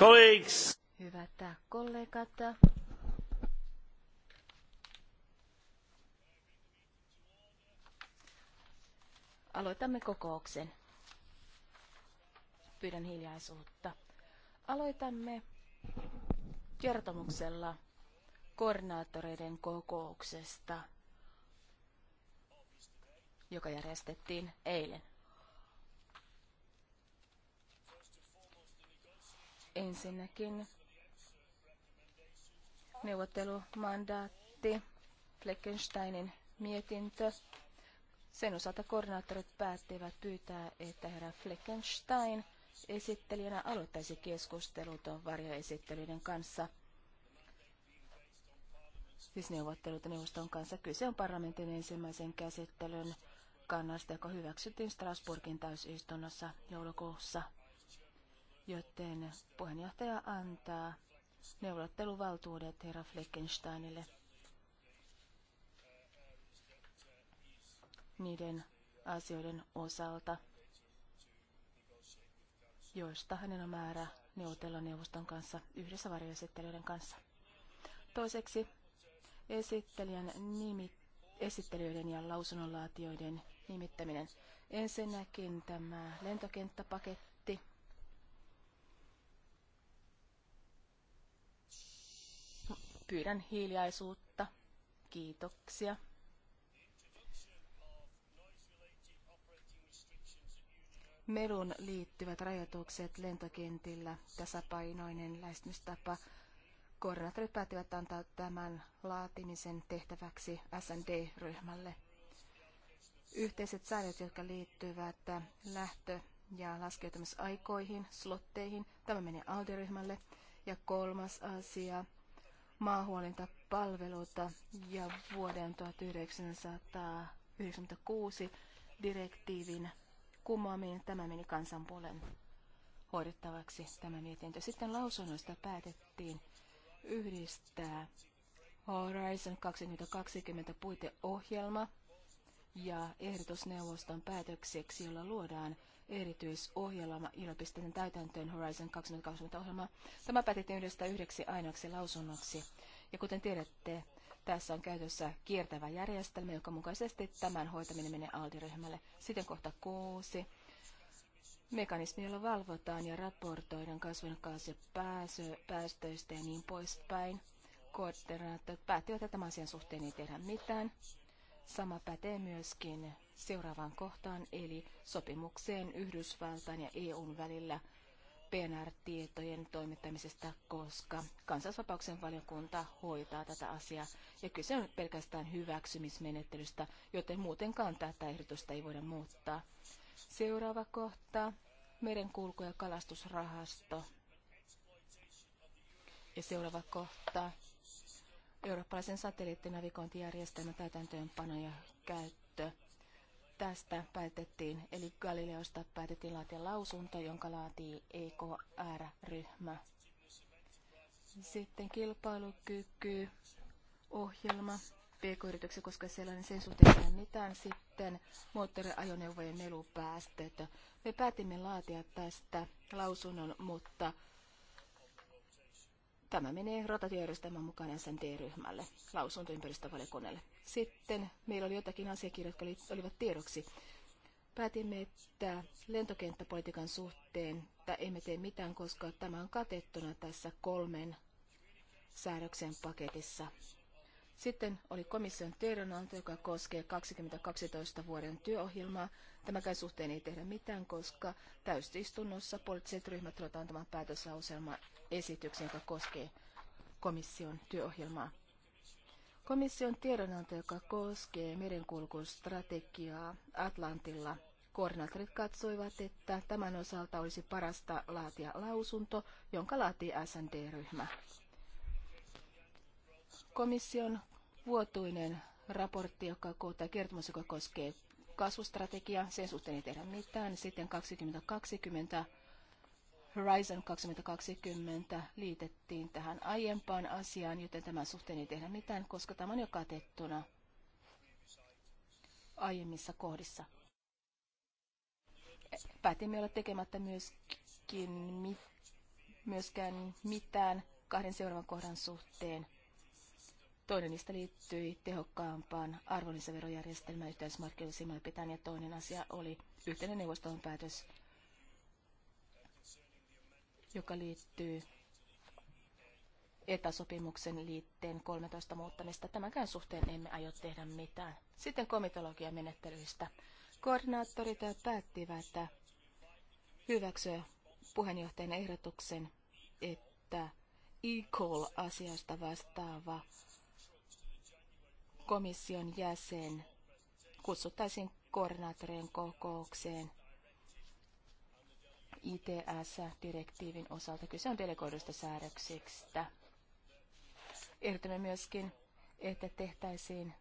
Colleagues. Hyvät kollegat. Aloitamme kokouksen. Pyydän hiljaisuutta. Aloitamme kertomuksella koordinaattoreiden kokouksesta, joka järjestettiin eilen. Ensinnäkin neuvottelumandaatti, Fleckensteinin mietintö. Sen osalta koordinaattorit päättivät pyytää, että herra Fleckenstein – esittelijänä aloittaisi keskustelut varjoesittelyiden kanssa. Siis neuvottelut neuvoston kanssa. Kyse on parlamentin ensimmäisen käsittelyn kannasta, joka hyväksyttiin Strasbourgin täysistunnossa joulukuussa. Joten puheenjohtaja antaa neuvotteluvaltuudet herra Fleckensteinille. Niiden asioiden osalta, joista hänen on määrä neuvotella neuvoston kanssa yhdessä varjoesittelijöiden kanssa. Toiseksi esittelijän nimi, esittelijöiden ja lausunnonlaatioiden nimittäminen. Ensinnäkin tämä lentokenttäpaketti. Pyydän hiljaisuutta. Kiitoksia. melun liittyvät rajoitukset lentokentillä, tasapainoinen lähestymistapa. Koordinaattorit päättivät antaa tämän laatimisen tehtäväksi SND-ryhmälle. Yhteiset säännöt, jotka liittyvät lähtö- ja laskeutumisaikoihin, slotteihin, tämä menee ALDE-ryhmälle. Ja kolmas asia, maahuolintapalveluita ja vuoden 1996 direktiivin kumoaminen, tämä meni kansanpuolen hoidettavaksi tämä mietintö. Sitten lausunnoista päätettiin yhdistää Horizon 2020 puiteohjelma ja ehdotusneuvoston päätökseksi, jolla luodaan erityisohjelma yliopistojen täytäntöön Horizon 2020 ohjelma. Tämä päätettiin yhdestä yhdeksi ainoaksi lausunnoksi. Ja kuten tiedätte, tässä on käytössä kiertävä järjestelmä, jonka mukaisesti tämän hoitaminen menee ALDI-ryhmälle. Sitten kohta kuusi. Mekanismi, jolla valvotaan ja raportoidaan kasvihuonekaasupäästöistä ja niin poispäin. Koordinaattorit päättivät, että tämän asian suhteen ei tehdä mitään. Sama pätee myöskin seuraavaan kohtaan, eli sopimukseen Yhdysvaltain ja EUn välillä – PNR-tietojen toimittamisesta, koska kansallisvapauksen valiokunta hoitaa tätä asiaa. Ja kyse on pelkästään hyväksymismenettelystä, joten muutenkaan tätä ehdotusta ei voida muuttaa. Seuraava kohta, merenkulku- ja kalastusrahasto. Ja seuraava kohta, eurooppalaisen satelliittinavigointijärjestelmän täytäntöönpano ja käyttö tästä päätettiin, eli Galileosta päätettiin laatia lausunto, jonka laatii EKR-ryhmä. Sitten kilpailukyky, ohjelma, PK-yrityksiä, koska on sen suhteen ei mitään. Sitten moottoriajoneuvojen melupäästöt. Me päätimme laatia tästä lausunnon, mutta tämä menee rotatiojärjestelmän mukaan SNT-ryhmälle, lausuntoympäristövaliokunnalle sitten meillä oli jotakin asiakirjoja, jotka olivat tiedoksi. Päätimme, että lentokenttäpolitiikan suhteen että emme tee mitään, koska tämä on katettuna tässä kolmen säädöksen paketissa. Sitten oli komission tiedonanto, joka koskee 2012 vuoden työohjelmaa. Tämäkään suhteen ei tehdä mitään, koska täystistunnossa poliittiset ryhmät ruvetaan antamaan päätöslauselma esityksen, joka koskee komission työohjelmaa. Komission tiedonanto, joka koskee merenkulkustrategiaa Atlantilla, koordinaattorit katsoivat, että tämän osalta olisi parasta laatia lausunto, jonka laatii SND-ryhmä. Komission vuotuinen raportti, joka kohtaa kertomus, joka koskee kasvustrategiaa, sen suhteen ei tehdä mitään. Sitten 2020 Horizon 2020 liitettiin tähän aiempaan asiaan, joten tämän suhteen ei tehdä mitään, koska tämä on jo katettuna aiemmissa kohdissa. Päätimme olla tekemättä myöskin, myöskään mitään kahden seuraavan kohdan suhteen. Toinen niistä liittyi tehokkaampaan arvonlisäverojärjestelmään yhteismarkkinoilla silmällä pitäen ja toinen asia oli yhteinen neuvoston päätös joka liittyy etäsopimuksen liitteen 13 muuttamista. Tämänkään suhteen emme aio tehdä mitään. Sitten komitologian menettelyistä. Koordinaattorit päättivät hyväksyä puheenjohtajan ehdotuksen, että e-call-asiasta vastaava komission jäsen kutsuttaisiin koordinaattorien kokoukseen ITS-direktiivin osalta. Kyse on delegoidusta säädöksistä. Ehdotamme myöskin, että tehtäisiin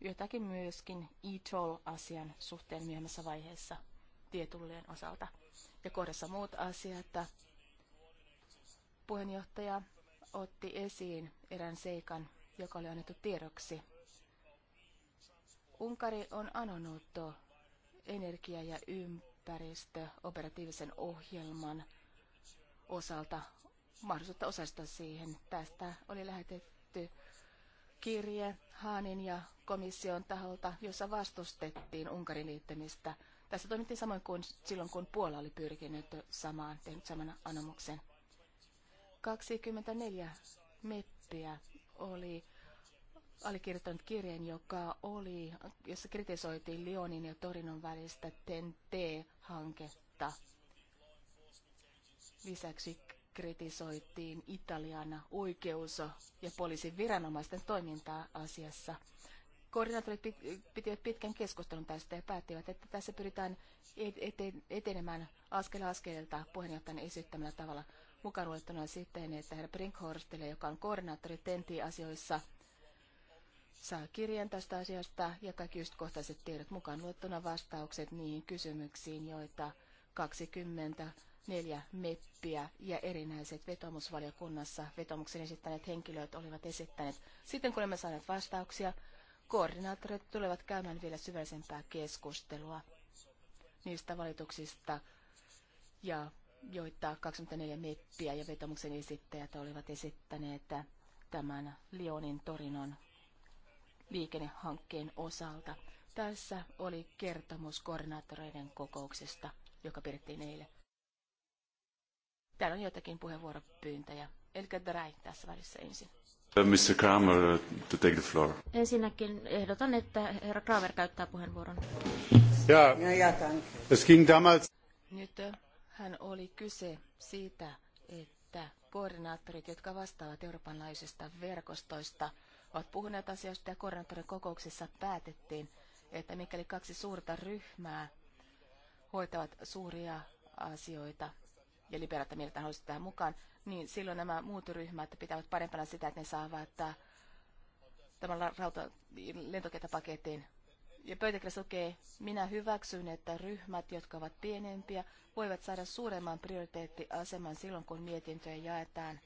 jotakin myöskin e-toll-asian suhteen myöhemmässä vaiheessa tietullien osalta. Ja kohdassa muut asiat. Puheenjohtaja otti esiin erään seikan, joka oli annettu tiedoksi. Unkari on anonut energia- ja ympäristö ympäristö operatiivisen ohjelman osalta mahdollisuutta osallistua siihen. Tästä oli lähetetty kirje Haanin ja komission taholta, jossa vastustettiin Unkarin liittymistä. Tässä toimittiin samoin kuin silloin, kun Puola oli pyrkinyt samaan, tehnyt saman anomuksen. 24 meppiä oli allekirjoittanut kirjeen, joka oli, jossa kritisoitiin Lyonin ja Torinon välistä TEN-T-hanketta. Lisäksi kritisoitiin Italian oikeus- ja poliisin viranomaisten toimintaa asiassa. Koordinaattorit pitivät pitkän keskustelun tästä ja päättivät, että tässä pyritään etenemään askel askeleelta puheenjohtajan esittämällä tavalla mukaan luettuna siten, että herra Brinkhorstille, joka on koordinaattori TENTI-asioissa – saa kirjan tästä asiasta ja kaikki ystäkohtaiset tiedot mukaan luettuna vastaukset niihin kysymyksiin, joita 24 meppiä ja erinäiset vetomusvaliokunnassa vetomuksen esittäneet henkilöt olivat esittäneet. Sitten kun olemme saaneet vastauksia, koordinaattorit tulevat käymään vielä syvällisempää keskustelua niistä valituksista ja joita 24 meppiä ja vetomuksen esittäjät olivat esittäneet tämän Lionin torinon liikennehankkeen osalta. Tässä oli kertomus koordinaattoreiden kokouksesta, joka pidettiin eilen. Täällä on joitakin puheenvuoropyyntöjä. Eli Drai tässä välissä ensin. Uh, Mr. Kramer, uh, to take the floor. Ensinnäkin ehdotan, että herra Kramer käyttää puheenvuoron. Ja, es ging damals... Nyt uh, hän oli kyse siitä, että koordinaattorit, jotka vastaavat Euroopan laajuisista verkostoista, ovat puhuneet asiasta ja koordinaattorin kokouksessa päätettiin, että mikäli kaksi suurta ryhmää hoitavat suuria asioita ja liberaatta mieltä haluaisi tähän mukaan, niin silloin nämä muut ryhmät pitävät parempana sitä, että ne saavat tämän rauta Ja pöytäkirjassa lukee, minä hyväksyn, että ryhmät, jotka ovat pienempiä, voivat saada suuremman prioriteettiaseman silloin, kun mietintöjä jaetaan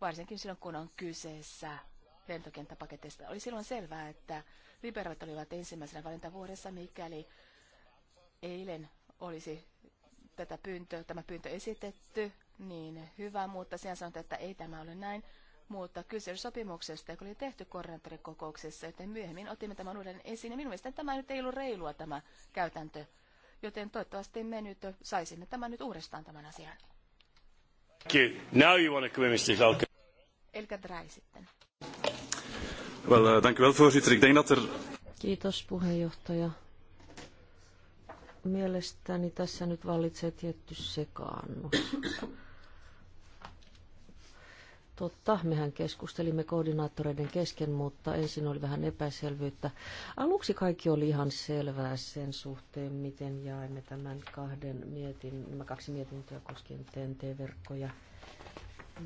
varsinkin silloin, kun on kyseessä lentokenttäpaketista. Oli silloin selvää, että liberaalit olivat ensimmäisenä valintavuodessa, mikäli eilen olisi tätä pyyntö, tämä pyyntö esitetty, niin hyvä, mutta siinä sanotaan, että ei tämä ole näin. Mutta kyse sopimuksesta, joka oli tehty koordinaattorikokouksessa, joten myöhemmin otimme tämän uuden esiin. Ja minun mielestäni tämä nyt ei ollut reilua tämä käytäntö, joten toivottavasti me nyt saisimme tämän nyt uudestaan tämän asian. Thank you. Now you want to come in, Mr. Elkä Drai sitten. Eh, dank u wel, voorzitter. Ik denk dat er... Kiitos, puheenjohtaja. Mielestäni tässä nyt vallitsee tietty sekaannus. Totta, mehän keskustelimme koordinaattoreiden kesken, mutta ensin oli vähän epäselvyyttä. Aluksi kaikki oli ihan selvää sen suhteen, miten jaimme tämän kahden mietin, nämä kaksi mietintöä koskien TNT-verkkoja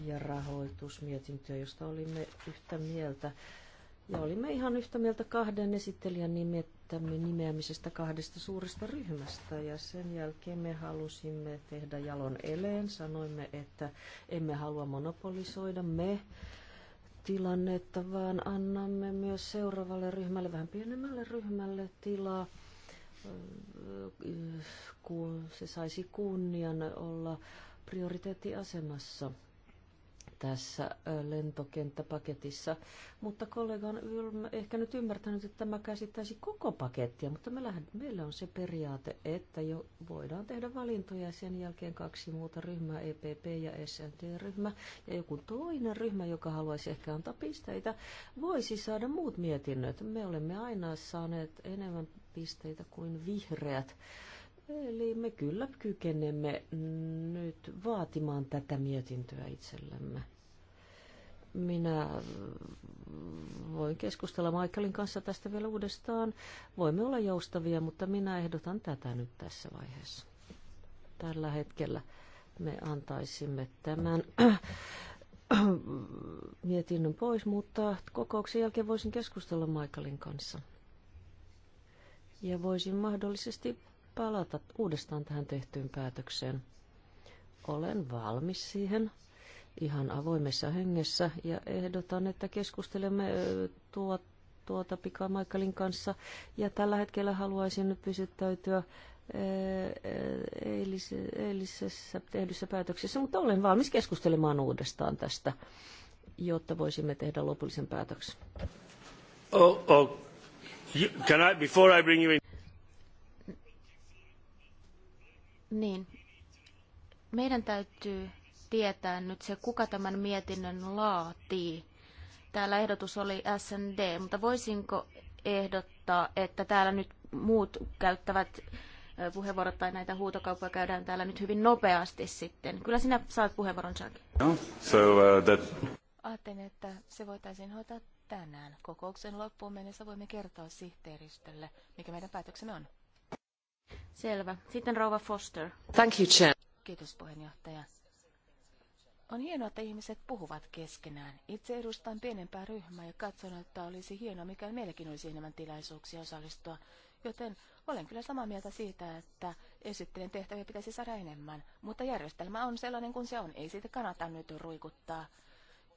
ja rahoitusmietintöä, josta olimme yhtä mieltä. Ja olimme ihan yhtä mieltä kahden esittelijän nimettämme nimeämisestä kahdesta suuresta ryhmästä. Ja sen jälkeen me halusimme tehdä jalon eleen. Sanoimme, että emme halua monopolisoida me tilannetta, vaan annamme myös seuraavalle ryhmälle, vähän pienemmälle ryhmälle tilaa kun se saisi kunnian olla prioriteettiasemassa tässä lentokenttäpaketissa. Mutta kollega on ehkä nyt ymmärtänyt, että tämä käsittäisi koko pakettia, mutta me lähden, meillä on se periaate, että jo voidaan tehdä valintoja sen jälkeen kaksi muuta ryhmää, EPP ja SNT-ryhmä ja joku toinen ryhmä, joka haluaisi ehkä antaa pisteitä, voisi saada muut mietinnöt. Me olemme aina saaneet enemmän pisteitä kuin vihreät. Eli me kyllä kykenemme nyt vaatimaan tätä mietintöä itsellemme. Minä voin keskustella Michaelin kanssa tästä vielä uudestaan. Voimme olla joustavia, mutta minä ehdotan tätä nyt tässä vaiheessa. Tällä hetkellä me antaisimme tämän mietinnön pois, mutta kokouksen jälkeen voisin keskustella Michaelin kanssa. Ja voisin mahdollisesti palata uudestaan tähän tehtyyn päätökseen. Olen valmis siihen ihan avoimessa hengessä ja ehdotan, että keskustelemme tuo, tuota Pika Michaelin kanssa. Ja tällä hetkellä haluaisin nyt pysyttäytyä eilisessä tehdyssä päätöksessä, mutta olen valmis keskustelemaan uudestaan tästä, jotta voisimme tehdä lopullisen päätöksen. Oh, oh. Can I, before I bring you in... Niin. Meidän täytyy tietää nyt se, kuka tämän mietinnön laatii. Täällä ehdotus oli SND, mutta voisinko ehdottaa, että täällä nyt muut käyttävät puheenvuorot tai näitä huutokauppoja käydään täällä nyt hyvin nopeasti sitten. Kyllä sinä saat puheenvuoron, Jack. No, so, uh, that... Ajattelin, että se voitaisiin hoitaa tänään. Kokouksen loppuun mennessä voimme kertoa sihteeristölle, mikä meidän päätöksemme on. Selvä. Sitten rouva Foster. Thank you, Chair. Kiitos puheenjohtaja. On hienoa, että ihmiset puhuvat keskenään. Itse edustan pienempää ryhmää ja katson, että olisi hienoa, mikä meilläkin olisi enemmän tilaisuuksia osallistua. Joten olen kyllä samaa mieltä siitä, että esittelen tehtäviä pitäisi saada enemmän, mutta järjestelmä on sellainen kuin se on. Ei siitä kannata nyt ruikuttaa.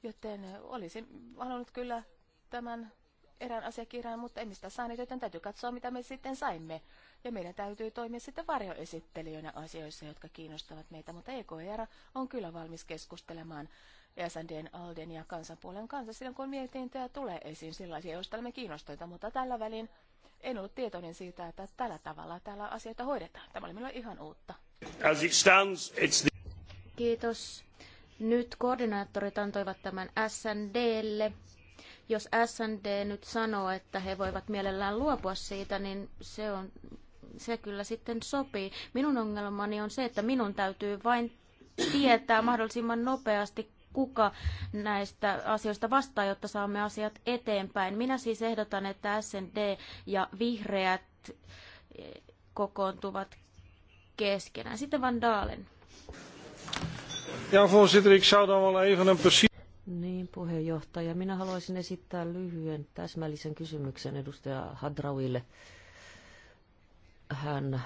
Joten olisin halunnut kyllä tämän erään asiakirjan, mutta emme sitä saaneet, niin joten täytyy katsoa, mitä me sitten saimme ja meidän täytyy toimia sitten varjoesittelijöinä asioissa, jotka kiinnostavat meitä, mutta EKR on kyllä valmis keskustelemaan SNDn, ALDEn ja kansanpuolen kanssa silloin, kun mietintöä tulee esiin sellaisia, joista olemme kiinnostuneita, mutta tällä välin en ollut tietoinen siitä, että tällä tavalla täällä asioita hoidetaan. Tämä oli minulle ihan uutta. As it stands, it's the... Kiitos. Nyt koordinaattorit antoivat tämän SNDlle. Jos SND nyt sanoo, että he voivat mielellään luopua siitä, niin se on se kyllä sitten sopii. Minun ongelmani on se, että minun täytyy vain tietää mahdollisimman nopeasti, kuka näistä asioista vastaa, jotta saamme asiat eteenpäin. Minä siis ehdotan, että SND ja vihreät eh, kokoontuvat keskenään. Sitten Van Daalen. Ja voorzitter, ik zou dan wel even een precies... Niin, puheenjohtaja. Minä haluaisin esittää lyhyen täsmällisen kysymyksen edustaja Hadrawille. Hän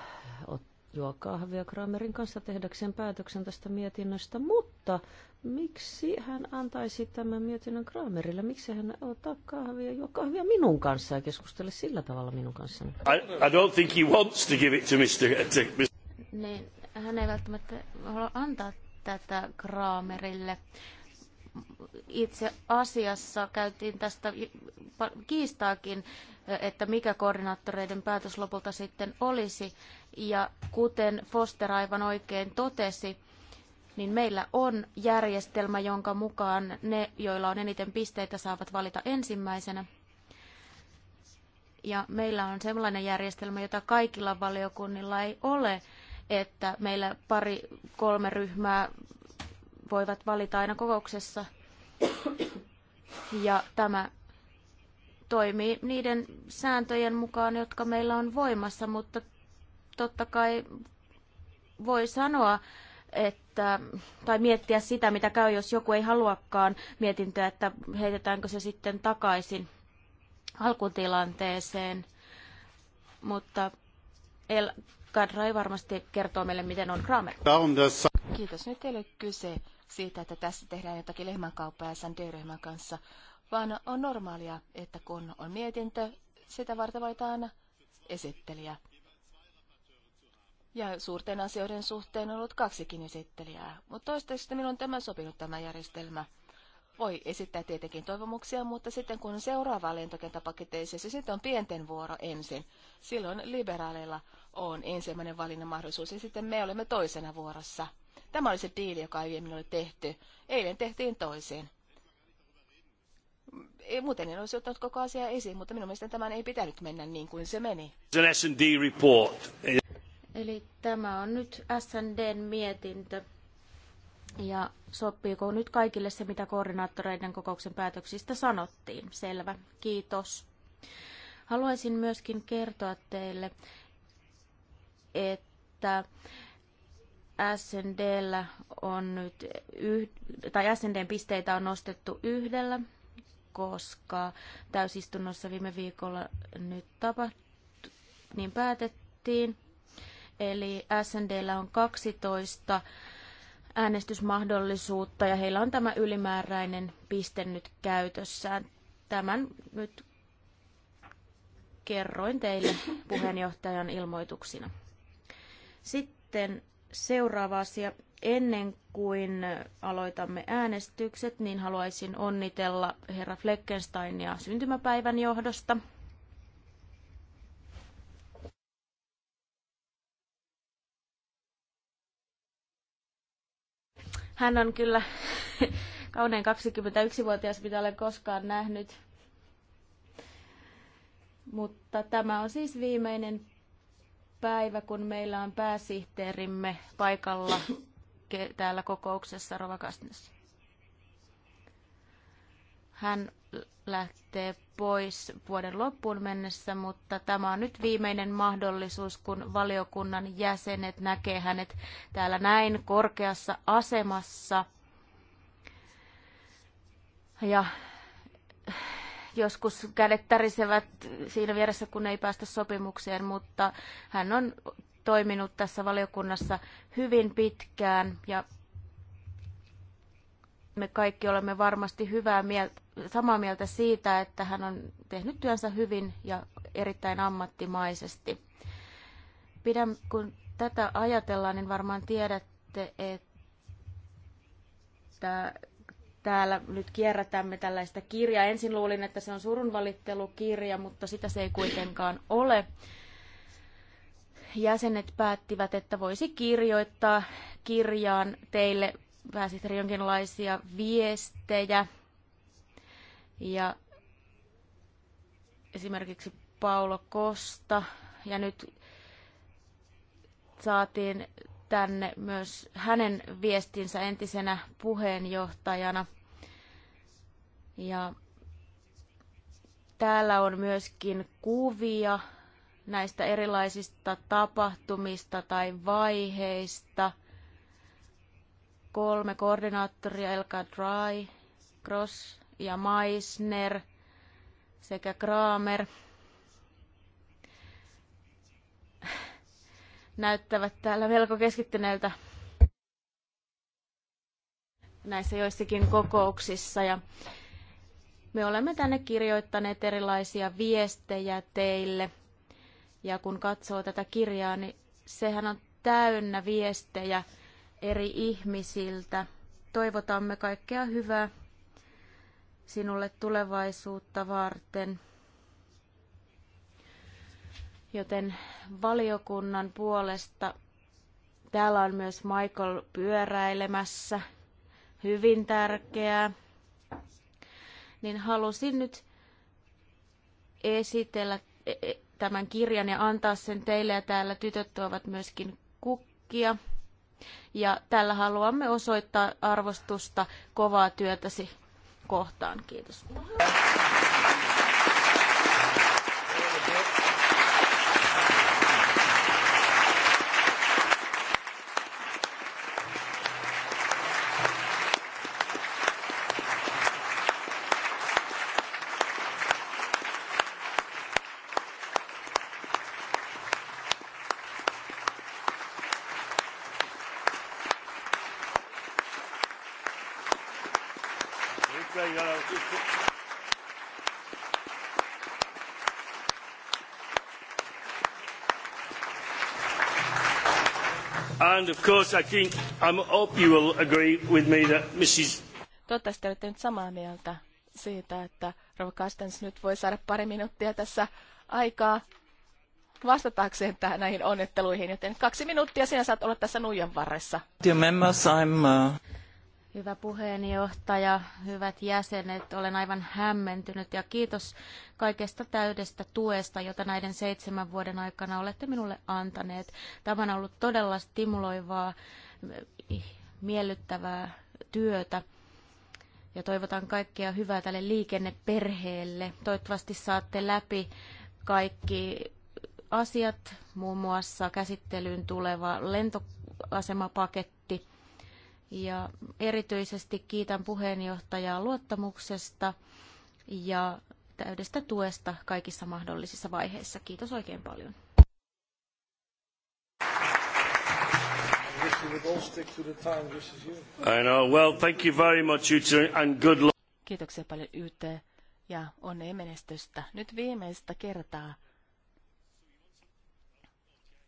juo kahvia Kramerin kanssa tehdäkseen päätöksen tästä mietinnöstä, mutta miksi hän antaisi tämän mietinnön Kramerille? Miksi hän ottaa kahvia, juo kahvia minun kanssa ja keskustele sillä tavalla minun kanssani? I, I don't think he wants to give it to Mr. Uh, to... Niin, hän ei välttämättä halua antaa tätä Kramerille itse asiassa käytiin tästä kiistaakin, että mikä koordinaattoreiden päätös lopulta sitten olisi. Ja kuten Foster aivan oikein totesi, niin meillä on järjestelmä, jonka mukaan ne, joilla on eniten pisteitä, saavat valita ensimmäisenä. Ja meillä on sellainen järjestelmä, jota kaikilla valiokunnilla ei ole, että meillä pari, kolme ryhmää voivat valita aina kokouksessa. Ja tämä toimii niiden sääntöjen mukaan, jotka meillä on voimassa, mutta totta kai voi sanoa, että, tai miettiä sitä, mitä käy, jos joku ei haluakaan mietintöä, että heitetäänkö se sitten takaisin alkutilanteeseen. Mutta El ei varmasti kertoo meille, miten on Kramer. Kiitos. Nyt ei ole kyse siitä, että tässä tehdään jotakin lehmänkauppaa sen työryhmän kanssa, vaan on normaalia, että kun on mietintö, sitä varten valitaan esittelijä. Ja suurten asioiden suhteen on ollut kaksikin esittelijää, mutta toistaiseksi minun on tämä sopinut tämä järjestelmä. Voi esittää tietenkin toivomuksia, mutta sitten kun seuraava lentokenttäpaketteisiin, se sitten on pienten vuoro ensin. Silloin liberaaleilla on ensimmäinen valinnan mahdollisuus ja sitten me olemme toisena vuorossa. Tämä oli se diili, joka aiemmin oli tehty. Eilen tehtiin toiseen. Ei, muuten en olisi ottanut koko asiaa esiin, mutta minun mielestäni tämän ei pitänyt mennä niin kuin se meni. Eli tämä on nyt SNDn mietintö. Ja sopiiko nyt kaikille se, mitä koordinaattoreiden kokouksen päätöksistä sanottiin? Selvä, kiitos. Haluaisin myöskin kertoa teille, että SNDllä on nyt, yh, tai SNDn pisteitä on nostettu yhdellä, koska täysistunnossa viime viikolla nyt tapahtui, niin päätettiin. Eli SNDllä on 12 äänestysmahdollisuutta ja heillä on tämä ylimääräinen piste nyt käytössään. Tämän nyt kerroin teille puheenjohtajan ilmoituksina. Sitten Seuraava asia. Ennen kuin aloitamme äänestykset, niin haluaisin onnitella herra Fleckensteinia syntymäpäivän johdosta. Hän on kyllä kaunein 21-vuotias, mitä olen koskaan nähnyt. Mutta tämä on siis viimeinen päivä, kun meillä on pääsihteerimme paikalla täällä kokouksessa Rovakastnessa. Hän lähtee pois vuoden loppuun mennessä, mutta tämä on nyt viimeinen mahdollisuus, kun valiokunnan jäsenet näkee hänet täällä näin korkeassa asemassa. Ja Joskus kädet tärisevät siinä vieressä, kun ei päästä sopimukseen, mutta hän on toiminut tässä valiokunnassa hyvin pitkään ja me kaikki olemme varmasti hyvää mieltä, samaa mieltä siitä, että hän on tehnyt työnsä hyvin ja erittäin ammattimaisesti. Pidän, kun tätä ajatellaan, niin varmaan tiedätte, että täällä nyt kierrätämme tällaista kirjaa. Ensin luulin, että se on surunvalittelukirja, mutta sitä se ei kuitenkaan ole. Jäsenet päättivät, että voisi kirjoittaa kirjaan teille pääsihteeri jonkinlaisia viestejä. Ja esimerkiksi Paulo Kosta. Ja nyt saatiin tänne myös hänen viestinsä entisenä puheenjohtajana. Ja täällä on myöskin kuvia näistä erilaisista tapahtumista tai vaiheista. Kolme koordinaattoria, Elka Dry, Cross ja Meissner sekä Kramer – näyttävät täällä melko keskittyneeltä näissä joissakin kokouksissa. Ja me olemme tänne kirjoittaneet erilaisia viestejä teille. Ja kun katsoo tätä kirjaa, niin sehän on täynnä viestejä eri ihmisiltä. Toivotamme kaikkea hyvää sinulle tulevaisuutta varten. Joten valiokunnan puolesta täällä on myös Michael pyöräilemässä, hyvin tärkeää. Niin halusin nyt esitellä e, e, tämän kirjan ja antaa sen teille. Ja täällä tytöt tuovat myöskin kukkia. Ja tällä haluamme osoittaa arvostusta kovaa työtäsi kohtaan. Kiitos. And of course I think um, I hope you will agree with me that Mrs. Toivottavasti olette nyt samaa mieltä siitä, että Rova Kastens nyt voi saada pari minuuttia tässä aikaa vastatakseen tähän näihin onnetteluihin, joten kaksi minuuttia sinä saat olla tässä nuijan varressa. Dear members, I'm, uh... Hyvä puheenjohtaja, hyvät jäsenet, olen aivan hämmentynyt ja kiitos kaikesta täydestä tuesta, jota näiden seitsemän vuoden aikana olette minulle antaneet. Tämä on ollut todella stimuloivaa, miellyttävää työtä ja toivotan kaikkea hyvää tälle liikenneperheelle. Toivottavasti saatte läpi kaikki asiat, muun muassa käsittelyyn tuleva lentoasemapaketti ja erityisesti kiitän puheenjohtajaa luottamuksesta ja täydestä tuesta kaikissa mahdollisissa vaiheissa. Kiitos oikein paljon. Kiitoksia paljon YT ja onnea menestystä. Nyt viimeistä kertaa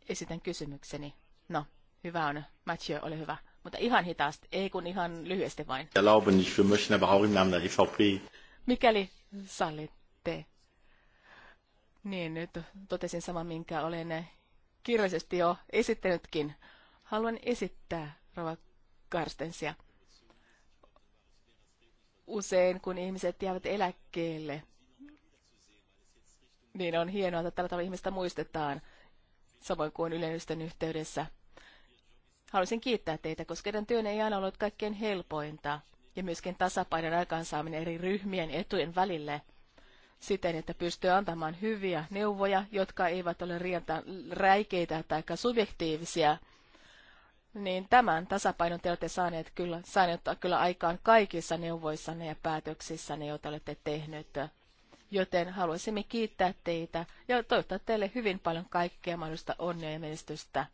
esitän kysymykseni. No, hyvä on. Mathieu, ole hyvä. Mutta ihan hitaasti, ei kun ihan lyhyesti vain. Mikäli sallitte, niin nyt totesin saman, minkä olen kirjallisesti jo esittänytkin. Haluan esittää Rova Karstensia. Usein, kun ihmiset jäävät eläkkeelle, niin on hienoa, että tällä tavalla ihmistä muistetaan, samoin kuin yleisten yhteydessä – Haluaisin kiittää teitä, koska teidän työnne ei aina ollut kaikkein helpointa ja myöskin tasapainon aikaansaaminen eri ryhmien etujen välille siten, että pystyy antamaan hyviä neuvoja, jotka eivät ole rientä, räikeitä tai subjektiivisia, niin tämän tasapainon te olette saaneet kyllä, saaneet kyllä aikaan kaikissa neuvoissanne ja päätöksissänne, joita olette tehneet. Joten haluaisimme kiittää teitä ja toivottaa teille hyvin paljon kaikkea mahdollista onnea ja menestystä.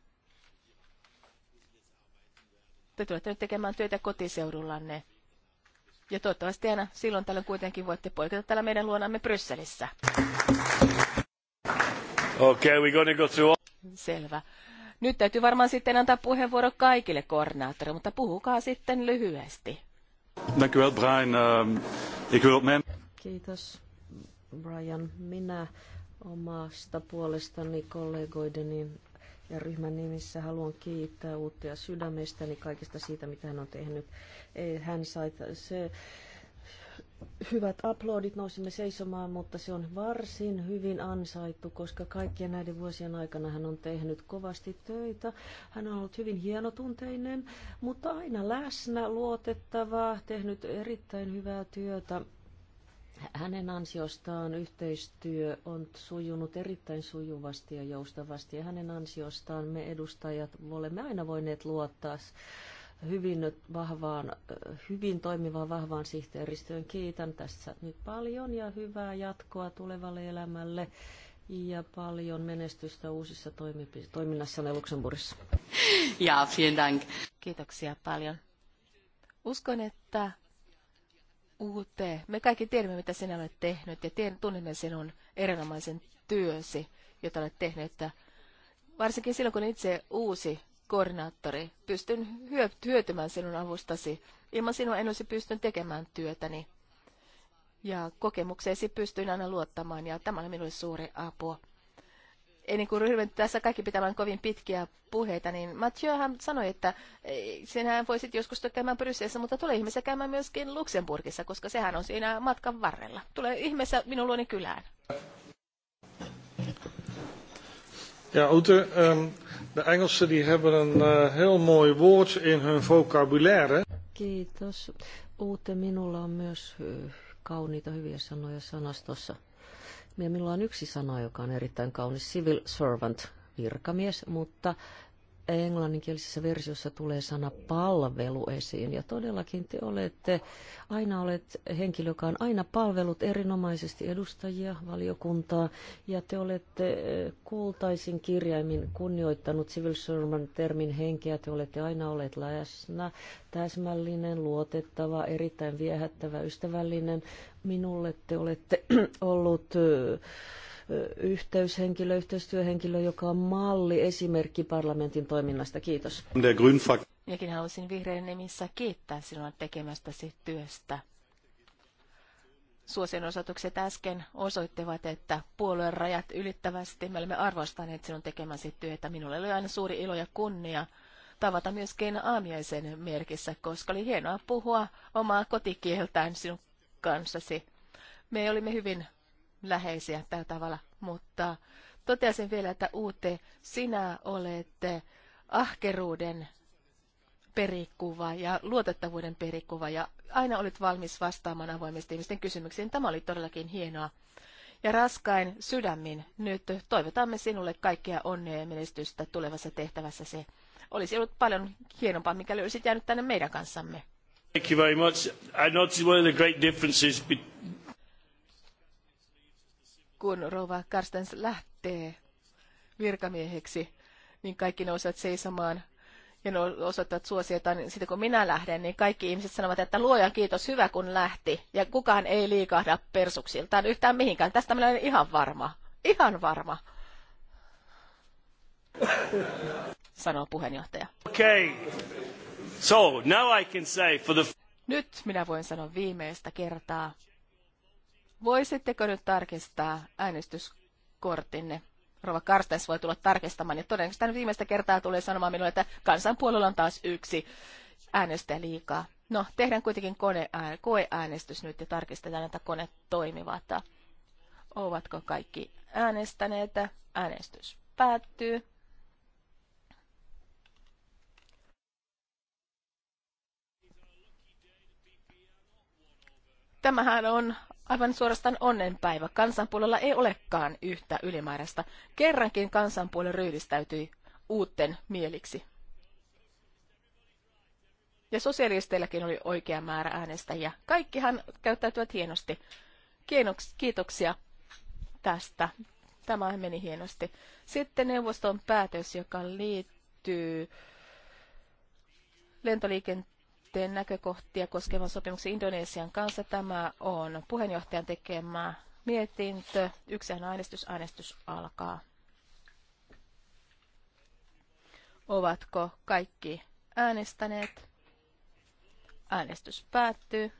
Te tulette nyt tekemään työtä kotiseudullanne. Ja toivottavasti aina silloin tällöin kuitenkin voitte poiketa täällä meidän luonamme Brysselissä. Okay, we're gonna go through... Selvä. Nyt täytyy varmaan sitten antaa puheenvuoro kaikille koordinaattoreille, mutta puhukaa sitten lyhyesti. Dank Brian. Ehm, Kiitos, Brian. Minä omasta puolestani kollegoideni ja ryhmän nimissä haluan kiittää uutta ja sydämestäni niin kaikesta siitä, mitä hän on tehnyt. E, hän sai se hyvät uploadit, nousimme seisomaan, mutta se on varsin hyvin ansaittu, koska kaikkien näiden vuosien aikana hän on tehnyt kovasti töitä. Hän on ollut hyvin hienotunteinen, mutta aina läsnä, luotettava, tehnyt erittäin hyvää työtä hänen ansiostaan yhteistyö on sujunut erittäin sujuvasti ja joustavasti ja hänen ansiostaan me edustajat olemme aina voineet luottaa hyvin vahvaan, hyvin toimivaan vahvaan sihteeristöön. Kiitän tässä nyt paljon ja hyvää jatkoa tulevalle elämälle ja paljon menestystä uusissa toiminnassanne Luxemburgissa. Ja, vielen dank. Kiitoksia paljon. Uskon, että UT. Me kaikki tiedämme, mitä sinä olet tehnyt ja tunnemme sinun erinomaisen työsi, jota olet tehnyt. Varsinkin silloin, kun itse uusi koordinaattori, pystyn hyötymään sinun avustasi. Ilman sinua en olisi pystynyt tekemään työtäni. Ja kokemukseesi pystyin aina luottamaan ja tämä oli minulle suuri apu ennen kuin ryhdymme tässä kaikki pitämään kovin pitkiä puheita, niin Mathieuhan sanoi, että sinähän sitten joskus käymään Brysselissä, mutta tule ihmeessä käymään myöskin Luxemburgissa, koska sehän on siinä matkan varrella. Tule ihmeessä minun luoni kylään. Ja Ute, um, ehm, de Engelsen die hebben een uh, heel mooi woord in hun vocabulaire. Kiitos. Ute, minulla on myös eh, kauniita hyviä sanoja sanastossa. Meillä minulla on yksi sana, joka on erittäin kaunis, civil servant, virkamies, mutta englanninkielisessä versiossa tulee sana palvelu esiin. Ja todellakin te olette, aina olet henkilö, joka on aina palvelut erinomaisesti edustajia, valiokuntaa. Ja te olette eh, kultaisin kirjaimin kunnioittanut civil servant termin henkeä. Te olette aina olleet läsnä, täsmällinen, luotettava, erittäin viehättävä, ystävällinen. Minulle te olette ollut eh, yhteyshenkilö, yhteistyöhenkilö, joka on malli, esimerkki parlamentin toiminnasta. Kiitos. Minäkin haluaisin vihreiden nimissä kiittää sinua tekemästäsi työstä. osoitukset äsken osoittivat, että puolueen rajat ylittävästi me olemme arvostaneet sinun tekemäsi työtä. Minulle oli aina suuri ilo ja kunnia tavata myöskin aamiaisen merkissä, koska oli hienoa puhua omaa kotikieltään sinun kanssasi. Me olimme hyvin läheisiä tällä tavalla, mutta toteaisin vielä, että Uute, sinä olet ahkeruuden perikuva ja luotettavuuden perikuva ja aina olit valmis vastaamaan avoimesti ihmisten kysymyksiin. Tämä oli todellakin hienoa. Ja raskain sydämin nyt toivotamme sinulle kaikkea onnea ja menestystä tulevassa tehtävässäsi. Olisi ollut paljon hienompaa, mikäli olisit jäänyt tänne meidän kanssamme. Thank you very much. I noticed one of the great differences kun Rova Karstens lähtee virkamieheksi, niin kaikki nousevat seisomaan ja osoittavat suosiota, niin sitten kun minä lähden, niin kaikki ihmiset sanovat, että luojan kiitos, hyvä kun lähti. Ja kukaan ei liikahda persuksiltaan yhtään mihinkään. Tästä minä olen ihan varma. Ihan varma. Sanoo puheenjohtaja. Okay. So, now I can say for the... Nyt minä voin sanoa viimeistä kertaa Voisitteko nyt tarkistaa äänestyskortinne? Rova Karstens voi tulla tarkistamaan, ja todennäköisesti tämän viimeistä kertaa tulee sanomaan minulle, että kansanpuolella on taas yksi äänestäjä liikaa. No, tehdään kuitenkin koneään, koeäänestys nyt ja tarkistetaan, että kone toimivat. Ovatko kaikki äänestäneet? Äänestys päättyy. Tämähän on aivan suorastaan onnenpäivä. Kansanpuolella ei olekaan yhtä ylimääräistä. Kerrankin kansanpuolen ryhdistäytyi uuten mieliksi. Ja sosialisteillakin oli oikea määrä äänestäjiä. Kaikkihan käyttäytyvät hienosti. Kiitoksia tästä. Tämä meni hienosti. Sitten neuvoston päätös, joka liittyy lentoliikenteeseen sitten näkökohtia koskevan sopimuksen Indonesian kanssa. Tämä on puheenjohtajan tekemä mietintö. Yksi äänestys, äänestys alkaa. Ovatko kaikki äänestäneet? Äänestys päättyy.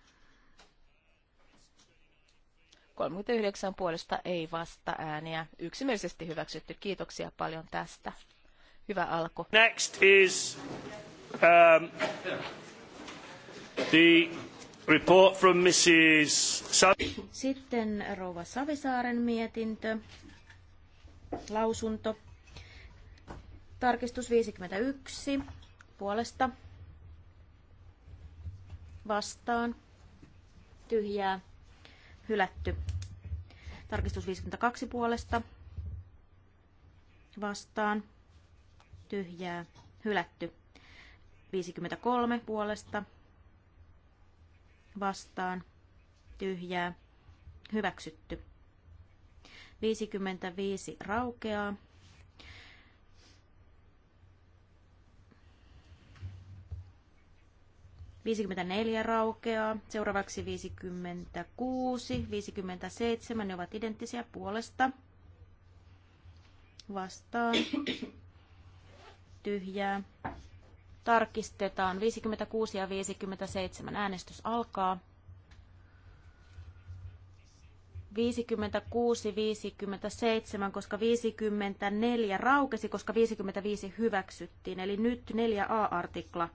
39 puolesta ei vasta ääniä. Yksimielisesti hyväksytty. Kiitoksia paljon tästä. Hyvä alku. Next is um, The report from Mrs. Sitten rouva Savisaaren mietintö, lausunto. Tarkistus 51 puolesta vastaan tyhjää hylätty. Tarkistus 52 puolesta vastaan tyhjää hylätty. 53 puolesta vastaan tyhjää hyväksytty. 55 raukeaa. neljä raukeaa, seuraavaksi 56, 57, ne ovat identtisiä puolesta. Vastaan. Tyhjää. Tarkistetaan 56 ja 57. Äänestys alkaa. 56-57, koska 54 raukesi, koska 55 hyväksyttiin. Eli nyt 4a-artikla.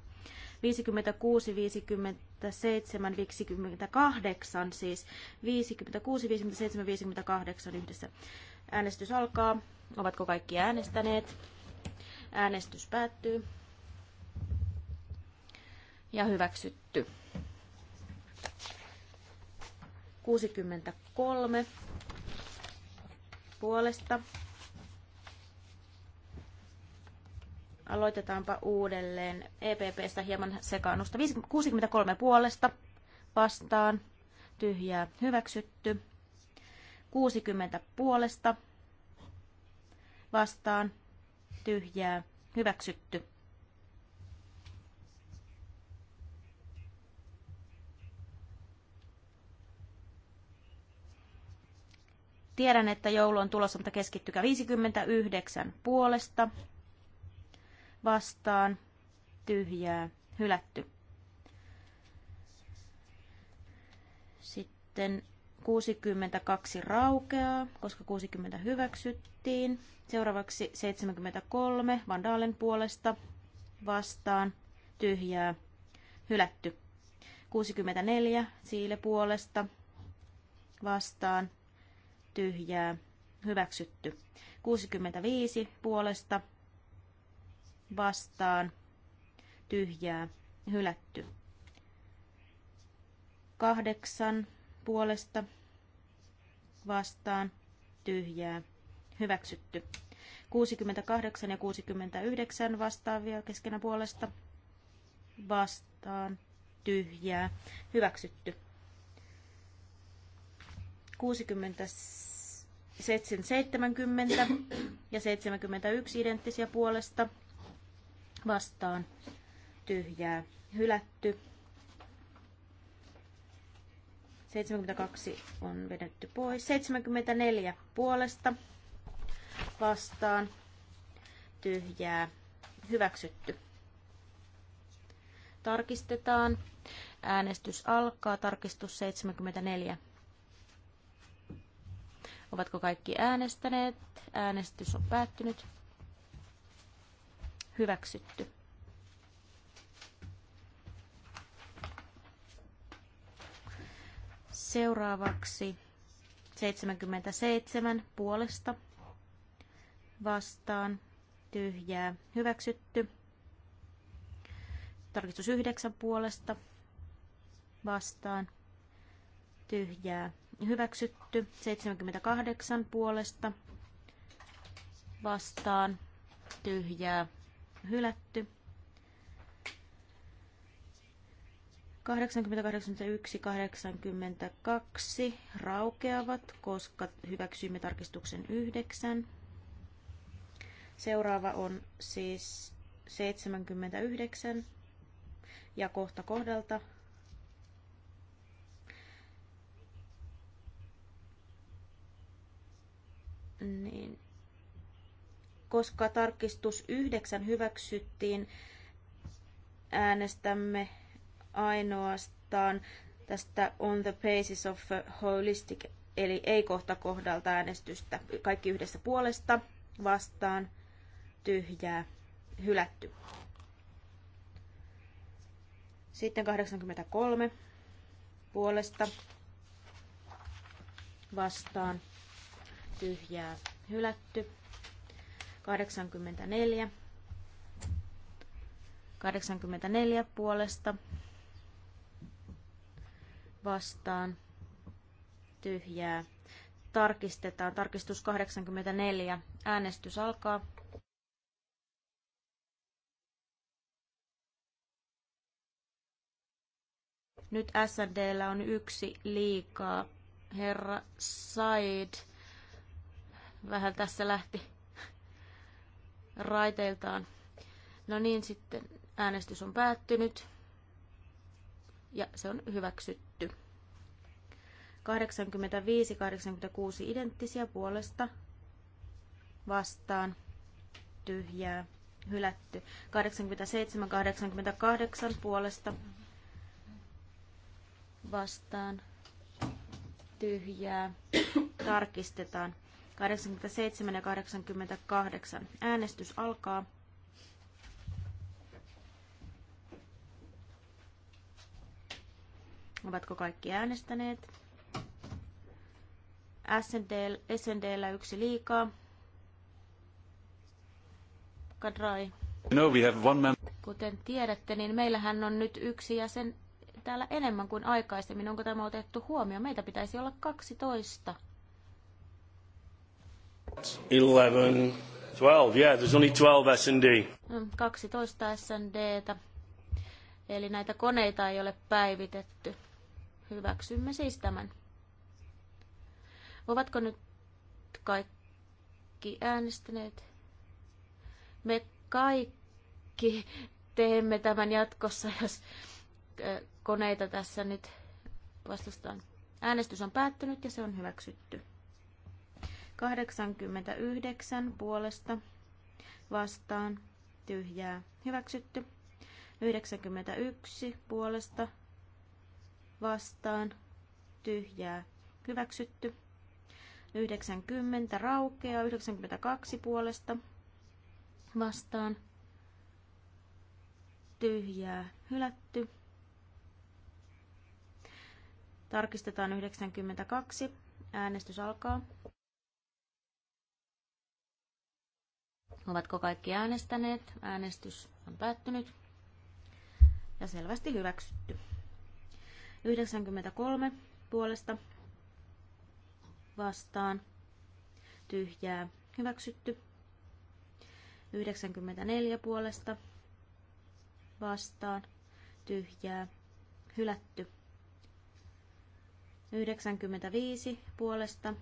56, 57, 58, siis 56, 57, 58 yhdessä. Äänestys alkaa. Ovatko kaikki äänestäneet? Äänestys päättyy ja hyväksytty. 63 puolesta. Aloitetaanpa uudelleen EPPstä hieman sekaannusta. 63 puolesta vastaan. Tyhjää hyväksytty. 60 puolesta vastaan. Tyhjää hyväksytty. Tiedän, että joulu on tulossa, mutta keskittykää 59 puolesta vastaan tyhjää hylätty. Sitten 62 raukeaa, koska 60 hyväksyttiin. Seuraavaksi 73 Vandaalen puolesta vastaan tyhjää hylätty. 64 Siile puolesta vastaan tyhjää, hyväksytty. 65 puolesta vastaan, tyhjää, hylätty. 8 puolesta vastaan, tyhjää, hyväksytty. 68 ja 69 vastaavia keskenä puolesta vastaan, tyhjää, hyväksytty. 67, 70 ja 71 identtisiä puolesta vastaan tyhjää hylätty. 72 on vedetty pois. 74 puolesta vastaan tyhjää hyväksytty. Tarkistetaan. Äänestys alkaa. Tarkistus 74. Ovatko kaikki äänestäneet? Äänestys on päättynyt. Hyväksytty. Seuraavaksi 77 puolesta vastaan tyhjää hyväksytty. Tarkistus 9 puolesta vastaan tyhjää hyväksytty 78 puolesta vastaan tyhjää hylätty 80, 82 raukeavat, koska hyväksyimme tarkistuksen 9. Seuraava on siis 79 ja kohta kohdalta niin koska tarkistus 9 hyväksyttiin, äänestämme ainoastaan tästä on the basis of holistic, eli ei kohta kohdalta äänestystä. Kaikki yhdessä puolesta, vastaan, tyhjää, hylätty. Sitten 83 puolesta vastaan tyhjää hylätty. 84. 84 puolesta vastaan tyhjää. Tarkistetaan. Tarkistus 84. Äänestys alkaa. Nyt SDllä on yksi liikaa. Herra Said vähän tässä lähti raiteiltaan. No niin, sitten äänestys on päättynyt ja se on hyväksytty. 85-86 identtisiä puolesta vastaan tyhjää hylätty. 87-88 puolesta vastaan tyhjää tarkistetaan. 87 ja 88. Äänestys alkaa. Ovatko kaikki äänestäneet? SNDllä yksi liikaa. Kadrai. No, we have one man. Kuten tiedätte, niin meillähän on nyt yksi jäsen täällä enemmän kuin aikaisemmin. Onko tämä otettu huomioon? Meitä pitäisi olla 12. 11, 12, yeah, 12 S&D. 12 SNDtä. Eli näitä koneita ei ole päivitetty. Hyväksymme siis tämän. Ovatko nyt kaikki äänestäneet? Me kaikki teemme tämän jatkossa, jos koneita tässä nyt vastustaan. Äänestys on päättynyt ja se on hyväksytty. 89 puolesta vastaan tyhjää hyväksytty. 91 puolesta vastaan tyhjää hyväksytty. 90 raukeaa 92 puolesta vastaan tyhjää hylätty. Tarkistetaan 92. Äänestys alkaa. Ovatko kaikki äänestäneet? Äänestys on päättynyt ja selvästi hyväksytty. 93 puolesta vastaan tyhjää hyväksytty. 94 puolesta vastaan tyhjää hylätty. 95 puolesta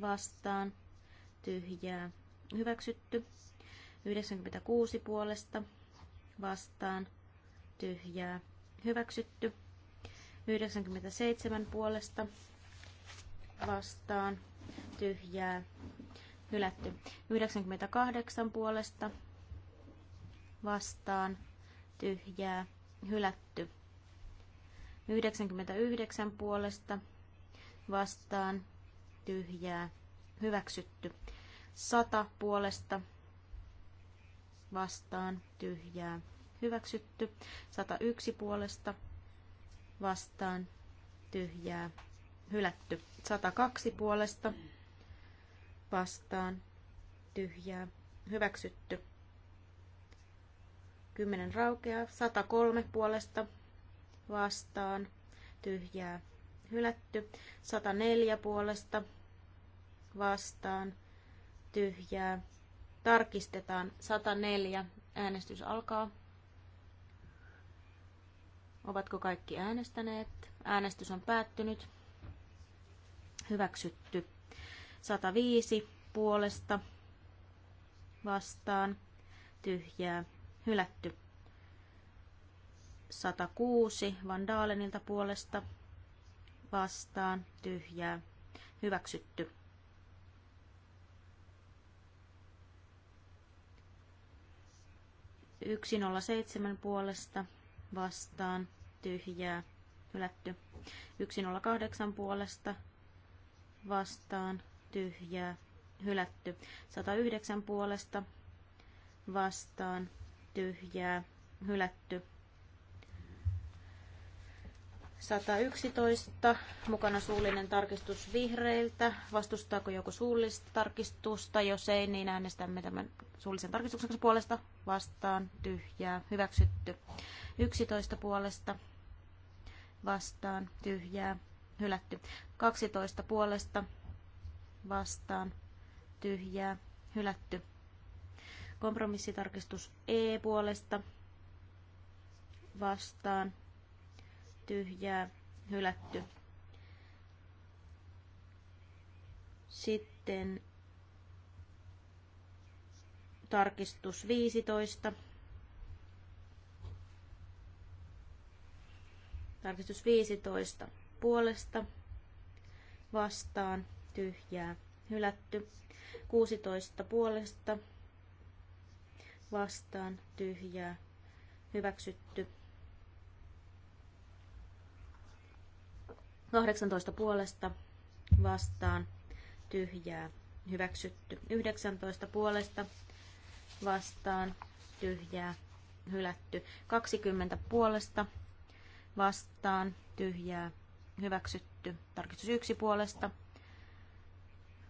vastaan tyhjää hyväksytty. 96 puolesta vastaan tyhjää hyväksytty. 97 puolesta vastaan tyhjää hylätty. 98 puolesta vastaan tyhjää hylätty. 99 puolesta vastaan tyhjää hyväksytty. 100 puolesta vastaan tyhjää hyväksytty. 101 puolesta vastaan tyhjää hylätty. 102 puolesta vastaan tyhjää hyväksytty. 10 raukeaa. 103 puolesta vastaan tyhjää hylätty. 104 puolesta vastaan tyhjää. Tarkistetaan 104. Äänestys alkaa. Ovatko kaikki äänestäneet? Äänestys on päättynyt. Hyväksytty. 105 puolesta vastaan tyhjää hylätty. 106 Vandaalenilta puolesta vastaan tyhjää hyväksytty. 107 puolesta vastaan tyhjää hylätty. 108 puolesta vastaan tyhjää hylätty. 109 puolesta vastaan tyhjää hylätty. 111. Mukana suullinen tarkistus vihreiltä. Vastustaako joku suullista tarkistusta? Jos ei, niin äänestämme tämän suullisen tarkistuksen puolesta. Vastaan. Tyhjää. Hyväksytty. 11 puolesta. Vastaan. Tyhjää. Hylätty. 12 puolesta. Vastaan. Tyhjää. Hylätty. Kompromissitarkistus E puolesta. Vastaan tyhjää, hylätty. Sitten tarkistus 15. Tarkistus 15 puolesta vastaan tyhjää hylätty. 16 puolesta vastaan tyhjää hyväksytty. 18 puolesta vastaan tyhjää hyväksytty. 19 puolesta vastaan tyhjää hylätty. 20 puolesta vastaan tyhjää hyväksytty. Tarkistus 1 puolesta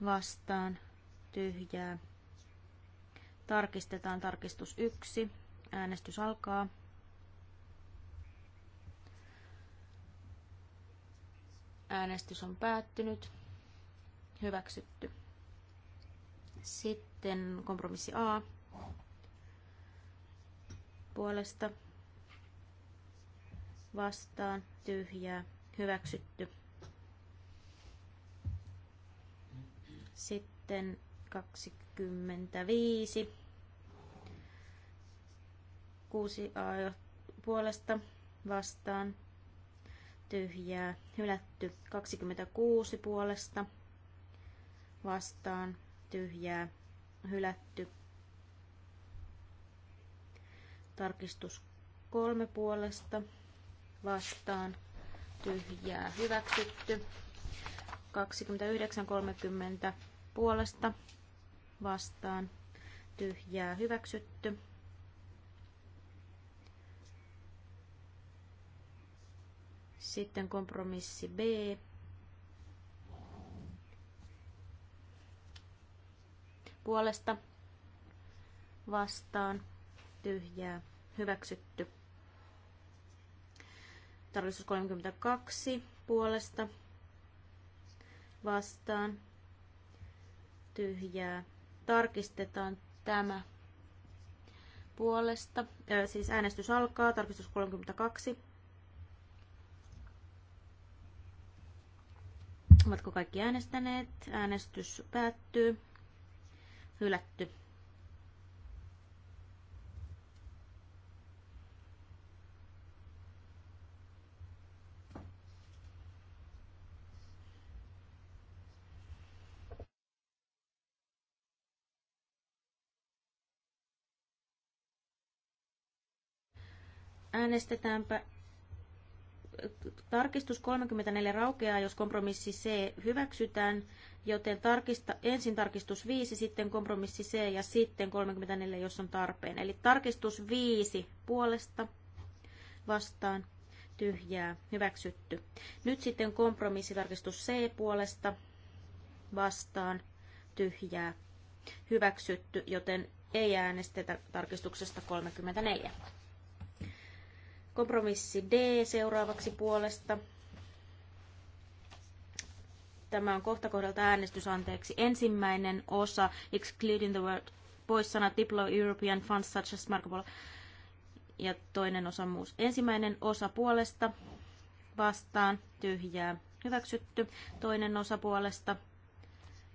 vastaan tyhjää. Tarkistetaan tarkistus 1. Äänestys alkaa. Äänestys on päättynyt. Hyväksytty. Sitten kompromissi A puolesta vastaan tyhjää hyväksytty. Sitten 25 6 A puolesta vastaan tyhjää, hylätty 26 puolesta vastaan, tyhjää, hylätty. Tarkistus kolme puolesta vastaan, tyhjää, hyväksytty. 29.30 puolesta vastaan, tyhjää, hyväksytty. Sitten kompromissi B. Puolesta vastaan tyhjää hyväksytty. Tarkistus 32 puolesta vastaan tyhjää. Tarkistetaan tämä puolesta. Ö, siis äänestys alkaa, tarkistus 32. Ovatko kaikki äänestäneet? Äänestys päättyy. Hylätty. Äänestetäänpä Tarkistus 34 raukeaa, jos kompromissi C hyväksytään, joten tarkista, ensin tarkistus 5, sitten kompromissi C ja sitten 34, jos on tarpeen. Eli tarkistus 5 puolesta vastaan tyhjää hyväksytty. Nyt sitten kompromissitarkistus C puolesta vastaan tyhjää hyväksytty, joten ei äänestetä tarkistuksesta 34. Kompromissi D seuraavaksi puolesta. Tämä on kohta kohdalta äänestys, anteeksi. Ensimmäinen osa, excluding the word, pois sana deploy European funds such as Marco Polo. Ja toinen osa muus. Ensimmäinen osa puolesta, vastaan, tyhjää, hyväksytty. Toinen osa puolesta,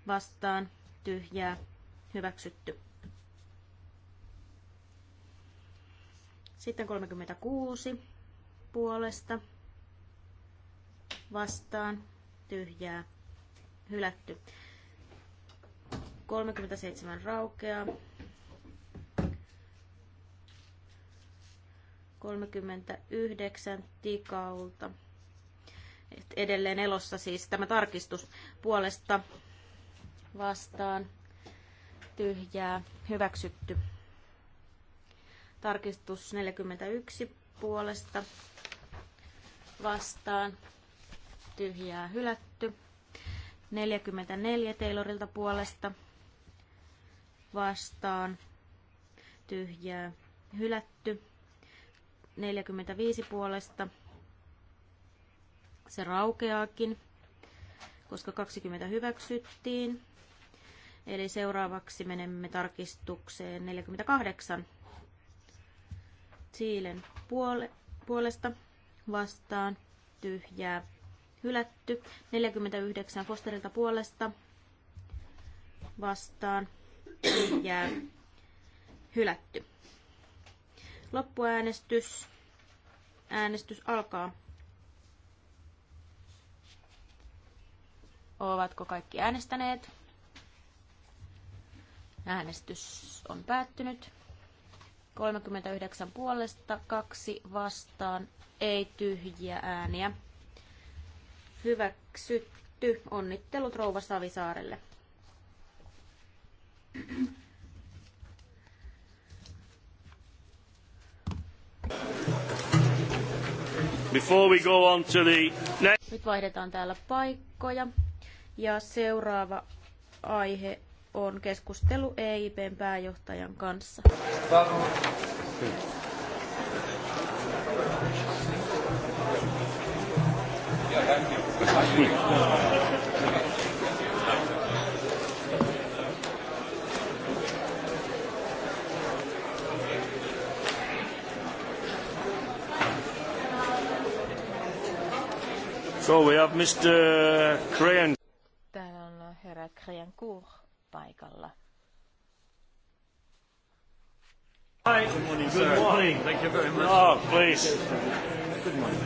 vastaan, tyhjää, hyväksytty. Sitten 36 puolesta vastaan tyhjää hylätty. 37 raukeaa. 39 tikaulta. Et edelleen elossa siis tämä tarkistus puolesta vastaan tyhjää hyväksytty. Tarkistus 41 puolesta vastaan. Tyhjää hylätty. 44 Taylorilta puolesta vastaan. Tyhjää hylätty. 45 puolesta. Se raukeaakin, koska 20 hyväksyttiin. Eli seuraavaksi menemme tarkistukseen 48 Siilen puole, puolesta vastaan tyhjää hylätty. 49 Fosterilta puolesta vastaan tyhjää hylätty. Loppuäänestys. Äänestys alkaa. Ovatko kaikki äänestäneet? Äänestys on päättynyt. 39 puolesta, kaksi vastaan, ei tyhjiä ääniä. Hyväksytty. Onnittelut Rouva Savisaarelle. Before we go on to the next... Nyt vaihdetaan täällä paikkoja. Ja seuraava aihe on keskustelu EIPn pääjohtajan kanssa. So we have Mr. Crayon. Täällä on herra Crayon Hi. Good morning, sir. morning. Thank you very much. Oh, please. Good morning.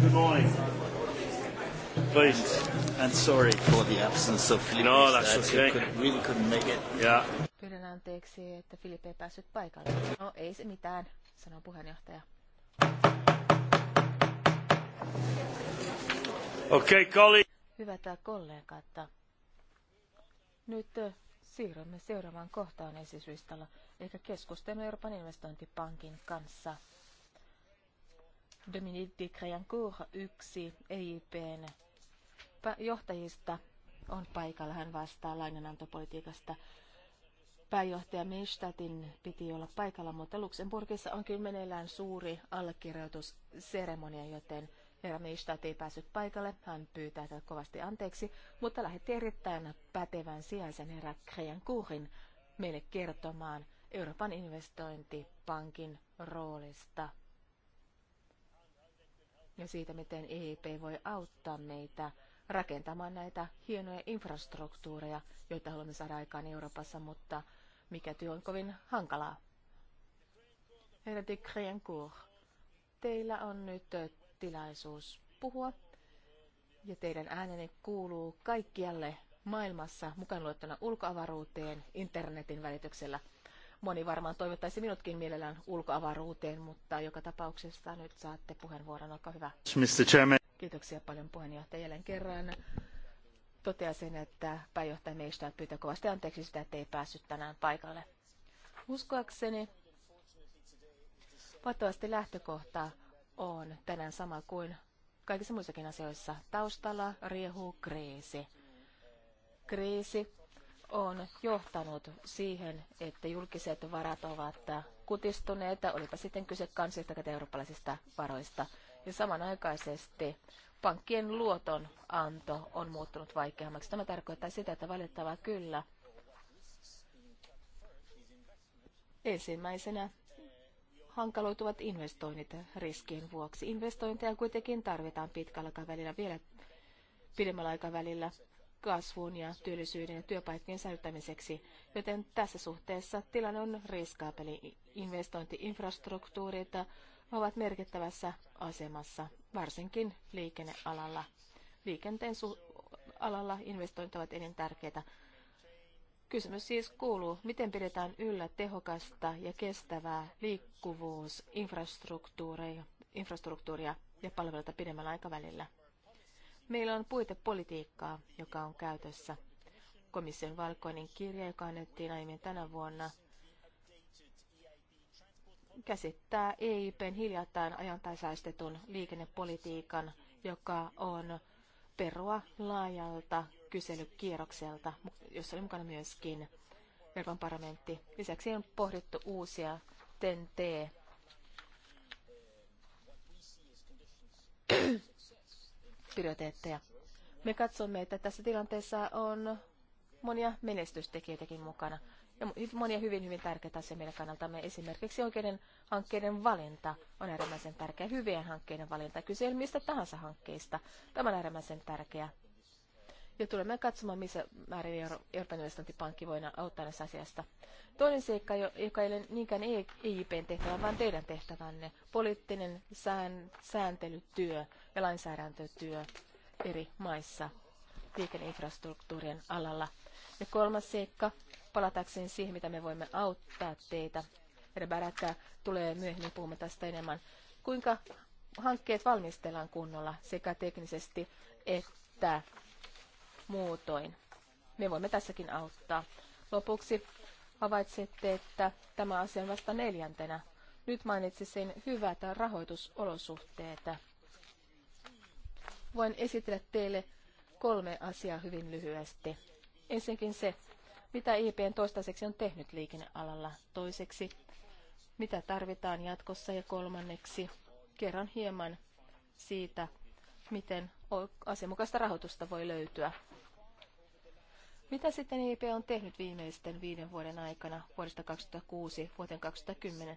Good morning. Please. And sorry for the absence of No, that's okay. Could, really couldn't make it. Yeah. Pyydän anteeksi, että Filip ei päässyt paikalle. No ei se mitään, sanoo puheenjohtaja. okay, Hyvät kollegat, nyt Siirrymme seuraavaan kohtaan esityslistalla, eikä keskustelu Euroopan investointipankin kanssa. Dominique de Créancourt, yksi EIPn johtajista, on paikalla. Hän vastaa lainanantopolitiikasta. Pääjohtaja Meistatin piti olla paikalla, mutta Luxemburgissa onkin meneillään suuri allekirjoitusseremonia, joten Herra Meistat ei päässyt paikalle, hän pyytää tätä kovasti anteeksi, mutta lähetti erittäin pätevän sijaisen herra Krejan Kuhin meille kertomaan Euroopan investointipankin roolista ja siitä, miten EIP voi auttaa meitä rakentamaan näitä hienoja infrastruktuureja, joita haluamme saada aikaan Euroopassa, mutta mikä työ on kovin hankalaa. Herra de teillä on nyt tilaisuus puhua ja teidän äänenne kuuluu kaikkialle maailmassa, mukaan luettuna ulkoavaruuteen, internetin välityksellä. Moni varmaan toivottaisi minutkin mielellään ulkoavaruuteen, mutta joka tapauksessa nyt saatte puheenvuoron. Olkaa hyvä. Mr. Chairman. Kiitoksia paljon puheenjohtaja jälleen kerran. Toteasin, että pääjohtaja meistä pyytää kovasti anteeksi sitä, että ei päässyt tänään paikalle. Uskoakseni, vaatavasti lähtökohtaa on tänään sama kuin kaikissa muissakin asioissa. Taustalla riehuu kriisi. Kriisi on johtanut siihen, että julkiset varat ovat kutistuneet, olipa sitten kyse kansallisista tai eurooppalaisista varoista. Ja samanaikaisesti pankkien luotonanto on muuttunut vaikeammaksi. Tämä tarkoittaa sitä, että valitettavaa kyllä ensimmäisenä hankaloituvat investoinnit riskien vuoksi. Investointeja kuitenkin tarvitaan pitkällä aikavälillä vielä pidemmällä aikavälillä kasvun ja työllisyyden ja työpaikkojen säilyttämiseksi, joten tässä suhteessa tilanne on riskaapeli. Investointiinfrastruktuurit ovat merkittävässä asemassa, varsinkin liikennealalla. Liikenteen alalla investoinnit ovat elintärkeitä. Kysymys siis kuuluu, miten pidetään yllä tehokasta ja kestävää liikkuvuusinfrastruktuuria infrastruktuuria ja palveluita pidemmällä aikavälillä. Meillä on puitepolitiikkaa, joka on käytössä. Komission valkoinen kirja, joka annettiin aiemmin tänä vuonna, käsittää EIPn hiljattain ajantaisaistetun liikennepolitiikan, joka on perua laajalta kyselykierrokselta, jossa oli mukana myöskin Euroopan parlamentti. Lisäksi on pohdittu uusia TNT prioriteetteja. Me katsomme, että tässä tilanteessa on monia menestystekijöitäkin mukana ja monia hyvin, hyvin tärkeitä asioita meidän kannaltamme. Esimerkiksi oikeiden hankkeiden valinta on äärimmäisen tärkeä, hyvien hankkeiden valinta. Kyse ei mistä tahansa hankkeista. Tämä on äärimmäisen tärkeä ja tulemme katsomaan, missä määrin Euroopan investointipankki voi auttaa näissä asiasta. Toinen seikka, joka ei ole niinkään EIPn e tehtävä, vaan teidän tehtävänne, poliittinen sään, sääntelytyö ja lainsäädäntötyö eri maissa liikenneinfrastruktuurien alalla. Ja kolmas seikka, palatakseni siihen, mitä me voimme auttaa teitä. Reberakka tulee myöhemmin puhumaan tästä enemmän. Kuinka hankkeet valmistellaan kunnolla sekä teknisesti että muutoin. Me voimme tässäkin auttaa. Lopuksi havaitsette, että tämä asia on vasta neljäntenä. Nyt mainitsisin hyvät rahoitusolosuhteet. Voin esitellä teille kolme asiaa hyvin lyhyesti. Ensinnäkin se, mitä IPn toistaiseksi on tehnyt liikennealalla. Toiseksi, mitä tarvitaan jatkossa. Ja kolmanneksi, kerran hieman siitä, miten asianmukaista rahoitusta voi löytyä mitä sitten EIP on tehnyt viimeisten viiden vuoden aikana vuodesta 2006 vuoteen 2010?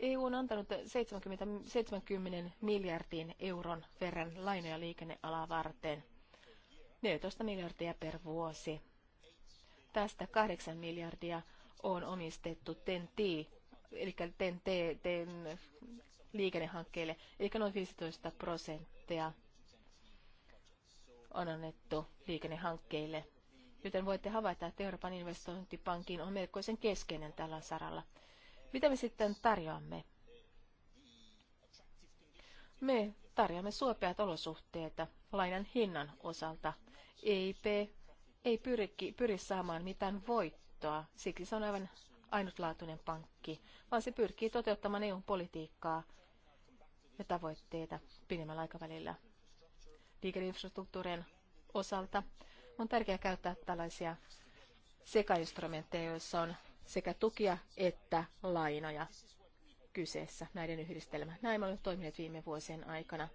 EU on antanut 70, 70 miljardin euron verran lainoja liikennealaa varten. 14 miljardia per vuosi. Tästä 8 miljardia on omistettu TEN-T, eli TEN-T, TEN liikennehankkeille, eli noin 15 prosenttia on annettu liikennehankkeille joten voitte havaita, että Euroopan investointipankin on melkoisen keskeinen tällä saralla. Mitä me sitten tarjoamme? Me tarjoamme suopeat olosuhteet lainan hinnan osalta. EIP ei pyri, pyri saamaan mitään voittoa, siksi se on aivan ainutlaatuinen pankki, vaan se pyrkii toteuttamaan EU-politiikkaa ja tavoitteita pidemmällä aikavälillä. Liikenneinfrastruktuurin osalta on tärkeää käyttää tällaisia sekainstrumentteja, joissa on sekä tukia että lainoja kyseessä, näiden yhdistelmä. Näin me olemme toimineet viime vuosien aikana.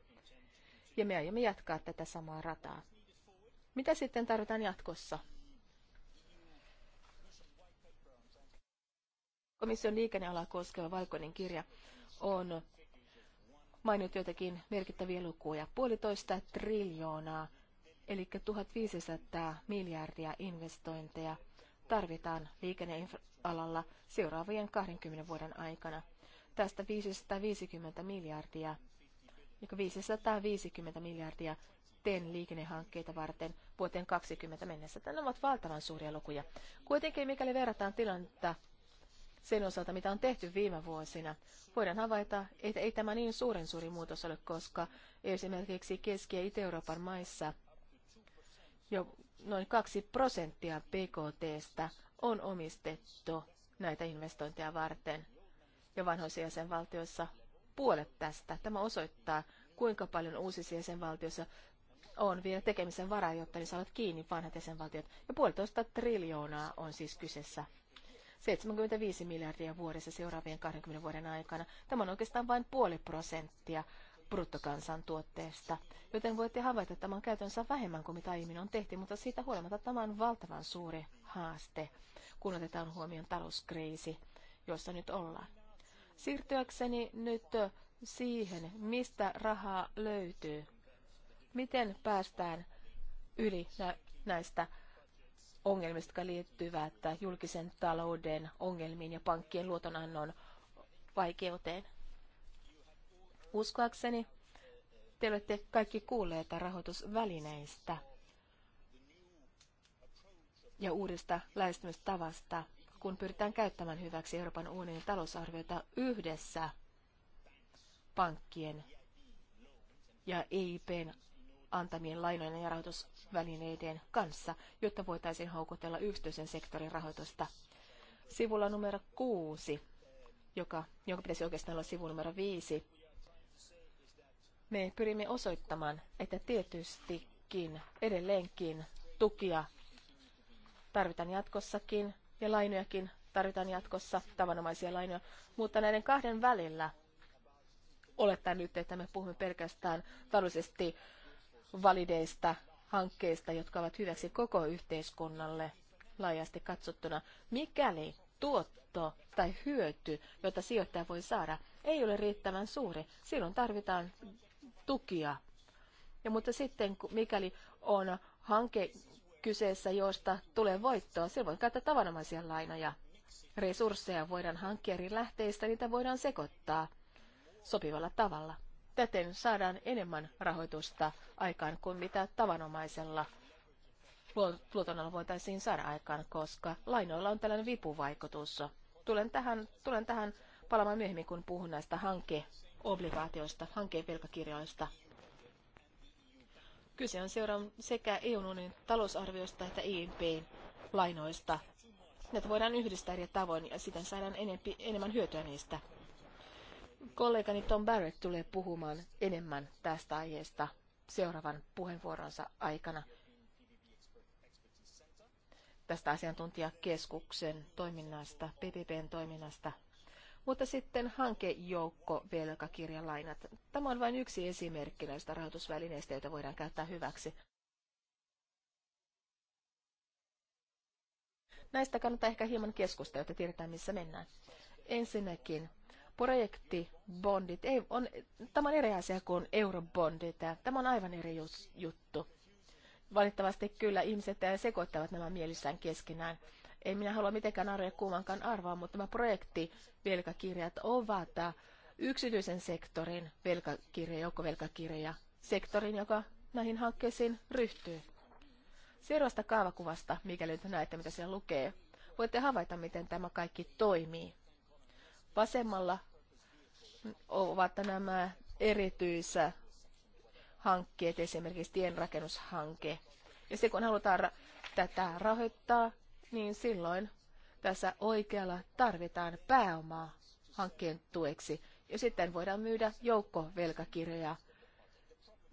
Ja me aiomme jatkaa tätä samaa rataa. Mitä sitten tarvitaan jatkossa? Komission liikennealaa koskeva valkoinen kirja on mainittu joitakin merkittäviä lukuja. Puolitoista triljoonaa Eli 1500 miljardia investointeja tarvitaan liikennealalla seuraavien 20 vuoden aikana. Tästä 550 miljardia, 550 niin miljardia TEN liikennehankkeita varten vuoteen 2020 mennessä. Nämä ovat valtavan suuria lukuja. Kuitenkin mikäli verrataan tilannetta sen osalta, mitä on tehty viime vuosina, voidaan havaita, että ei tämä niin suuren suuri muutos ole, koska esimerkiksi Keski- ja Itä-Euroopan maissa – jo noin 2 prosenttia PKTstä on omistettu näitä investointeja varten. Ja vanhoissa jäsenvaltioissa puolet tästä. Tämä osoittaa, kuinka paljon uusissa jäsenvaltioissa on vielä tekemisen varaa, jotta ne saavat kiinni vanhat jäsenvaltiot. Ja puolitoista triljoonaa on siis kyseessä. 75 miljardia vuodessa seuraavien 20 vuoden aikana. Tämä on oikeastaan vain puoli prosenttia bruttokansantuotteesta, joten voitte havaita, että tämä on käytännössä vähemmän kuin mitä aiemmin on tehty, mutta siitä huolimatta tämä on valtavan suuri haaste, kun otetaan huomioon talouskriisi, jossa nyt ollaan. Siirtyäkseni nyt siihen, mistä rahaa löytyy, miten päästään yli näistä ongelmista, jotka liittyvät julkisen talouden ongelmiin ja pankkien luotonannon vaikeuteen. Uskoakseni te olette kaikki kuulleet rahoitusvälineistä ja uudesta lähestymistavasta, kun pyritään käyttämään hyväksi Euroopan unionin talousarviota yhdessä pankkien ja EIPn antamien lainojen ja rahoitusvälineiden kanssa, jotta voitaisiin houkutella yksityisen sektorin rahoitusta. Sivulla numero kuusi, joka, jonka pitäisi oikeastaan olla sivu numero viisi, me pyrimme osoittamaan, että tietystikin edelleenkin tukia tarvitaan jatkossakin ja lainojakin tarvitaan jatkossa, tavanomaisia lainoja, mutta näiden kahden välillä olettaen nyt, että me puhumme pelkästään taloudellisesti valideista hankkeista, jotka ovat hyväksi koko yhteiskunnalle laajasti katsottuna, mikäli tuotto tai hyöty, jota sijoittaja voi saada, ei ole riittävän suuri. Silloin tarvitaan tukia. Ja mutta sitten, mikäli on hanke kyseessä, josta tulee voittoa, silloin käyttää tavanomaisia lainoja. Resursseja voidaan hankkia eri lähteistä, niitä voidaan sekoittaa sopivalla tavalla. Täten saadaan enemmän rahoitusta aikaan kuin mitä tavanomaisella luotonnolla voitaisiin saada aikaan, koska lainoilla on tällainen vipuvaikutus. Tulen tähän, tulen tähän palaamaan myöhemmin, kun puhun näistä hanke obligaatioista, hankkeen velkakirjoista. Kyse on seuraan sekä EUn unionin talousarviosta että EIPn lainoista. Näitä voidaan yhdistää eri tavoin ja siten saadaan enempi, enemmän hyötyä niistä. Kollegani Tom Barrett tulee puhumaan enemmän tästä aiheesta seuraavan puheenvuoronsa aikana tästä asiantuntijakeskuksen toiminnasta, PPPn toiminnasta – mutta sitten hankejoukko velkakirjalainat. Tämä on vain yksi esimerkki näistä rahoitusvälineistä, joita voidaan käyttää hyväksi. Näistä kannattaa ehkä hieman keskustella, jotta tiedetään, missä mennään. Ensinnäkin projektibondit. Ei, on, tämä on eri asia kuin eurobondit. Tämä on aivan eri juttu. Valitettavasti kyllä ihmiset sekoittavat nämä mielissään keskenään. Ei minä halua mitenkään Arja Kuumankaan arvoa, mutta nämä projektivelkakirjat ovat äh, yksityisen sektorin velkakirja, joukkovelkakirja, sektorin, joka näihin hankkeisiin ryhtyy. Seuraavasta kaavakuvasta, mikäli nyt näette, mitä siellä lukee, voitte havaita, miten tämä kaikki toimii. Vasemmalla ovat nämä erityisä hankkeet, esimerkiksi tienrakennushanke. Ja se, kun halutaan tätä rahoittaa, niin silloin tässä oikealla tarvitaan pääomaa hankkeen tueksi. Ja sitten voidaan myydä joukkovelkakirjoja,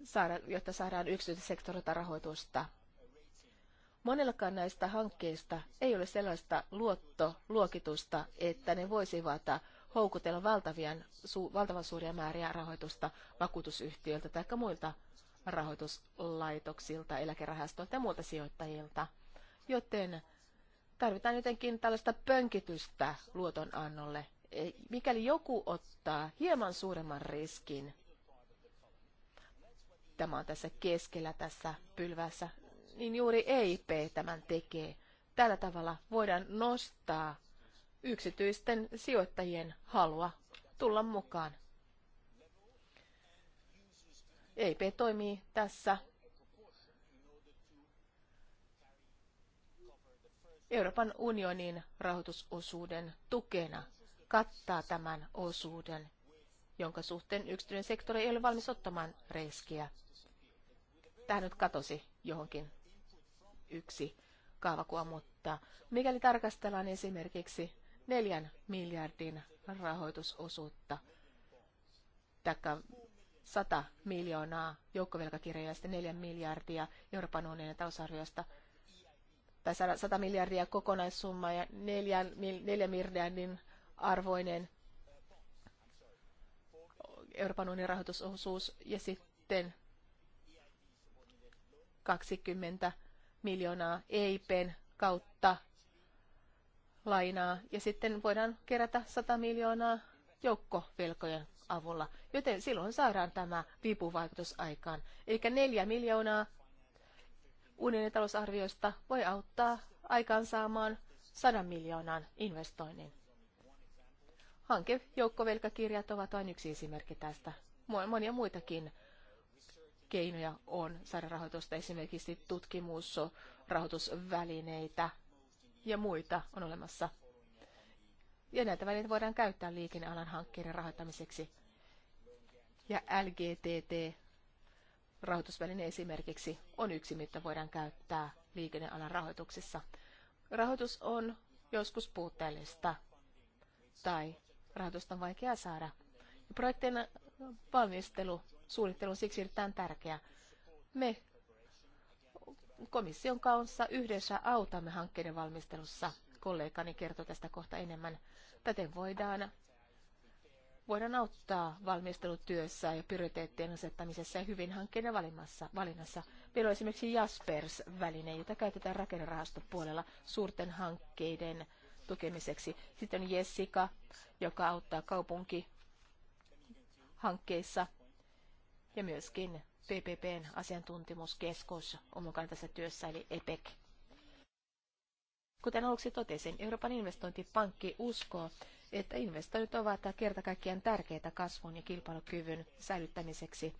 saada, jotta saadaan yksityissektorilta rahoitusta. Monellakaan näistä hankkeista ei ole sellaista luottoluokitusta, että ne voisivat houkutella valtavien, su, valtavan suuria määriä rahoitusta vakuutusyhtiöiltä tai muilta rahoituslaitoksilta, eläkerahastoilta ja muilta sijoittajilta. Joten tarvitaan jotenkin tällaista pönkitystä luotonannolle. E, mikäli joku ottaa hieman suuremman riskin, tämä on tässä keskellä tässä pylvässä, niin juuri EIP tämän tekee. Tällä tavalla voidaan nostaa yksityisten sijoittajien halua tulla mukaan. EIP toimii tässä Euroopan unionin rahoitusosuuden tukena kattaa tämän osuuden, jonka suhteen yksityinen sektori ei ole valmis ottamaan riskiä. Tämä nyt katosi johonkin yksi kaavakua, mutta mikäli tarkastellaan esimerkiksi neljän miljardin rahoitusosuutta, taikka 100 miljoonaa joukkovelkakirjoja ja sitten 4 miljardia Euroopan unionin talousarviosta, tai 100 miljardia kokonaissumma ja 4, 4 miljardin arvoinen Euroopan unionin rahoitusosuus ja sitten 20 miljoonaa EIPen kautta lainaa ja sitten voidaan kerätä 100 miljoonaa joukkovelkojen avulla, joten silloin saadaan tämä vipuvaikutus aikaan. Eli 4 miljoonaa unionin voi auttaa aikaansaamaan 100 miljoonan investoinnin. Hanke joukkovelkakirjat ovat vain yksi esimerkki tästä. Monia muitakin keinoja on saada rahoitusta, esimerkiksi tutkimus, rahoitusvälineitä ja muita on olemassa. Ja näitä välineitä voidaan käyttää liikennealan hankkeiden rahoittamiseksi. Ja LGTT rahoitusväline esimerkiksi on yksi, mitä voidaan käyttää liikennealan rahoituksessa. Rahoitus on joskus puutteellista tai rahoitusta on vaikea saada. Projektien valmistelu, suunnittelu on siksi erittäin tärkeää. Me komission kanssa yhdessä autamme hankkeiden valmistelussa. Kollegani kertoo tästä kohta enemmän. Täten voidaan voidaan auttaa valmistelutyössä ja prioriteettien asettamisessa ja hyvin hankkeiden valinnassa. valinnassa. Meillä on esimerkiksi Jaspers-väline, jota käytetään rakennerahastopuolella suurten hankkeiden tukemiseksi. Sitten on Jessica, joka auttaa kaupunkihankkeissa ja myöskin PPPn asiantuntemuskeskus on mukana tässä työssä, eli EPEC. Kuten aluksi totesin, Euroopan investointipankki uskoo, että investoinnit ovat kerta kaikkiaan tärkeitä kasvun ja kilpailukyvyn säilyttämiseksi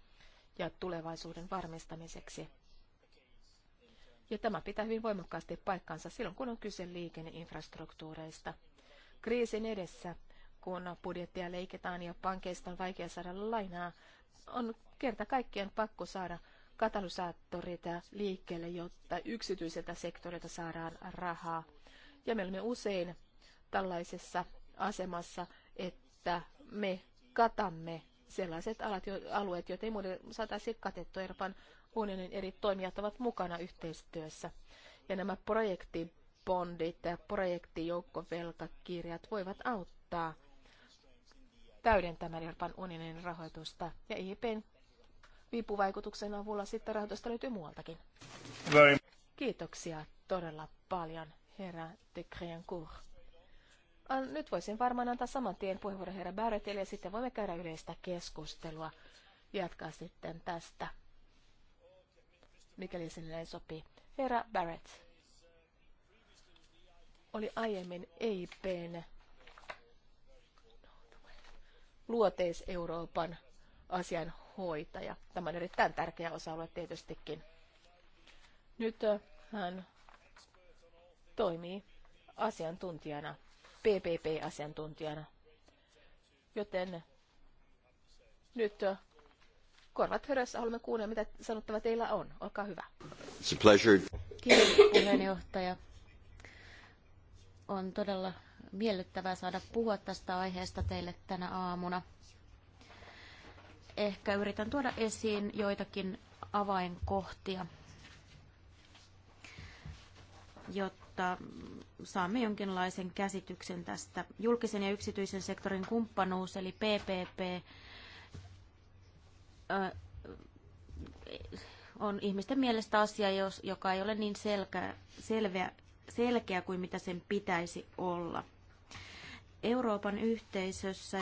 ja tulevaisuuden varmistamiseksi. Ja tämä pitää hyvin voimakkaasti paikkansa silloin, kun on kyse liikenneinfrastruktuureista. Kriisin edessä, kun budjettia leiketaan ja pankeista on vaikea saada lainaa, on kerta kaikkiaan pakko saada katalysaattoreita liikkeelle, jotta yksityiseltä sektorilta saadaan rahaa. Ja me olemme usein tällaisessa asemassa, että me katamme sellaiset alat, jo, alueet, joita ei muuten saataisi katettua. Euroopan unionin eri toimijat ovat mukana yhteistyössä. Ja nämä projektibondit ja projektijoukkovelkakirjat voivat auttaa täydentämään Euroopan unionin rahoitusta. Ja IPn vipuvaikutuksen avulla sitten rahoitusta löytyy muualtakin. Very. Kiitoksia todella paljon, herra de Criancourt. Äh, nyt voisin varmaan antaa saman tien puheenvuoron herra Barrettille ja sitten voimme käydä yleistä keskustelua. Jatkaa sitten tästä, mikäli sinne sopii. Herra Barrett oli aiemmin EIPn luoteis-Euroopan asianhoitaja. Tämä on erittäin tärkeä osa-alue tietystikin. Nyt äh, hän toimii asiantuntijana PPP-asiantuntijana. Joten nyt korvat hörössä haluamme kuunnella, mitä sanottava teillä on. Olkaa hyvä. It's a pleasure. Kiitos puheenjohtaja. On todella miellyttävää saada puhua tästä aiheesta teille tänä aamuna. Ehkä yritän tuoda esiin joitakin avainkohtia, jotta jotta saamme jonkinlaisen käsityksen tästä. Julkisen ja yksityisen sektorin kumppanuus eli PPP on ihmisten mielestä asia, joka ei ole niin selkeä, selveä, selkeä kuin mitä sen pitäisi olla. Euroopan yhteisössä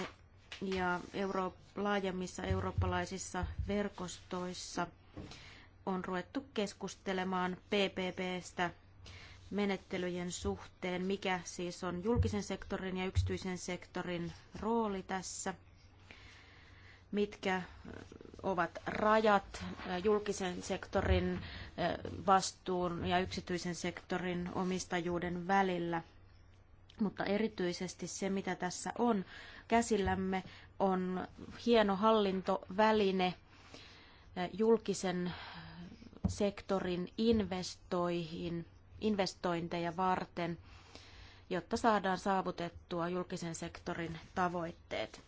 ja euro, laajemmissa eurooppalaisissa verkostoissa on ruvettu keskustelemaan PPPstä menettelyjen suhteen, mikä siis on julkisen sektorin ja yksityisen sektorin rooli tässä, mitkä ovat rajat julkisen sektorin vastuun ja yksityisen sektorin omistajuuden välillä. Mutta erityisesti se, mitä tässä on käsillämme, on hieno hallintoväline julkisen sektorin investoihin investointeja varten, jotta saadaan saavutettua julkisen sektorin tavoitteet.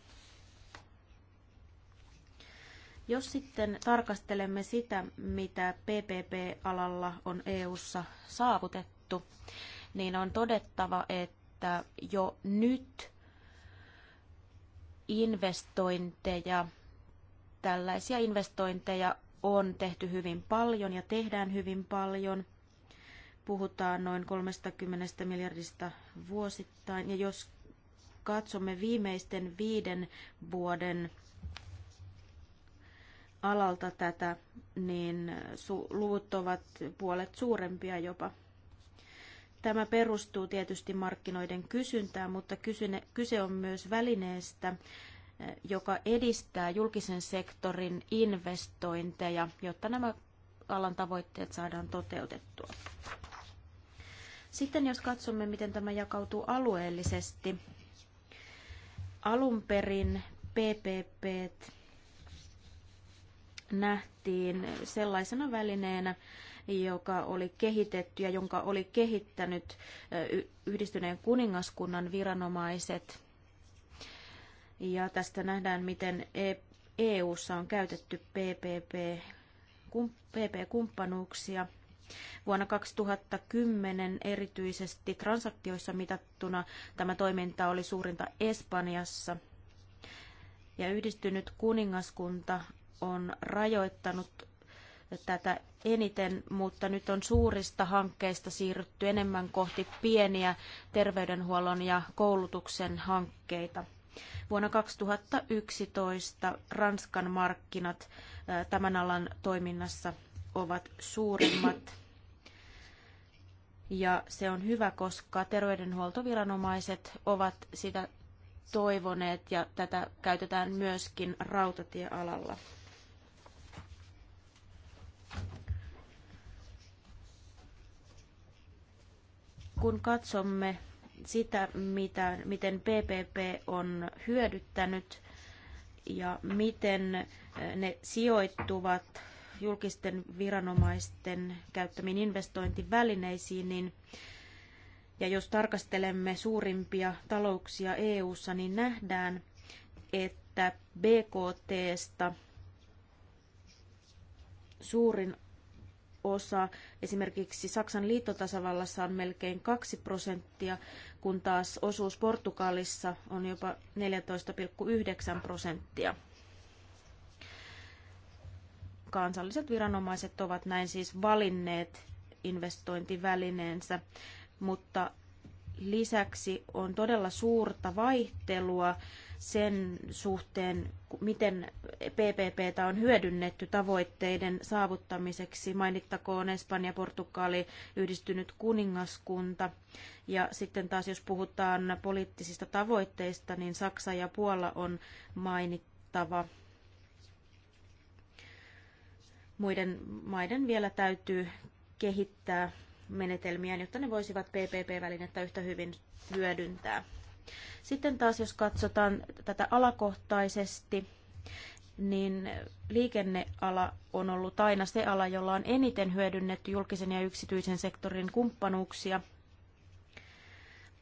Jos sitten tarkastelemme sitä, mitä PPP-alalla on EU:ssa saavutettu, niin on todettava, että jo nyt investointeja, tällaisia investointeja on tehty hyvin paljon ja tehdään hyvin paljon puhutaan noin 30 miljardista vuosittain. Ja jos katsomme viimeisten viiden vuoden alalta tätä, niin luvut ovat puolet suurempia jopa. Tämä perustuu tietysti markkinoiden kysyntään, mutta kyse on myös välineestä, eh, joka edistää julkisen sektorin investointeja, jotta nämä alan tavoitteet saadaan toteutettua. Sitten jos katsomme, miten tämä jakautuu alueellisesti, alun perin PPP nähtiin sellaisena välineenä, joka oli kehitetty ja jonka oli kehittänyt yhdistyneen kuningaskunnan viranomaiset. Ja tästä nähdään, miten EU:ssa e on käytetty PPP, PP-kumppanuuksia. Vuonna 2010 erityisesti transaktioissa mitattuna tämä toiminta oli suurinta Espanjassa. Ja yhdistynyt kuningaskunta on rajoittanut tätä eniten, mutta nyt on suurista hankkeista siirrytty enemmän kohti pieniä terveydenhuollon ja koulutuksen hankkeita. Vuonna 2011 Ranskan markkinat tämän alan toiminnassa ovat suuremmat. Ja se on hyvä, koska terveydenhuoltoviranomaiset ovat sitä toivoneet ja tätä käytetään myöskin rautatiealalla. Kun katsomme sitä, mitä, miten PPP on hyödyttänyt ja miten ne sijoittuvat julkisten viranomaisten käyttämiin investointivälineisiin, niin ja jos tarkastelemme suurimpia talouksia EU:ssa, niin nähdään, että BKT:sta suurin osa. Esimerkiksi Saksan liittotasavallassa on melkein 2 prosenttia, kun taas osuus Portugalissa on jopa 14,9 prosenttia. Kansalliset viranomaiset ovat näin siis valinneet investointivälineensä, mutta lisäksi on todella suurta vaihtelua sen suhteen, miten PPPtä on hyödynnetty tavoitteiden saavuttamiseksi. Mainittakoon Espanja, Portugali, yhdistynyt kuningaskunta. Ja sitten taas jos puhutaan poliittisista tavoitteista, niin Saksa ja Puola on mainittava Muiden maiden vielä täytyy kehittää menetelmiä, jotta ne voisivat PPP-välinettä yhtä hyvin hyödyntää. Sitten taas jos katsotaan tätä alakohtaisesti, niin liikenneala on ollut aina se ala, jolla on eniten hyödynnetty julkisen ja yksityisen sektorin kumppanuuksia.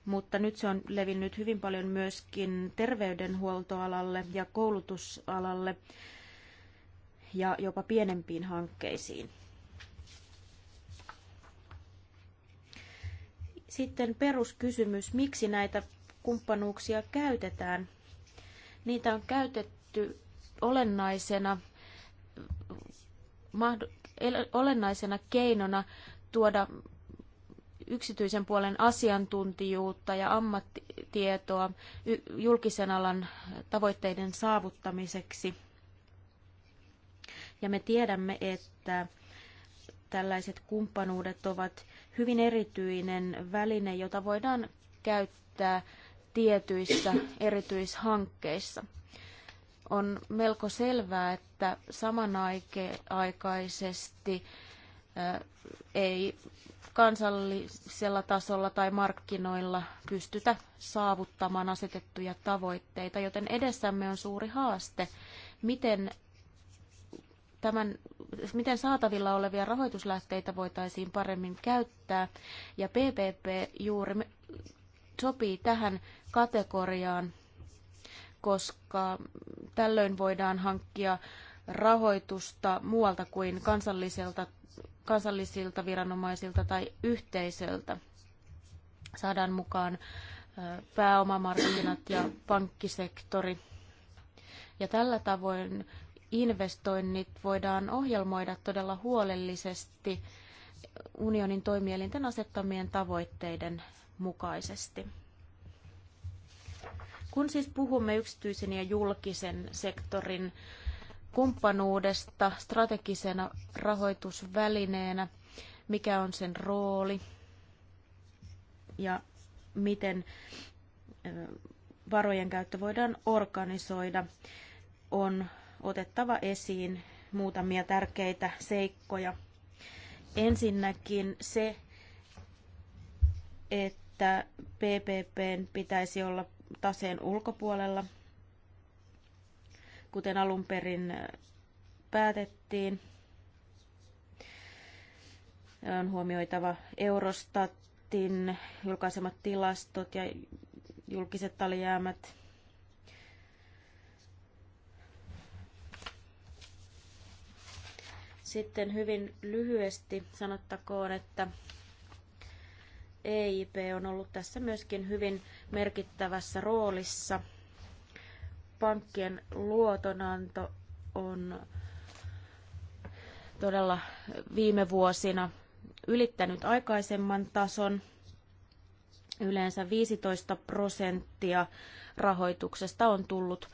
Mutta nyt se on levinnyt hyvin paljon myöskin terveydenhuoltoalalle ja koulutusalalle ja jopa pienempiin hankkeisiin. Sitten peruskysymys, miksi näitä kumppanuuksia käytetään. Niitä on käytetty olennaisena, olennaisena keinona tuoda yksityisen puolen asiantuntijuutta ja ammattitietoa julkisen alan tavoitteiden saavuttamiseksi – ja me tiedämme, että tällaiset kumppanuudet ovat hyvin erityinen väline, jota voidaan käyttää tietyissä erityishankkeissa. On melko selvää, että samanaikaisesti ei kansallisella tasolla tai markkinoilla pystytä saavuttamaan asetettuja tavoitteita, joten edessämme on suuri haaste, miten tämän, miten saatavilla olevia rahoituslähteitä voitaisiin paremmin käyttää. Ja PPP juuri sopii tähän kategoriaan, koska tällöin voidaan hankkia rahoitusta muualta kuin kansalliselta, kansallisilta viranomaisilta tai yhteisöltä. Saadaan mukaan pääomamarkkinat ja pankkisektori. Ja tällä tavoin investoinnit voidaan ohjelmoida todella huolellisesti unionin toimielinten asettamien tavoitteiden mukaisesti. Kun siis puhumme yksityisen ja julkisen sektorin kumppanuudesta strategisena rahoitusvälineenä, mikä on sen rooli ja miten varojen käyttö voidaan organisoida, on otettava esiin muutamia tärkeitä seikkoja. Ensinnäkin se, että PPPn pitäisi olla taseen ulkopuolella, kuten alun perin äh, päätettiin. On huomioitava Eurostatin julkaisemat tilastot ja julkiset alijäämät Sitten hyvin lyhyesti sanottakoon, että EIP on ollut tässä myöskin hyvin merkittävässä roolissa. Pankkien luotonanto on todella viime vuosina ylittänyt aikaisemman tason. Yleensä 15 prosenttia rahoituksesta on tullut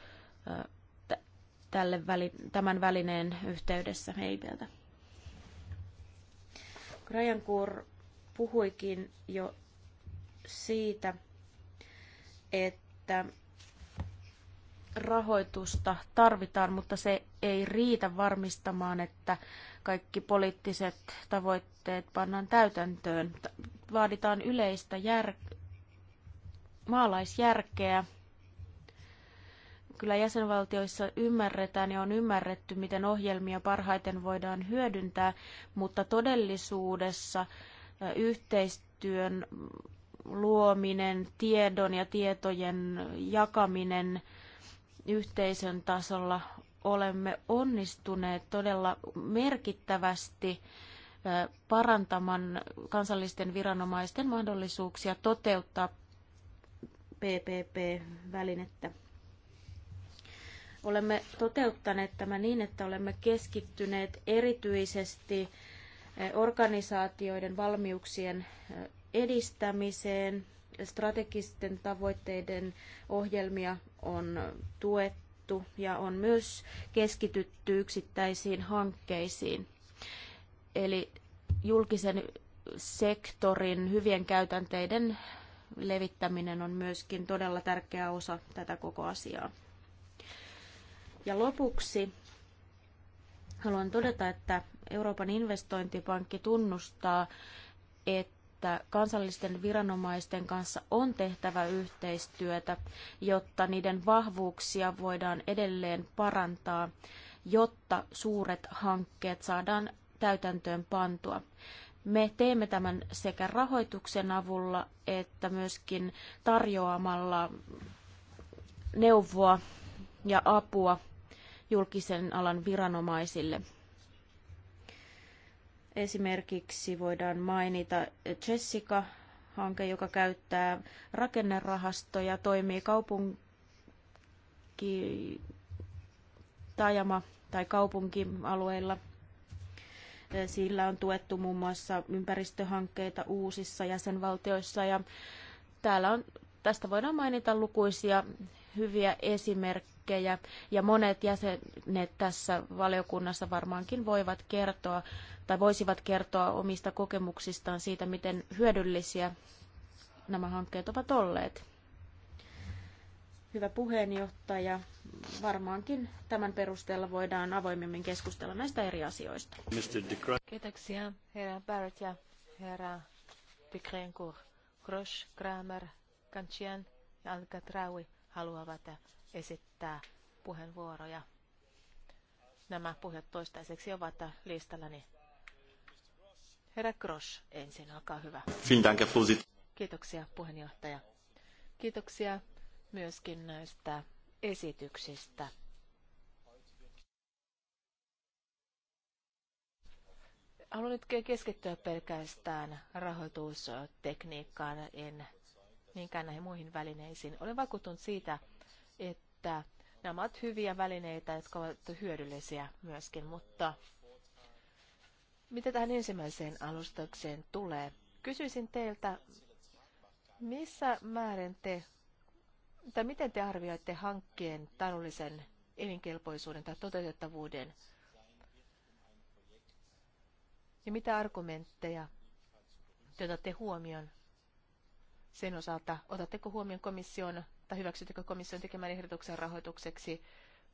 tälle väli, tämän välineen yhteydessä Heipeltä. Krajankur puhuikin jo siitä, että rahoitusta tarvitaan, mutta se ei riitä varmistamaan, että kaikki poliittiset tavoitteet pannaan täytäntöön. Vaaditaan yleistä jär... maalaisjärkeä kyllä jäsenvaltioissa ymmärretään ja on ymmärretty, miten ohjelmia parhaiten voidaan hyödyntää, mutta todellisuudessa yhteistyön luominen, tiedon ja tietojen jakaminen yhteisön tasolla olemme onnistuneet todella merkittävästi parantamaan kansallisten viranomaisten mahdollisuuksia toteuttaa PPP-välinettä. Olemme toteuttaneet tämän niin, että olemme keskittyneet erityisesti eh, organisaatioiden valmiuksien eh, edistämiseen. Strategisten tavoitteiden ohjelmia on tuettu ja on myös keskitytty yksittäisiin hankkeisiin. Eli julkisen sektorin hyvien käytänteiden levittäminen on myöskin todella tärkeä osa tätä koko asiaa. Ja lopuksi haluan todeta, että Euroopan investointipankki tunnustaa, että kansallisten viranomaisten kanssa on tehtävä yhteistyötä, jotta niiden vahvuuksia voidaan edelleen parantaa, jotta suuret hankkeet saadaan täytäntöön pantua. Me teemme tämän sekä rahoituksen avulla että myöskin tarjoamalla neuvoa ja apua julkisen alan viranomaisille. Esimerkiksi voidaan mainita Jessica, hanke, joka käyttää rakennerahastoja, toimii kaupunki, tajama tai kaupunkialueilla. Sillä on tuettu muun muassa ympäristöhankkeita uusissa jäsenvaltioissa ja täällä on, tästä voidaan mainita lukuisia hyviä esimerkkejä riskejä ja monet jäsenet tässä valiokunnassa varmaankin voivat kertoa tai voisivat kertoa omista kokemuksistaan siitä, miten hyödyllisiä nämä hankkeet ovat olleet. Hyvä puheenjohtaja, varmaankin tämän perusteella voidaan avoimemmin keskustella näistä eri asioista. Kiitoksia, herra Barrett ja herra Pikrenkur. Grosch, Kramer, Kanchian ja Alcatraui haluavat esittää puheenvuoroja. Nämä puhujat toistaiseksi ovat listallani. Herra Grosch ensin, olkaa hyvä. Kiitoksia puheenjohtaja. Kiitoksia myöskin näistä esityksistä. Haluan nyt keskittyä pelkästään rahoitustekniikkaan, en niinkään näihin muihin välineisiin. Olen vakuuttunut siitä, että nämä ovat hyviä välineitä, jotka ovat hyödyllisiä myöskin, mutta mitä tähän ensimmäiseen alustukseen tulee? Kysyisin teiltä, missä määrin te, tai miten te arvioitte hankkeen taloudellisen elinkelpoisuuden tai toteutettavuuden? Ja mitä argumentteja te otatte huomioon sen osalta? Otatteko huomioon komission että hyväksyttekö komission tekemän ehdotuksen rahoitukseksi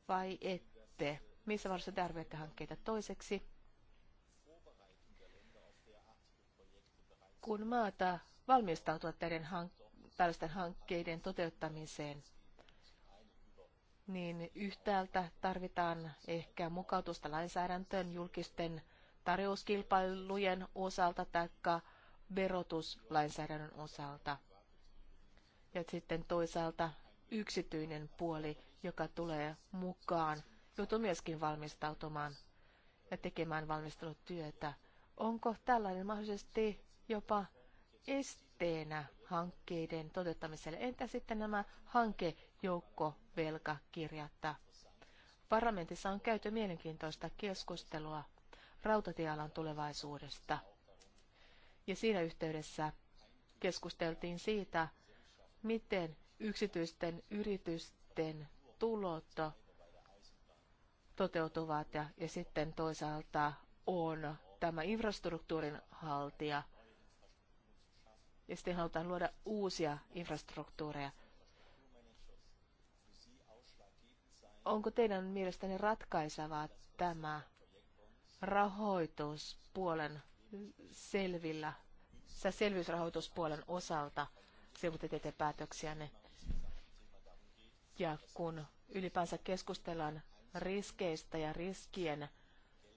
vai ette? Missä varsin tarvitsette hankkeita toiseksi? Kun maata valmistautua tällaisten, hank- tällaisten hankkeiden toteuttamiseen, niin yhtäältä tarvitaan ehkä mukautusta lainsäädäntöön julkisten tarjouskilpailujen osalta tai verotuslainsäädännön osalta ja sitten toisaalta yksityinen puoli, joka tulee mukaan, joutuu myöskin valmistautumaan ja tekemään valmistelutyötä. Onko tällainen mahdollisesti jopa esteenä hankkeiden toteuttamiselle? Entä sitten nämä hankejoukkovelkakirjat? Parlamentissa on käyty mielenkiintoista keskustelua rautatiealan tulevaisuudesta. Ja siinä yhteydessä keskusteltiin siitä, miten yksityisten yritysten tulot toteutuvat ja, ja sitten toisaalta on tämä infrastruktuurin haltija. Ja sitten halutaan luoda uusia infrastruktuureja. Onko teidän mielestäni ratkaisevaa tämä rahoituspuolen selvillä, se selvyysrahoituspuolen osalta – se, kun te teette päätöksiänne. Ja kun ylipäänsä keskustellaan riskeistä ja riskien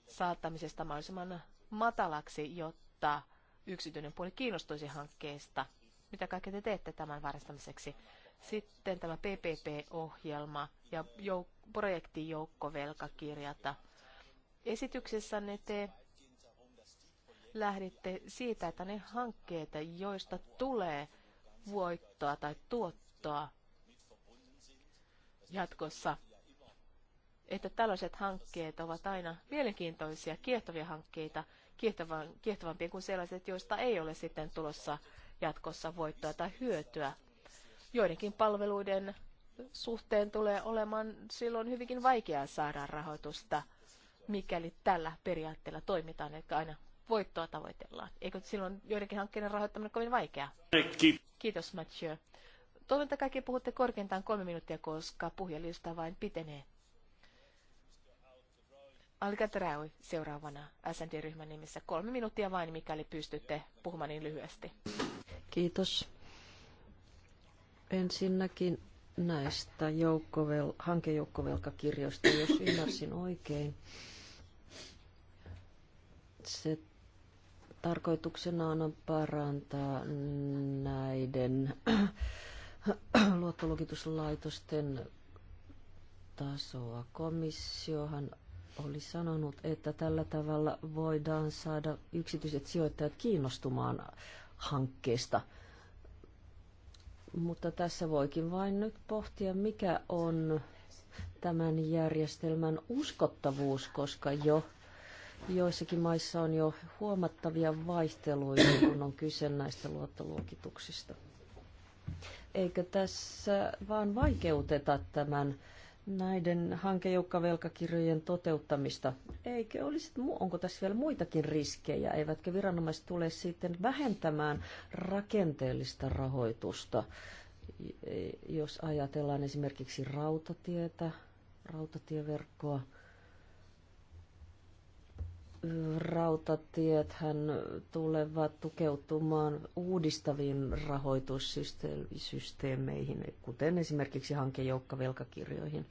saattamisesta mahdollisimman matalaksi, jotta yksityinen puoli kiinnostuisi hankkeesta. Mitä kaikkea te teette tämän varastamiseksi? Sitten tämä PPP-ohjelma ja jouk- projektin joukkovelkakirjata. Esityksessänne te lähditte siitä, että ne hankkeet, joista tulee voittoa tai tuottoa jatkossa. Että tällaiset hankkeet ovat aina mielenkiintoisia, kiehtovia hankkeita, kiehtovan, kiehtovampia kuin sellaiset, joista ei ole sitten tulossa jatkossa voittoa tai hyötyä. Joidenkin palveluiden suhteen tulee olemaan silloin hyvinkin vaikeaa saada rahoitusta, mikäli tällä periaatteella toimitaan, että aina voittoa tavoitellaan. Eikö silloin joidenkin hankkeiden rahoittaminen kovin vaikeaa? Kiitos Mathieu. Toivon, että kaikki puhutte korkeintaan kolme minuuttia, koska puhujalista vain pitenee. Alka Traui seuraavana SND-ryhmän nimissä. Kolme minuuttia vain, mikäli pystytte puhumaan niin lyhyesti. Kiitos. Ensinnäkin näistä joukkovel- hankejoukkovelkakirjoista, jos ymmärsin oikein. Se Tarkoituksena on parantaa näiden luottoluokituslaitosten tasoa. Komissiohan oli sanonut, että tällä tavalla voidaan saada yksityiset sijoittajat kiinnostumaan hankkeesta. Mutta tässä voikin vain nyt pohtia, mikä on tämän järjestelmän uskottavuus, koska jo Joissakin maissa on jo huomattavia vaihteluita, kun on kyse näistä luottoluokituksista. Eikö tässä vaan vaikeuteta tämän näiden hankejoukkavelkakirjojen toteuttamista? Eikö olisi, onko tässä vielä muitakin riskejä? Eivätkö viranomaiset tule sitten vähentämään rakenteellista rahoitusta? Jos ajatellaan esimerkiksi rautatietä, rautatieverkkoa, hän tulevat tukeutumaan uudistaviin rahoitussysteemeihin, kuten esimerkiksi hankejoukkavelkakirjoihin.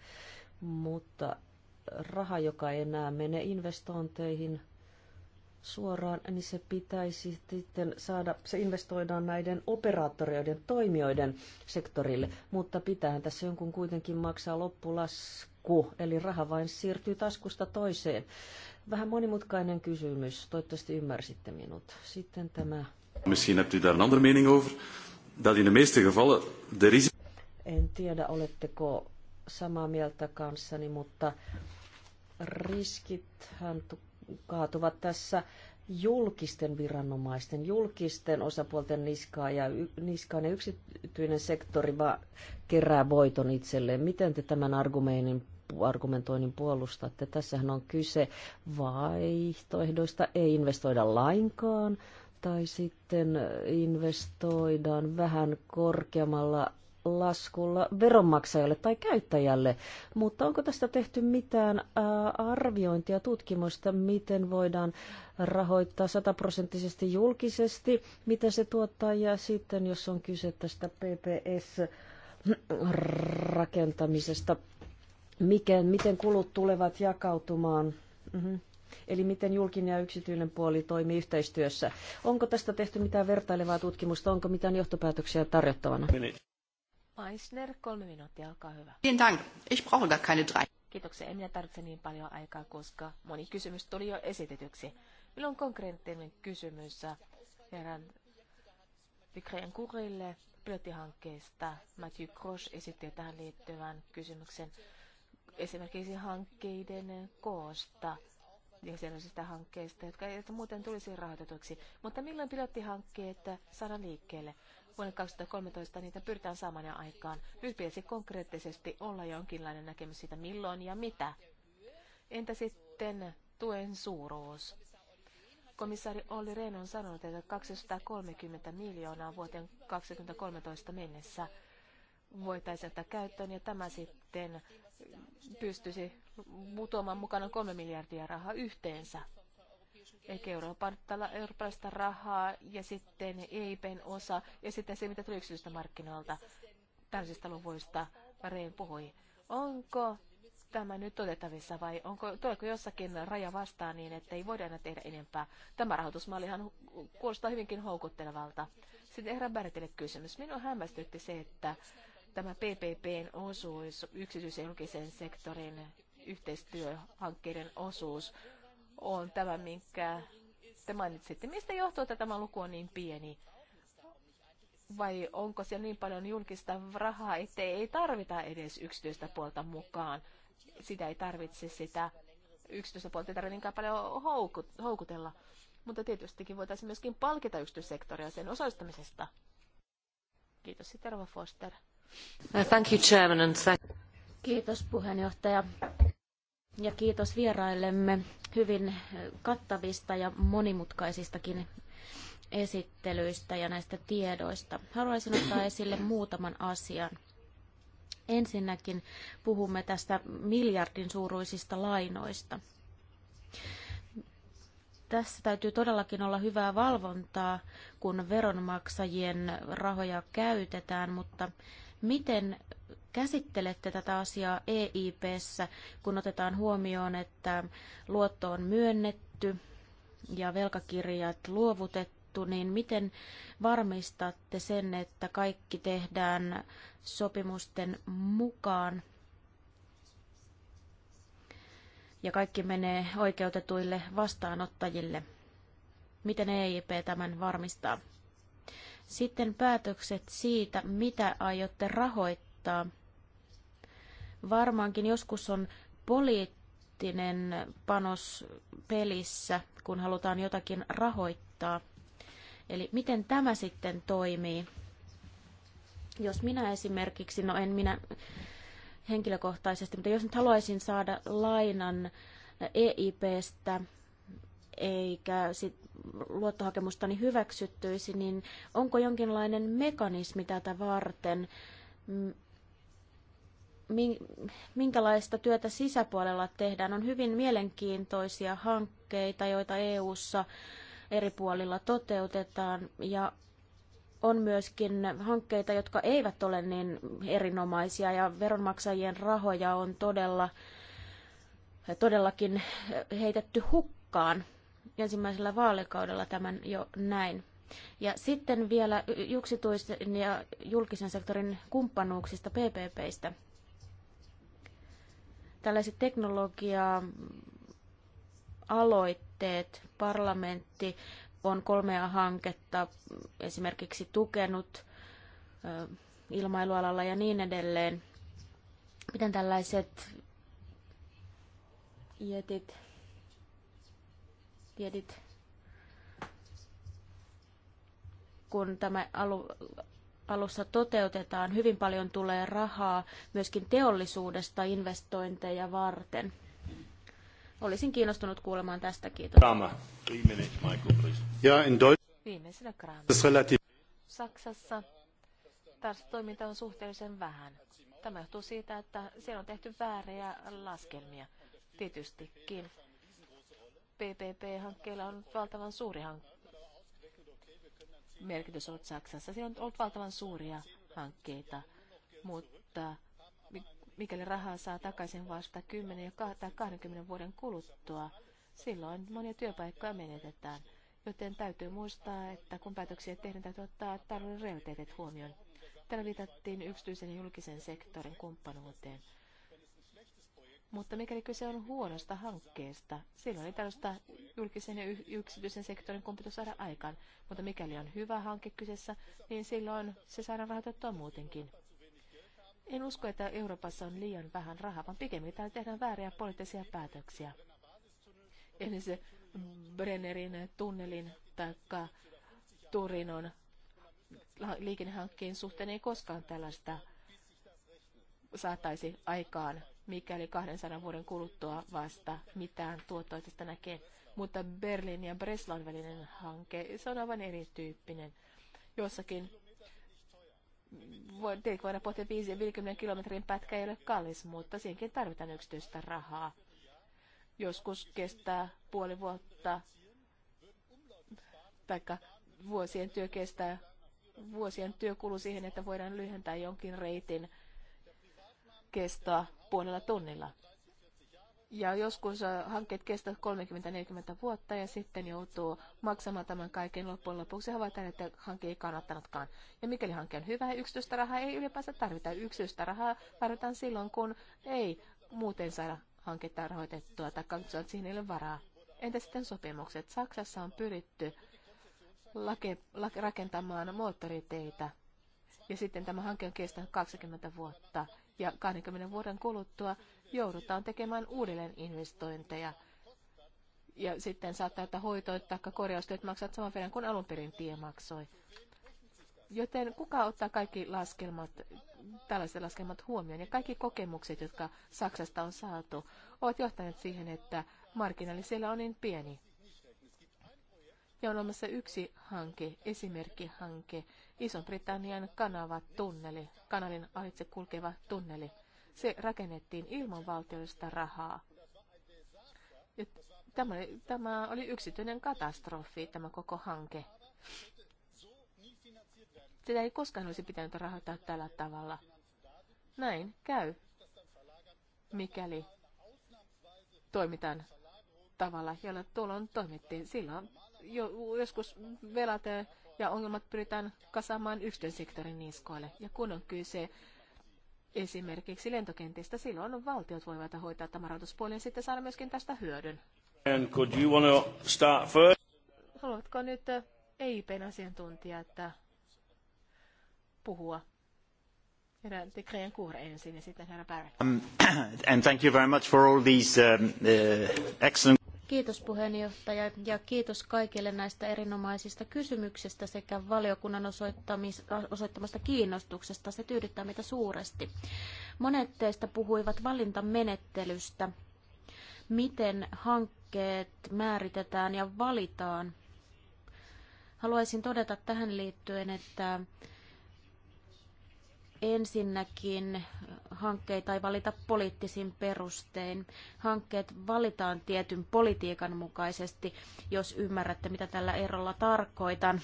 Mutta raha, joka ei enää mene investointeihin suoraan, niin se pitäisi sitten saada, se investoidaan näiden operaattoreiden, toimijoiden sektorille, mutta pitäähän tässä jonkun kuitenkin maksaa loppulasku, eli raha vain siirtyy taskusta toiseen vähän monimutkainen kysymys. Toivottavasti ymmärsitte minut. Sitten tämä... Misschien hebt u daar een andere mening over. Dat in de meeste gevallen de risico... En tiedä, oletteko samaa mieltä kanssani, mutta riskithän kaatuvat tässä julkisten viranomaisten, julkisten osapuolten niskaan ja y, niskaan ja yksityinen sektori vaan kerää voiton itselleen. Miten te tämän argumentin argumentoinnin puolustatte. Tässähän on kyse vaihtoehdoista, ei investoida lainkaan tai sitten investoidaan vähän korkeammalla laskulla veronmaksajalle tai käyttäjälle. Mutta onko tästä tehty mitään äh, arviointia, tutkimusta, miten voidaan rahoittaa sataprosenttisesti julkisesti, mitä se tuottaa ja sitten jos on kyse tästä PPS-rakentamisesta, miten, miten kulut tulevat jakautumaan. Mm-hmm. Eli miten julkinen ja yksityinen puoli toimii yhteistyössä. Onko tästä tehty mitään vertailevaa tutkimusta? Onko mitään johtopäätöksiä tarjottavana? Meissner, kolme minuuttia, olkaa hyvä. Kiitoksia. En minä tarvitse niin paljon aikaa, koska moni kysymys tuli jo esitetyksi. Minulla on konkreettinen kysymys herran Vikreen kurille pilottihankkeesta. Matthew Grosh esitti tähän liittyvän kysymyksen esimerkiksi hankkeiden koosta ja sellaisista hankkeista, jotka eivät muuten tulisi rahoitetuksi. Mutta milloin pilottihankkeet saada liikkeelle? Vuonna 2013 niitä pyritään saamaan ja aikaan. Nyt pitäisi konkreettisesti olla jonkinlainen näkemys siitä, milloin ja mitä. Entä sitten tuen suuruus? Komissaari Olli Rehn on sanonut, että 230 miljoonaa vuoteen 2013 mennessä voitaisiin ottaa käyttöön, ja tämä sitten pystyisi tuomaan mukana kolme miljardia rahaa yhteensä. Eikä Euroopan, eurooppalaista rahaa ja sitten EIPen osa ja sitten se, mitä tuli yksityistä markkinoilta. Tällaisista luvuista Reen puhui. Onko tämä nyt todettavissa vai onko, tuleeko jossakin raja vastaan niin, että ei voida enää tehdä enempää? Tämä rahoitusmallihan kuulostaa hyvinkin houkuttelevalta. Sitten herra Bärtille kysymys. Minua hämmästytti se, että tämä PPPn osuus, yksityisen ja julkisen sektorin yhteistyöhankkeiden osuus, on tämä, minkä te mainitsitte. Mistä johtuu, että tämä luku on niin pieni? Vai onko siellä niin paljon julkista rahaa, että ei tarvita edes yksityistä puolta mukaan? Sitä ei tarvitse sitä yksityistä puolta, ei tarvitse niinkään paljon houkutella. Mutta tietystikin voitaisiin myöskin palkita yksityissektoria sen osallistamisesta. Kiitos, Rova Foster. Uh, thank you, Chairman, and thank... Kiitos puheenjohtaja ja kiitos vieraillemme hyvin kattavista ja monimutkaisistakin esittelyistä ja näistä tiedoista. Haluaisin ottaa esille muutaman asian. Ensinnäkin puhumme tästä miljardin suuruisista lainoista. Tässä täytyy todellakin olla hyvää valvontaa, kun veronmaksajien rahoja käytetään, mutta Miten käsittelette tätä asiaa EIPssä, kun otetaan huomioon, että luotto on myönnetty ja velkakirjat luovutettu, niin miten varmistatte sen, että kaikki tehdään sopimusten mukaan ja kaikki menee oikeutetuille vastaanottajille? Miten EIP tämän varmistaa? Sitten päätökset siitä, mitä aiotte rahoittaa. Varmaankin joskus on poliittinen panos pelissä, kun halutaan jotakin rahoittaa. Eli miten tämä sitten toimii? Jos minä esimerkiksi, no en minä henkilökohtaisesti, mutta jos nyt haluaisin saada lainan EIPstä eikä sit luottohakemustani hyväksyttyisi, niin onko jonkinlainen mekanismi tätä varten? Minkälaista työtä sisäpuolella tehdään? On hyvin mielenkiintoisia hankkeita, joita EU:ssa eri puolilla toteutetaan ja on myöskin hankkeita, jotka eivät ole niin erinomaisia ja veronmaksajien rahoja on todella, todellakin heitetty hukkaan ensimmäisellä vaalikaudella tämän jo näin. Ja sitten vielä yksityisen ja julkisen sektorin kumppanuuksista, PPPistä. Tällaiset teknologia-aloitteet, parlamentti on kolmea hanketta esimerkiksi tukenut ilmailualalla ja niin edelleen. Miten tällaiset jetit Tiedit, kun tämä alu, alussa toteutetaan, hyvin paljon tulee rahaa myöskin teollisuudesta investointeja varten. Olisin kiinnostunut kuulemaan tästä. Kiitos. Ja Viimeisenä Kramer. Saksassa tässä toiminta on suhteellisen vähän. Tämä johtuu siitä, että siellä on tehty vääriä laskelmia tietystikin PPP-hankkeilla on ollut valtavan suuri hank- merkitys ollut Saksassa. Siellä on ollut valtavan suuria hankkeita, mutta mikäli rahaa saa takaisin vasta 10 ja 20 vuoden kuluttua, silloin monia työpaikkoja menetetään. Joten täytyy muistaa, että kun päätöksiä tehdään, täytyy ottaa talouden realiteetit huomioon. Täällä viitattiin yksityisen ja julkisen sektorin kumppanuuteen. Mutta mikäli kyse on huonosta hankkeesta, silloin ei tällaista julkisen ja yksityisen sektorin kumpitus saada aikaan. Mutta mikäli on hyvä hanke kyseessä, niin silloin se saadaan rahoitettua muutenkin. En usko, että Euroopassa on liian vähän rahaa, vaan pikemminkin täällä tehdään vääriä poliittisia päätöksiä. Eli se Brennerin tunnelin tai Turinon liikennehankkeen suhteen ei koskaan tällaista saataisi aikaan mikäli 200 vuoden kuluttua vasta mitään tuottoisesta näkee. Mutta Berliin ja Breslan välinen hanke, se on aivan erityyppinen. Jossakin teitä voidaan pohtia 50 kilometrin pätkä ei ole kallis, mutta siihenkin tarvitaan yksityistä rahaa. Joskus kestää puoli vuotta, taikka vuosien työ kestää, vuosien työ siihen, että voidaan lyhentää jonkin reitin kestoa puolella tunnilla. Ja joskus äh, hankkeet kestävät 30-40 vuotta ja sitten joutuu maksamaan tämän kaiken loppujen lopuksi. Havaitaan, että hanke ei kannattanutkaan. Ja mikäli hanke on hyvä, yksityistä rahaa ei ylipäänsä tarvita. Yksityistä rahaa tarvitaan silloin, kun ei muuten saada hanketta rahoitettua tai katsotaan, että siihen ei ole varaa. Entä sitten sopimukset? Saksassa on pyritty lake, lake, rakentamaan moottoriteitä. Ja sitten tämä hanke on kestänyt 20 vuotta ja 20 vuoden kuluttua joudutaan tekemään uudelleen investointeja. Ja sitten saattaa, että hoito- tai korjaustyöt maksavat saman verran kuin alun perin tie maksoi. Joten kuka ottaa kaikki laskelmat, tällaiset laskelmat huomioon ja kaikki kokemukset, jotka Saksasta on saatu, ovat johtaneet siihen, että marginaali siellä on niin pieni. Ja on olemassa yksi hanke, esimerkkihanke, iso britannian kanava tunneli, kanalin alitse kulkeva tunneli. Se rakennettiin ilman valtiollista rahaa. Ja tämä, oli, tämä oli yksityinen katastrofi, tämä koko hanke. Sitä ei koskaan olisi pitänyt rahoittaa tällä tavalla. Näin käy, mikäli toimitaan tavalla, jolla tuolloin toimittiin. Silloin jo, joskus velat ja ongelmat pyritään kasaamaan yksityisen sektorin niskoille. Ja kun on kyse esimerkiksi lentokentistä, silloin valtiot voivat hoitaa tämän rahoituspuolen ja sitten saada myöskin tästä hyödyn. And could you want to start first? Haluatko nyt äh, EIPn asiantuntija, että äh, puhua? Herra de ensin ja sitten herra Barrett. Um, and thank you very much for all these um, uh, excellent Kiitos puheenjohtaja ja kiitos kaikille näistä erinomaisista kysymyksistä sekä valiokunnan osoittamasta kiinnostuksesta. Se tyydyttää meitä suuresti. Monet teistä puhuivat valintamenettelystä, miten hankkeet määritetään ja valitaan. Haluaisin todeta tähän liittyen, että ensinnäkin hankkeita ei valita poliittisin perustein. Hankkeet valitaan tietyn politiikan mukaisesti, jos ymmärrätte, mitä tällä erolla tarkoitan.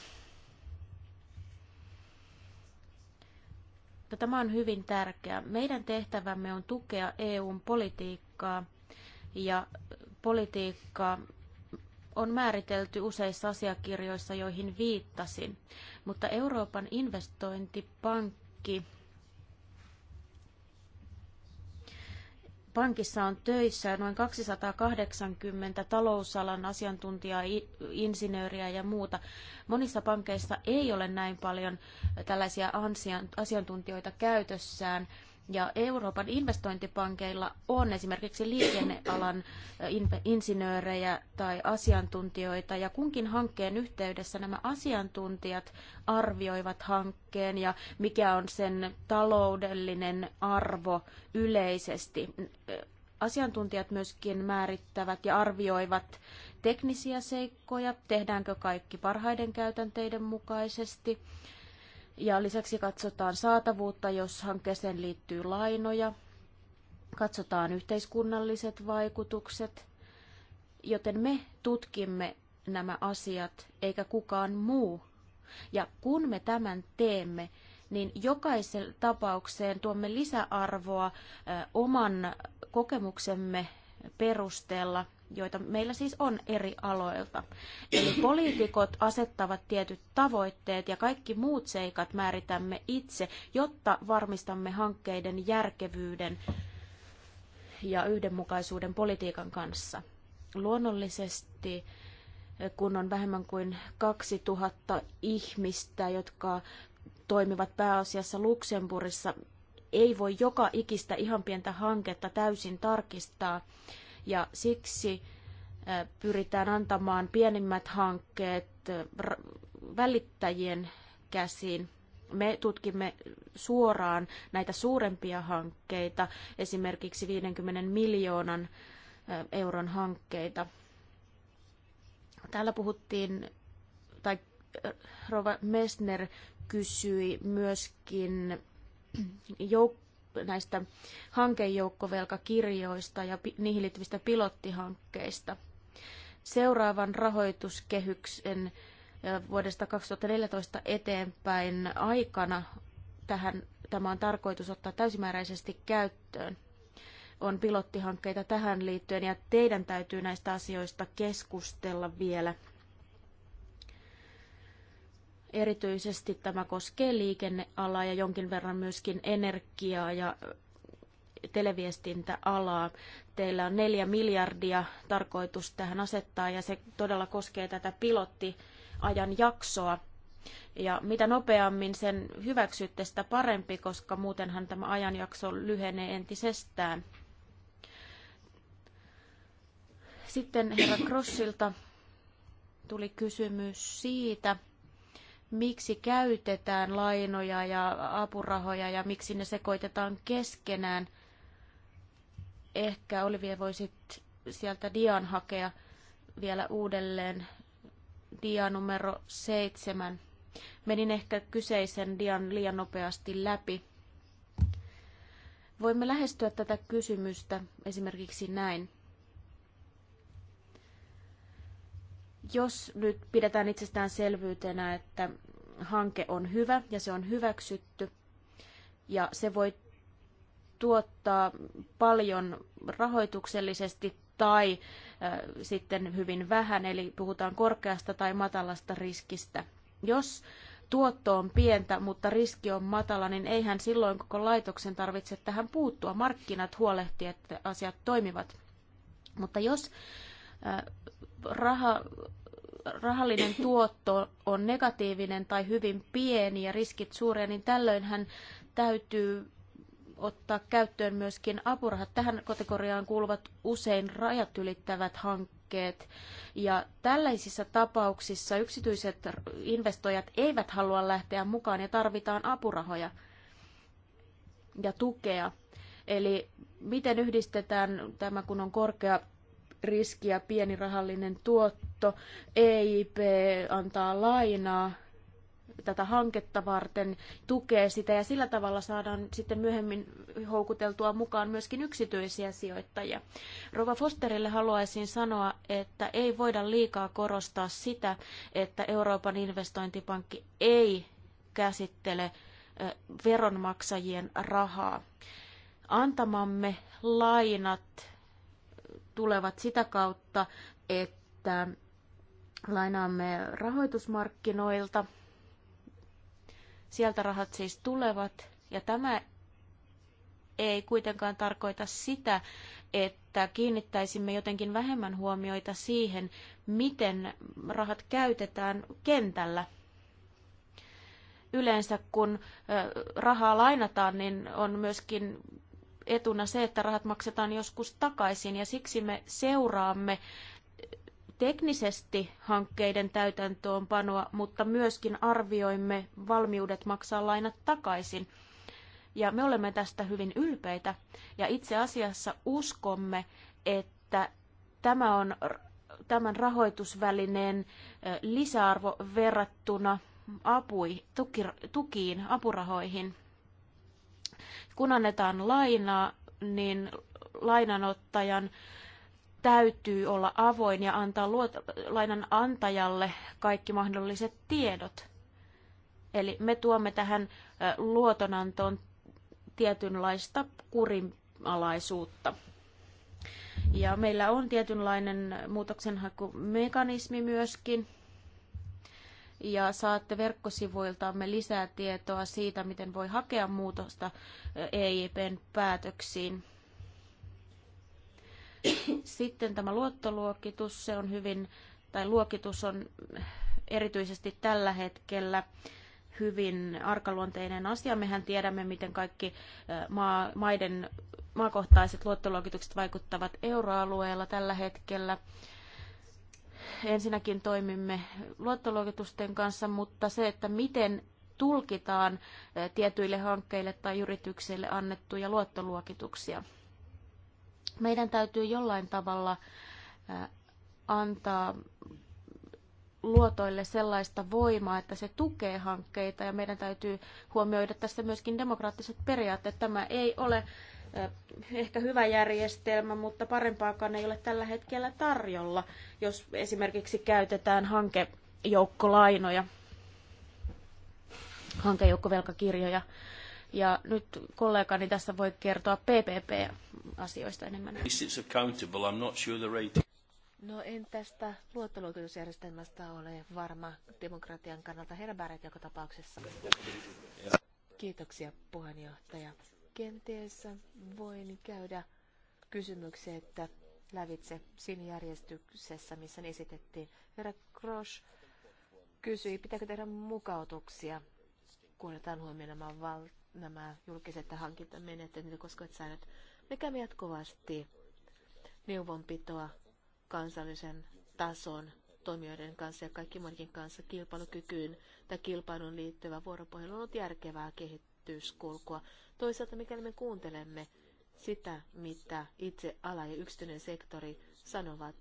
No, tämä on hyvin tärkeää. Meidän tehtävämme on tukea EUn politiikkaa ja politiikkaa on määritelty useissa asiakirjoissa, joihin viittasin, mutta Euroopan investointipankki pankissa on töissä noin 280 talousalan asiantuntijaa, insinööriä ja muuta. Monissa pankeissa ei ole näin paljon tällaisia asiantuntijoita käytössään. Ja Euroopan investointipankeilla on esimerkiksi liikennealan insinöörejä tai asiantuntijoita, ja kunkin hankkeen yhteydessä nämä asiantuntijat arvioivat hankkeen ja mikä on sen taloudellinen arvo yleisesti. Asiantuntijat myöskin määrittävät ja arvioivat teknisiä seikkoja, tehdäänkö kaikki parhaiden käytänteiden mukaisesti, ja lisäksi katsotaan saatavuutta, jos hankkeeseen liittyy lainoja. Katsotaan yhteiskunnalliset vaikutukset. Joten me tutkimme nämä asiat, eikä kukaan muu. Ja kun me tämän teemme, niin jokaisen tapaukseen tuomme lisäarvoa oman kokemuksemme perusteella joita meillä siis on eri aloilta. Eli poliitikot asettavat tietyt tavoitteet ja kaikki muut seikat määritämme itse, jotta varmistamme hankkeiden järkevyyden ja yhdenmukaisuuden politiikan kanssa. Luonnollisesti kun on vähemmän kuin 2000 ihmistä, jotka toimivat pääasiassa Luxemburgissa, ei voi joka ikistä ihan pientä hanketta täysin tarkistaa ja siksi pyritään antamaan pienimmät hankkeet välittäjien käsiin. Me tutkimme suoraan näitä suurempia hankkeita, esimerkiksi 50 miljoonan euron hankkeita. Täällä puhuttiin, tai Rova Messner kysyi myöskin jouk- näistä hankejoukkovelkakirjoista ja niihin liittyvistä pilottihankkeista. Seuraavan rahoituskehyksen vuodesta 2014 eteenpäin aikana tähän, tämä on tarkoitus ottaa täysimääräisesti käyttöön. On pilottihankkeita tähän liittyen ja teidän täytyy näistä asioista keskustella vielä Erityisesti tämä koskee liikennealaa ja jonkin verran myöskin energiaa ja televiestintäalaa. Teillä on neljä miljardia tarkoitus tähän asettaa ja se todella koskee tätä pilottiajan jaksoa. Ja mitä nopeammin sen hyväksytte, sitä parempi, koska muutenhan tämä ajanjakso lyhenee entisestään. Sitten herra Crossilta tuli kysymys siitä, miksi käytetään lainoja ja apurahoja ja miksi ne sekoitetaan keskenään. Ehkä Olivia voisit sieltä dian hakea vielä uudelleen. Dia numero seitsemän. Menin ehkä kyseisen dian liian nopeasti läpi. Voimme lähestyä tätä kysymystä esimerkiksi näin. Jos nyt pidetään itsestäänselvyytenä, että hanke on hyvä ja se on hyväksytty ja se voi tuottaa paljon rahoituksellisesti tai sitten hyvin vähän, eli puhutaan korkeasta tai matalasta riskistä. Jos tuotto on pientä, mutta riski on matala, niin eihän silloin koko laitoksen tarvitse tähän puuttua. Markkinat huolehtii, että asiat toimivat. Mutta jos raha rahallinen tuotto on negatiivinen tai hyvin pieni ja riskit suuria, niin tällöin hän täytyy ottaa käyttöön myöskin apurahat. Tähän kategoriaan kuuluvat usein rajat ylittävät hankkeet. Ja tällaisissa tapauksissa yksityiset investoijat eivät halua lähteä mukaan ja tarvitaan apurahoja ja tukea. Eli miten yhdistetään tämä, kun on korkea riskiä, pieni rahallinen tuotto. EIP antaa lainaa tätä hanketta varten, tukee sitä ja sillä tavalla saadaan sitten myöhemmin houkuteltua mukaan myöskin yksityisiä sijoittajia. Rova Fosterille haluaisin sanoa, että ei voida liikaa korostaa sitä, että Euroopan investointipankki ei käsittele veronmaksajien rahaa. Antamamme lainat tulevat sitä kautta, että lainaamme rahoitusmarkkinoilta. Sieltä rahat siis tulevat ja tämä ei kuitenkaan tarkoita sitä, että kiinnittäisimme jotenkin vähemmän huomioita siihen, miten rahat käytetään kentällä. Yleensä kun rahaa lainataan, niin on myöskin etuna se, että rahat maksetaan joskus takaisin ja siksi me seuraamme teknisesti hankkeiden täytäntöönpanoa, mutta myöskin arvioimme valmiudet maksaa lainat takaisin. Ja me olemme tästä hyvin ylpeitä ja itse asiassa uskomme, että tämä on tämän rahoitusvälineen lisäarvo verrattuna apui, tuki, tukiin, apurahoihin. Kun annetaan laina, niin lainanottajan täytyy olla avoin ja antaa luot- lainan antajalle kaikki mahdolliset tiedot. Eli me tuomme tähän luotonantoon tietynlaista kurinalaisuutta. Ja meillä on tietynlainen muutoksenhakumekanismi myöskin, ja saatte verkkosivuiltamme lisää tietoa siitä, miten voi hakea muutosta EIPn eh, e päätöksiin. Sitten tämä luottoluokitus, se on hyvin, tai luokitus on erityisesti tällä hetkellä hyvin arkaluonteinen asia. Mehän tiedämme, miten kaikki eh, maa, maiden maakohtaiset luottoluokitukset vaikuttavat euroalueella tällä hetkellä. Ensinnäkin toimimme luottoluokitusten kanssa, mutta se, että miten tulkitaan eh, tietyille hankkeille tai yrityksille annettuja luottoluokituksia. Meidän täytyy jollain tavalla eh, antaa luotoille sellaista voimaa, että se tukee hankkeita ja meidän täytyy huomioida tässä myöskin demokraattiset periaatteet. Tämä ei ole ehkä hyvä järjestelmä, mutta parempaakaan ei ole tällä hetkellä tarjolla, jos esimerkiksi käytetään hankejoukkolainoja, hankejoukkovelkakirjoja. Ja nyt kollegani tässä voi kertoa PPP-asioista enemmän. No en tästä luottoluokitusjärjestelmästä ole varma demokratian kannalta herra joka tapauksessa. Kiitoksia puheenjohtaja. Kenties voin käydä kysymyksiä, että lävitse siinä järjestyksessä, missä ne esitettiin. Herra Grosch kysyi, pitääkö tehdä mukautuksia, kun otetaan huomioon nämä, val- nämä julkiset hankintamenettelyt, niitä koskevat säännöt. Me käymme jatkuvasti neuvonpitoa kansallisen tason toimijoiden kanssa ja kaikki muidenkin kanssa kilpailukykyyn tai kilpailuun liittyvä vuoropuhelu on ollut järkevää kehityskulkua. Toisaalta mikäli me kuuntelemme sitä, mitä itse ala ja yksityinen sektori sanovat,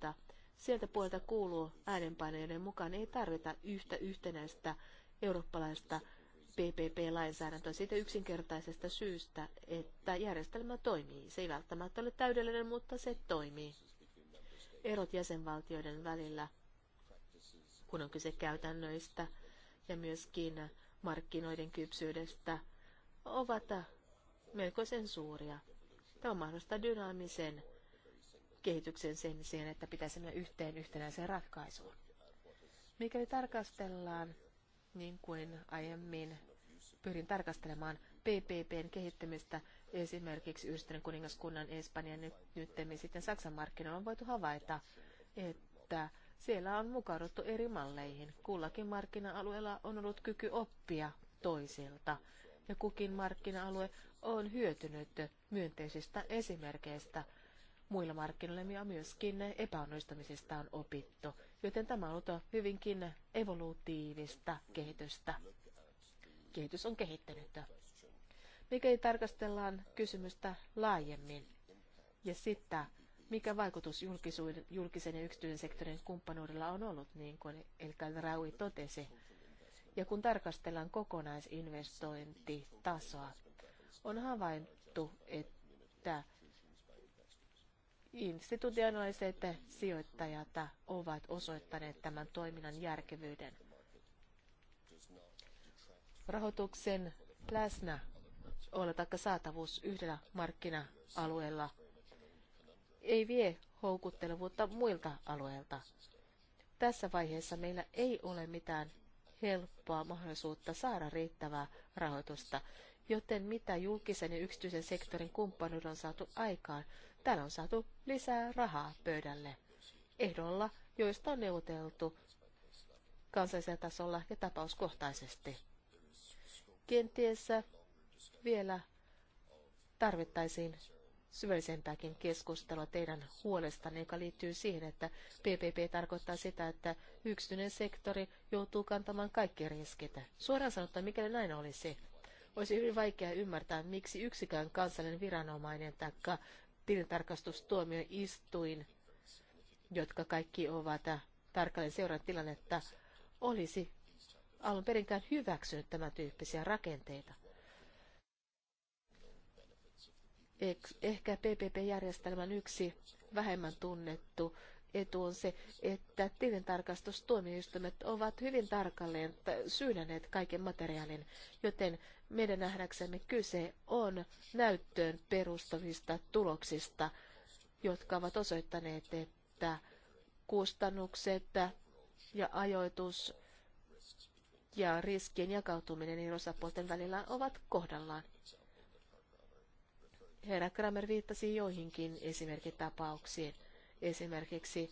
sieltä puolelta kuuluu äänenpainojen mukaan ei tarvita yhtä yhtenäistä eurooppalaista PPP-lainsäädäntöä siitä yksinkertaisesta syystä, että järjestelmä toimii. Se ei välttämättä ole täydellinen, mutta se toimii. Erot jäsenvaltioiden välillä, kun on kyse käytännöistä ja myöskin markkinoiden kypsyydestä, ovat melkoisen suuria. Tämä mahdollistaa dynaamisen kehityksen sen sijaan, että pitäisi mennä yhteen yhtenäiseen ratkaisuun. Mikäli tarkastellaan, niin kuin aiemmin pyrin tarkastelemaan PPPn kehittämistä esimerkiksi Yhdistyneen kuningaskunnan Espanjan nyt, nyt sitten Saksan markkinoilla on voitu havaita, että siellä on mukauduttu eri malleihin. Kullakin markkina-alueella on ollut kyky oppia toisilta ja kukin markkina-alue on hyötynyt myönteisistä esimerkkeistä. Muilla markkinoilla ja myöskin epäonnistumisista on opittu, joten tämä on ollut hyvinkin evoluutiivista kehitystä. Kehitys on kehittynyt. Mikäli tarkastellaan kysymystä laajemmin ja sitä, mikä vaikutus julkisen ja yksityisen sektorin kumppanuudella on ollut, niin kuin Elkan Raui totesi, ja kun tarkastellaan kokonaisinvestointitasoa, on havaittu, että institutionaaliset sijoittajat ovat osoittaneet tämän toiminnan järkevyyden. Rahoituksen läsnä olla taikka saatavuus yhdellä markkina-alueella ei vie houkuttelevuutta muilta alueilta. Tässä vaiheessa meillä ei ole mitään helppoa mahdollisuutta saada riittävää rahoitusta. Joten mitä julkisen ja yksityisen sektorin kumppanuuden on saatu aikaan? Täällä on saatu lisää rahaa pöydälle ehdolla, joista on neuvoteltu kansallisella tasolla ja tapauskohtaisesti. Kenties vielä tarvittaisiin syvällisempääkin keskustelua teidän huolestanne, joka liittyy siihen, että PPP tarkoittaa sitä, että yksityinen sektori joutuu kantamaan kaikki riskit. Suoraan sanottuna, mikäli näin olisi, olisi hyvin vaikea ymmärtää, miksi yksikään kansallinen viranomainen tai tilintarkastustuomioistuin, jotka kaikki ovat äh, tarkalleen seurannut tilannetta, olisi alun perinkään hyväksynyt tämän tyyppisiä rakenteita. Ehkä PPP-järjestelmän yksi vähemmän tunnettu etu on se, että tilintarkastustuomioistuimet ovat hyvin tarkalleen syynäneet kaiken materiaalin, joten meidän nähdäksemme kyse on näyttöön perustuvista tuloksista, jotka ovat osoittaneet, että kustannukset ja ajoitus ja riskien jakautuminen eri osapuolten välillä ovat kohdallaan. Herra Kramer viittasi joihinkin esimerkkitapauksiin. Esimerkiksi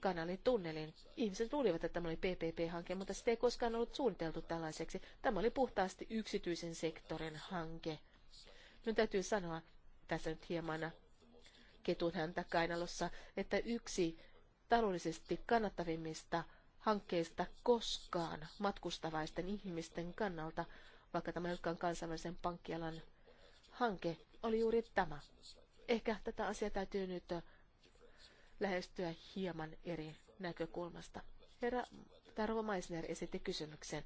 kanalin tunnelin. Ihmiset luulivat, että tämä oli PPP-hanke, mutta sitä ei koskaan ollut suunniteltu tällaiseksi. Tämä oli puhtaasti yksityisen sektorin hanke. Nyt täytyy sanoa tässä nyt hieman ketun häntä kainalossa, että yksi taloudellisesti kannattavimmista hankkeista koskaan matkustavaisten ihmisten kannalta, vaikka tämä ei olekaan kansainvälisen pankkialan hanke, oli juuri tämä. Ehkä tätä asiaa täytyy nyt lähestyä hieman eri näkökulmasta. Herra Tarvo Meisner esitti kysymyksen.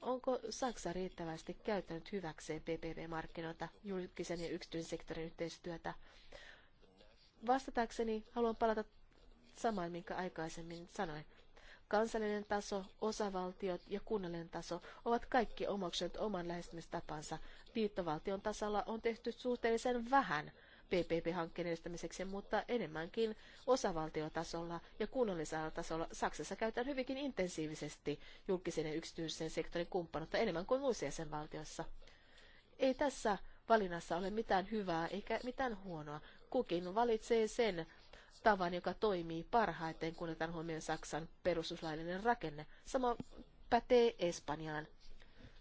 Onko Saksa riittävästi käyttänyt hyväkseen PPV-markkinoita, julkisen ja yksityisen sektorin yhteistyötä? Vastatakseni haluan palata samaan, minkä aikaisemmin sanoin. Kansallinen taso, osavaltiot ja kunnallinen taso ovat kaikki omaksuneet oman lähestymistapansa. Liittovaltion tasalla on tehty suhteellisen vähän PPP-hankkeen edistämiseksi, mutta enemmänkin osavaltiotasolla ja kunnallisella tasolla Saksassa käytetään hyvinkin intensiivisesti julkisen ja yksityisen sektorin kumppanuutta enemmän kuin muissa jäsenvaltioissa. Ei tässä valinnassa ole mitään hyvää eikä mitään huonoa. Kukin valitsee sen tavan, joka toimii parhaiten, kun otetaan huomioon Saksan perustuslaillinen rakenne. Sama pätee Espanjaan.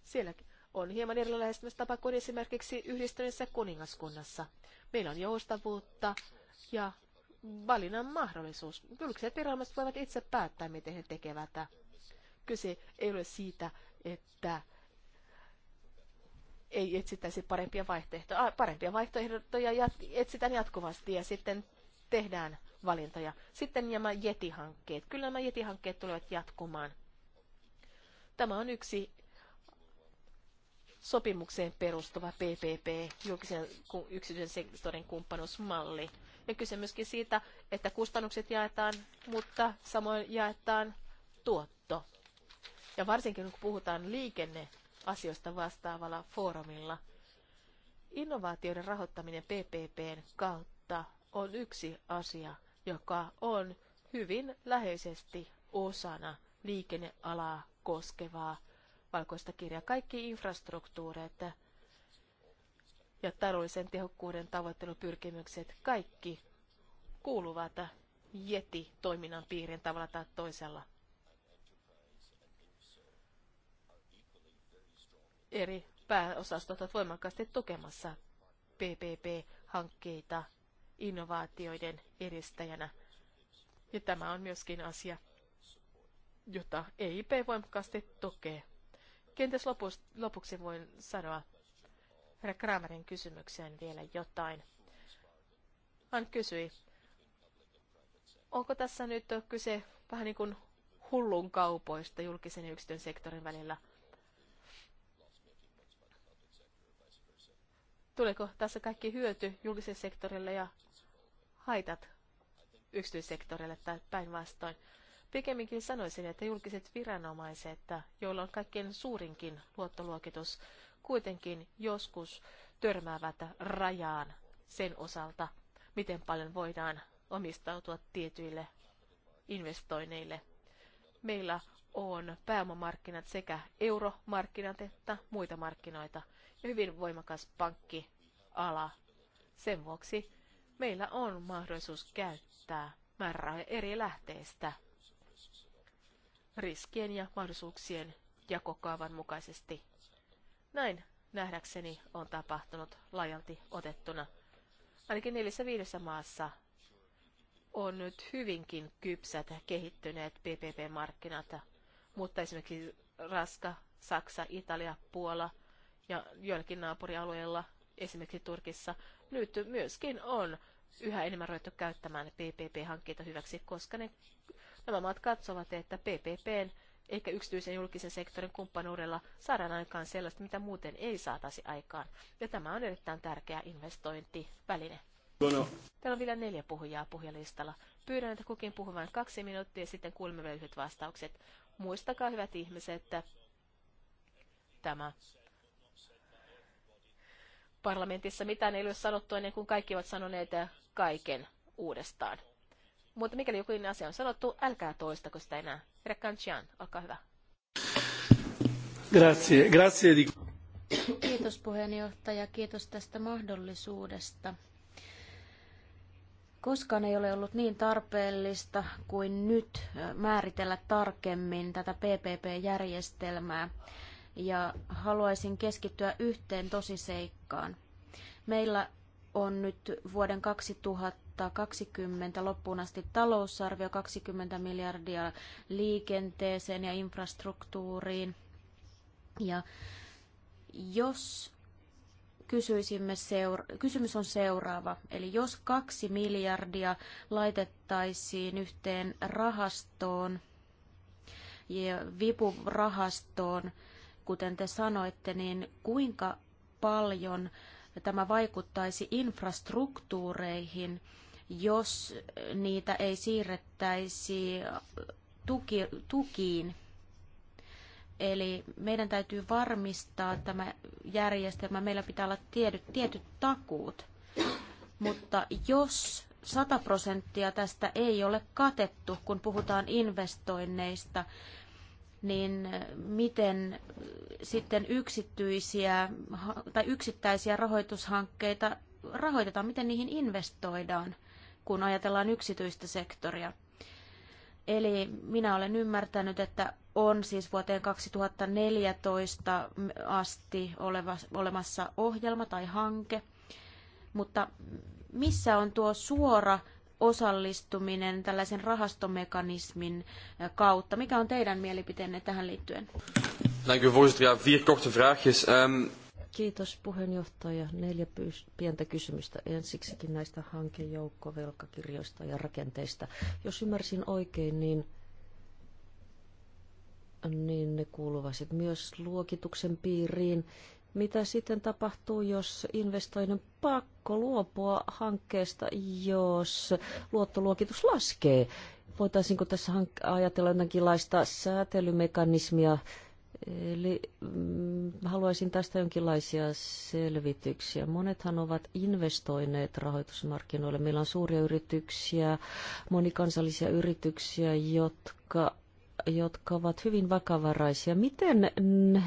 Sielläkin on hieman erilainen tapa kuin esimerkiksi yhdistyneessä kuningaskunnassa. Meillä on joustavuutta ja valinnan mahdollisuus. Julkiset viranomaiset voivat itse päättää, miten he tekevät. Kyse ei ole siitä, että ei etsittäisi parempia vaihtoehtoja. Ah, parempia vaihtoehtoja etsitään jatkuvasti ja sitten tehdään valintoja. Sitten nämä jetihankkeet. Kyllä nämä jetihankkeet tulevat jatkumaan. Tämä on yksi sopimukseen perustuva PPP, julkisen yksityisen sektorin kumppanuusmalli. Ja kyse myöskin siitä, että kustannukset jaetaan, mutta samoin jaetaan tuotto. Ja varsinkin kun puhutaan liikenneasioista vastaavalla foorumilla, innovaatioiden rahoittaminen PPPn kautta on yksi asia, joka on hyvin läheisesti osana liikennealaa koskevaa valkoista kirjaa. Kaikki infrastruktuureet ja taloudellisen tehokkuuden tavoittelupyrkimykset, kaikki kuuluvat JETI-toiminnan piirin tavalla tai toisella. Eri pääosastot ovat voimakkaasti tukemassa PPP-hankkeita innovaatioiden edistäjänä. Ja tämä on myöskin asia, jota EIP voimakkaasti tukee. Kenties lopuksi, lopuksi voin sanoa herra Kramerin kysymykseen vielä jotain. Hän kysyi, onko tässä nyt kyse vähän niin kuin hullun kaupoista julkisen ja yksityisen sektorin välillä? Tuleeko tässä kaikki hyöty julkiselle sektorille ja haitat yksityissektorille tai päinvastoin. Pikemminkin sanoisin, että julkiset viranomaiset, joilla on kaikkein suurinkin luottoluokitus, kuitenkin joskus törmäävät rajaan sen osalta, miten paljon voidaan omistautua tietyille investoinneille. Meillä on pääomamarkkinat sekä euromarkkinat että muita markkinoita ja hyvin voimakas pankkiala. Sen vuoksi meillä on mahdollisuus käyttää määrärahoja eri lähteistä riskien ja mahdollisuuksien jakokaavan mukaisesti. Näin nähdäkseni on tapahtunut laajalti otettuna. Ainakin neljässä viidessä maassa on nyt hyvinkin kypsät kehittyneet PPP-markkinat, mutta esimerkiksi Raska, Saksa, Italia, Puola ja joillakin naapurialueilla, esimerkiksi Turkissa, nyt myöskin on yhä enemmän ruvettu käyttämään PPP-hankkeita hyväksi, koska ne, nämä maat katsovat, että PPPn ehkä yksityisen julkisen sektorin kumppanuudella saadaan aikaan sellaista, mitä muuten ei saataisi aikaan. Ja tämä on erittäin tärkeä investointiväline. No. Täällä on vielä neljä puhujaa puhujalistalla. Pyydän, että kukin puhuu vain kaksi minuuttia ja sitten kuulemme vielä yhdet vastaukset. Muistakaa, hyvät ihmiset, että tämä parlamentissa mitään ei ole sanottu ennen kuin kaikki ovat sanoneet kaiken uudestaan. Mutta mikäli joku asia on sanottu, älkää toistako sitä enää. Herra Kanchian, olkaa hyvä. Grazie, grazie di... Kiitos puheenjohtaja, kiitos tästä mahdollisuudesta. Koskaan ei ole ollut niin tarpeellista kuin nyt määritellä tarkemmin tätä PPP-järjestelmää ja haluaisin keskittyä yhteen tosiseikkaan. Meillä on nyt vuoden 2020 loppuun asti talousarvio 20 miljardia liikenteeseen ja infrastruktuuriin. Ja jos kysyisimme seura- kysymys on seuraava. Eli jos kaksi miljardia laitettaisiin yhteen rahastoon, ja vipurahastoon, rahastoon kuten te sanoitte, niin kuinka paljon tämä vaikuttaisi infrastruktuureihin, jos niitä ei siirrettäisi tuki, tukiin. Eli meidän täytyy varmistaa tämä järjestelmä. Meillä pitää olla tiedyt, tietyt takuut. Mutta jos 100 prosenttia tästä ei ole katettu, kun puhutaan investoinneista, niin miten sitten yksityisiä tai yksittäisiä rahoitushankkeita rahoitetaan, miten niihin investoidaan, kun ajatellaan yksityistä sektoria. Eli minä olen ymmärtänyt, että on siis vuoteen 2014 asti oleva, olemassa ohjelma tai hanke, mutta missä on tuo suora osallistuminen tällaisen rahastomekanismin kautta. Mikä on teidän mielipiteenne tähän liittyen? Dank u voorzitter. Ja, vier korte vraagjes. Um... Kiitos puheenjohtaja. Neljä pientä kysymystä ensiksikin näistä hankejoukkovelkakirjoista ja rakenteista. Jos ymmärsin oikein, niin, niin ne kuuluvat myös luokituksen piiriin mitä sitten tapahtuu, jos investoinnin pakko luopua hankkeesta, jos luottoluokitus laskee? Voitaisiinko tässä ajatella jonkinlaista säätelymekanismia? Eli mm, haluaisin tästä jonkinlaisia selvityksiä. Monethan ovat investoineet rahoitusmarkkinoille. Meillä on suuria yrityksiä, monikansallisia yrityksiä, jotka jotka ovat hyvin vakavaraisia. Miten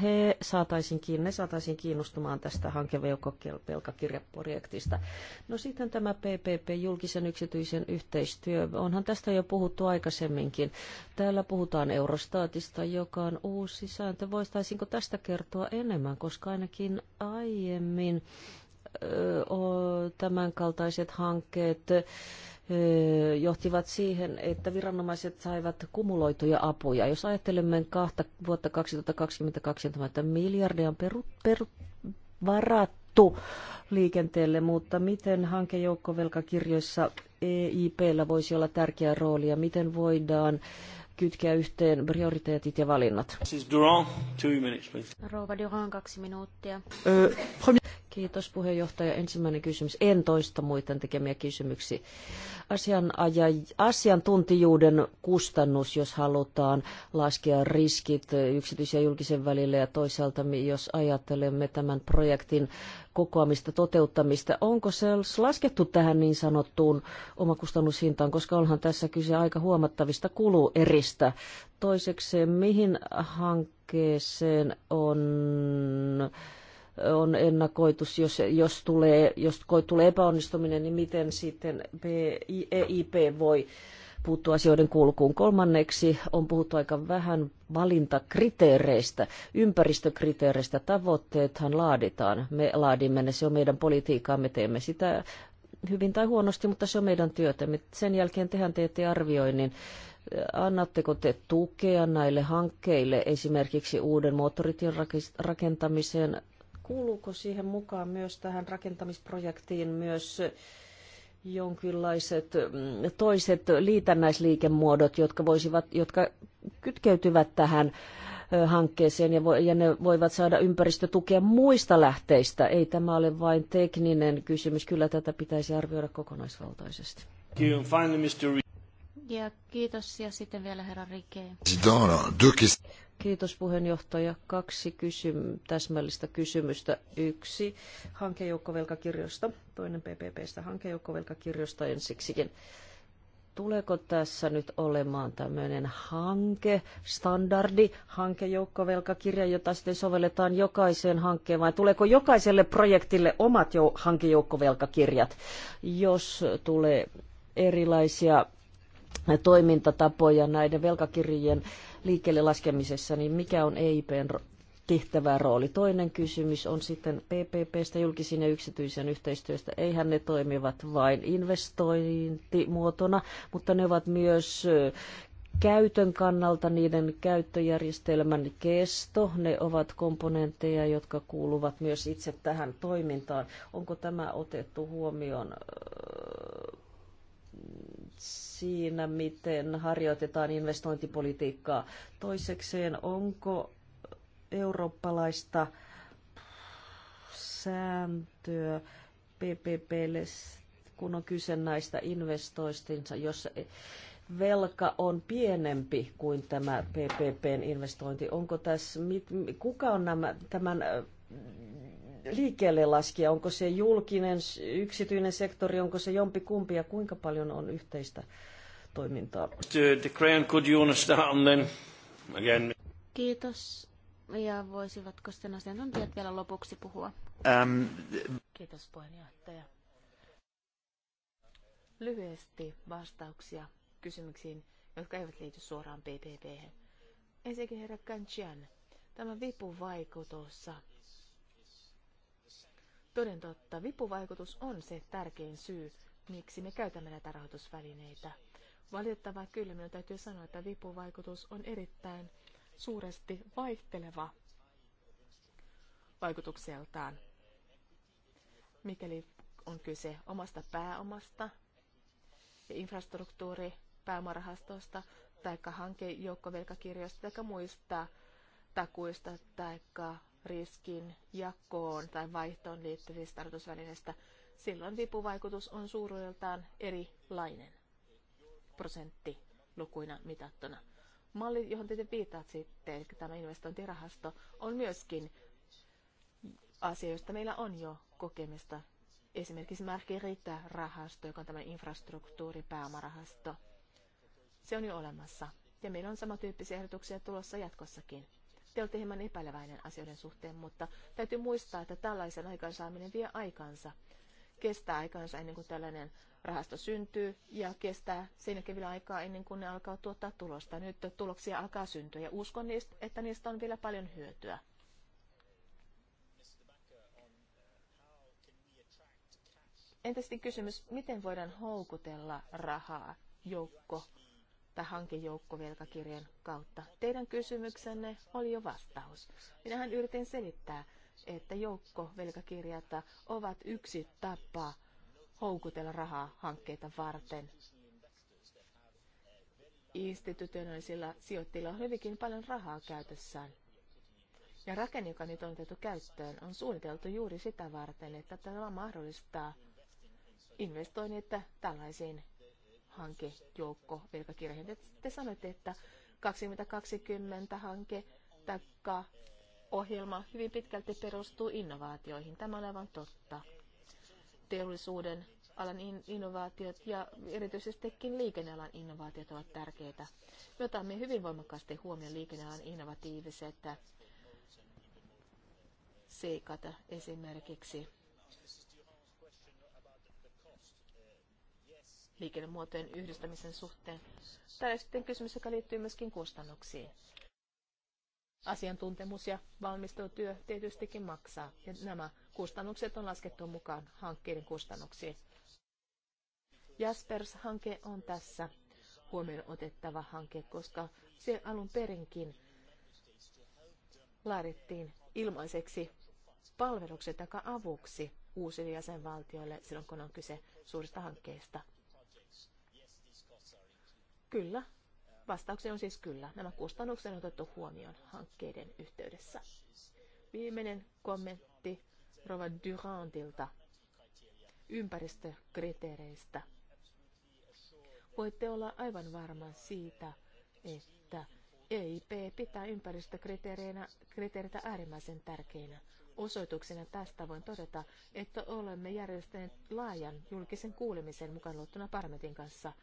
he saataisiin, ne saataisiin kiinnostumaan tästä hankevelkakirjaprojektista? No sitten tämä PPP, julkisen yksityisen yhteistyö. Onhan tästä jo puhuttu aikaisemminkin. Täällä puhutaan Eurostaatista, joka on uusi sääntö. Voistaisinko tästä kertoa enemmän, koska ainakin aiemmin tämänkaltaiset hankkeet johtivat siihen, että viranomaiset saivat kumuloituja apuja. Jos ajattelemme kahta vuotta 2022, miljardia on peru, peru, varattu liikenteelle, mutta miten hankejoukkovelkakirjoissa EIPllä voisi olla tärkeä rooli ja miten voidaan kytkeä yhteen prioriteetit ja valinnat. Siis Durand, two minutes, Rouva Durand, kaksi minuuttia. Kiitos puheenjohtaja. Ensimmäinen kysymys. En toista muiden tekemiä kysymyksiä. Asianaja, asiantuntijuuden kustannus, jos halutaan laskea riskit yksityisen ja julkisen välillä ja toisaalta jos ajattelemme tämän projektin kokoamista, toteuttamista, onko se laskettu tähän niin sanottuun omakustannushintaan, koska onhan tässä kyse aika huomattavista kulueristä. Toiseksi, mihin hankkeeseen on on ennakoitus, jos, jos, tulee, jos tulee epäonnistuminen, niin miten sitten EIP e voi puuttua asioiden kulkuun. Kolmanneksi on puhuttu aika vähän valintakriteereistä, ympäristökriteereistä. Tavoitteethan laaditaan. Me laadimme ne, se on meidän politiikkaa, me teemme sitä hyvin tai huonosti, mutta se on meidän työtä. Sen jälkeen tehän teette arvioinnin. Annatteko te tukea näille hankkeille esimerkiksi uuden moottoritien rakentamiseen kuuluuko siihen mukaan myös tähän rakentamisprojektiin myös jonkinlaiset mm, toiset liitännäisliikemuodot, jotka, voisivat, jotka kytkeytyvät tähän hankkeeseen ja, vo, ja ne voivat saada ympäristötukea muista lähteistä. Ei tämä ole vain tekninen kysymys, kyllä tätä pitäisi arvioida kokonaisvaltaisesti. Ja kiitos ja sitten vielä herra Rike. Kiitos puheenjohtaja. Kaksi kysym- täsmällistä kysymystä. Yksi hankejoukkovelkakirjoista, toinen PPPstä hankejoukkovelkakirjoista ensiksikin. Tuleeko tässä nyt olemaan tämmöinen hanke, standardi, hankejoukkovelkakirja, jota sitten sovelletaan jokaiseen hankkeen, vai tuleeko jokaiselle projektille omat jo hankejoukkovelkakirjat, jos tulee erilaisia toimintatapoja näiden velkakirjien liikkeelle laskemisessa, niin mikä on EIPn tehtävä rooli? Toinen kysymys on sitten PPPstä, julkisen ja yksityisen yhteistyöstä. Eihän ne toimivat vain investointimuotona, mutta ne ovat myös käytön kannalta niiden käyttöjärjestelmän kesto, ne ovat komponentteja, jotka kuuluvat myös itse tähän toimintaan. Onko tämä otettu huomioon siinä, miten harjoitetaan investointipolitiikkaa. Toisekseen, onko eurooppalaista sääntöä PPPlle, kun on kyse näistä investoistinsa, jossa velka on pienempi kuin tämä PPPn investointi. Onko tässä, kuka on nämä, tämän liikkeelle laskia Onko se julkinen, yksityinen sektori, onko se jompi kumpi ja kuinka paljon on yhteistä toimintaa? Kiitos. Ja voisivatko sitten asiantuntijat vielä lopuksi puhua? Um, Kiitos puheenjohtaja. Lyhyesti vastauksia kysymyksiin, jotka eivät liity suoraan PPP. Ensinnäkin herra Kanchian, tämä vipuvaikutus Toden totta, vipuvaikutus on se tärkein syy, miksi me käytämme näitä rahoitusvälineitä. Valitettavaa kyllä minun täytyy sanoa, että vipuvaikutus on erittäin suuresti vaihteleva vaikutukseltaan. Mikäli on kyse omasta pääomasta ja infrastruktuuri pääomarahastosta tai hankejoukkovelkakirjoista tai muista takuista tai riskin jakoon tai vaihtoon liittyvistä rahoitusvälineistä, silloin vipuvaikutus on suuruudeltaan erilainen prosenttilukuina mitattuna. Malli, johon te viitaat sitten, tämä investointirahasto, on myöskin asia, josta meillä on jo kokemusta. Esimerkiksi riittää rahasto joka on tämä infrastruktuuripääomarahasto. Se on jo olemassa. Ja meillä on samantyyppisiä ehdotuksia tulossa jatkossakin. Te olette hieman epäileväinen asioiden suhteen, mutta täytyy muistaa, että tällaisen aikaansaaminen vie aikansa. Kestää aikansa ennen kuin tällainen rahasto syntyy ja kestää siinäkin vielä aikaa ennen kuin ne alkaa tuottaa tulosta. Nyt tuloksia alkaa syntyä ja uskon, niistä, että niistä on vielä paljon hyötyä. Entä sitten kysymys, miten voidaan houkutella rahaa joukko tai hankejoukkovelkakirjan kautta. Teidän kysymyksenne oli jo vastaus. Minähän yritin selittää, että joukkovelkakirjat ovat yksi tapa houkutella rahaa hankkeita varten. Institutionaalisilla sijoittajilla on hyvinkin paljon rahaa käytössään. Ja rakenne, joka nyt on otettu käyttöön, on suunniteltu juuri sitä varten, että tämä mahdollistaa investoinnit tällaisiin hankejoukko velkakirjoihin. Te, te sanoitte, että 2020 hanke tai ohjelma hyvin pitkälti perustuu innovaatioihin. Tämä on aivan totta. Teollisuuden alan in, innovaatiot ja erityisestikin liikennealan innovaatiot ovat tärkeitä. Me otamme hyvin voimakkaasti huomioon liikennealan innovatiiviset seikat esimerkiksi liikennemuotojen yhdistämisen suhteen. Täällä sitten kysymys, joka liittyy myöskin kustannuksiin. Asiantuntemus ja valmistelutyö tietystikin maksaa, ja nämä kustannukset on laskettu mukaan hankkeiden kustannuksiin. Jaspers-hanke on tässä huomioon otettava hanke, koska se alun perinkin laadittiin ilmaiseksi palvelukset tai avuksi uusille jäsenvaltioille silloin, kun on kyse suurista hankkeista. Kyllä. Vastauksen on siis kyllä. Nämä kustannukset on otettu huomioon hankkeiden yhteydessä. Viimeinen kommentti Rova Durantilta ympäristökriteereistä. Voitte olla aivan varma siitä, että EIP pitää ympäristökriteereitä äärimmäisen tärkeinä. Osoituksena tästä voin todeta, että olemme järjestäneet laajan julkisen kuulemisen mukaan luottuna Parmetin kanssa –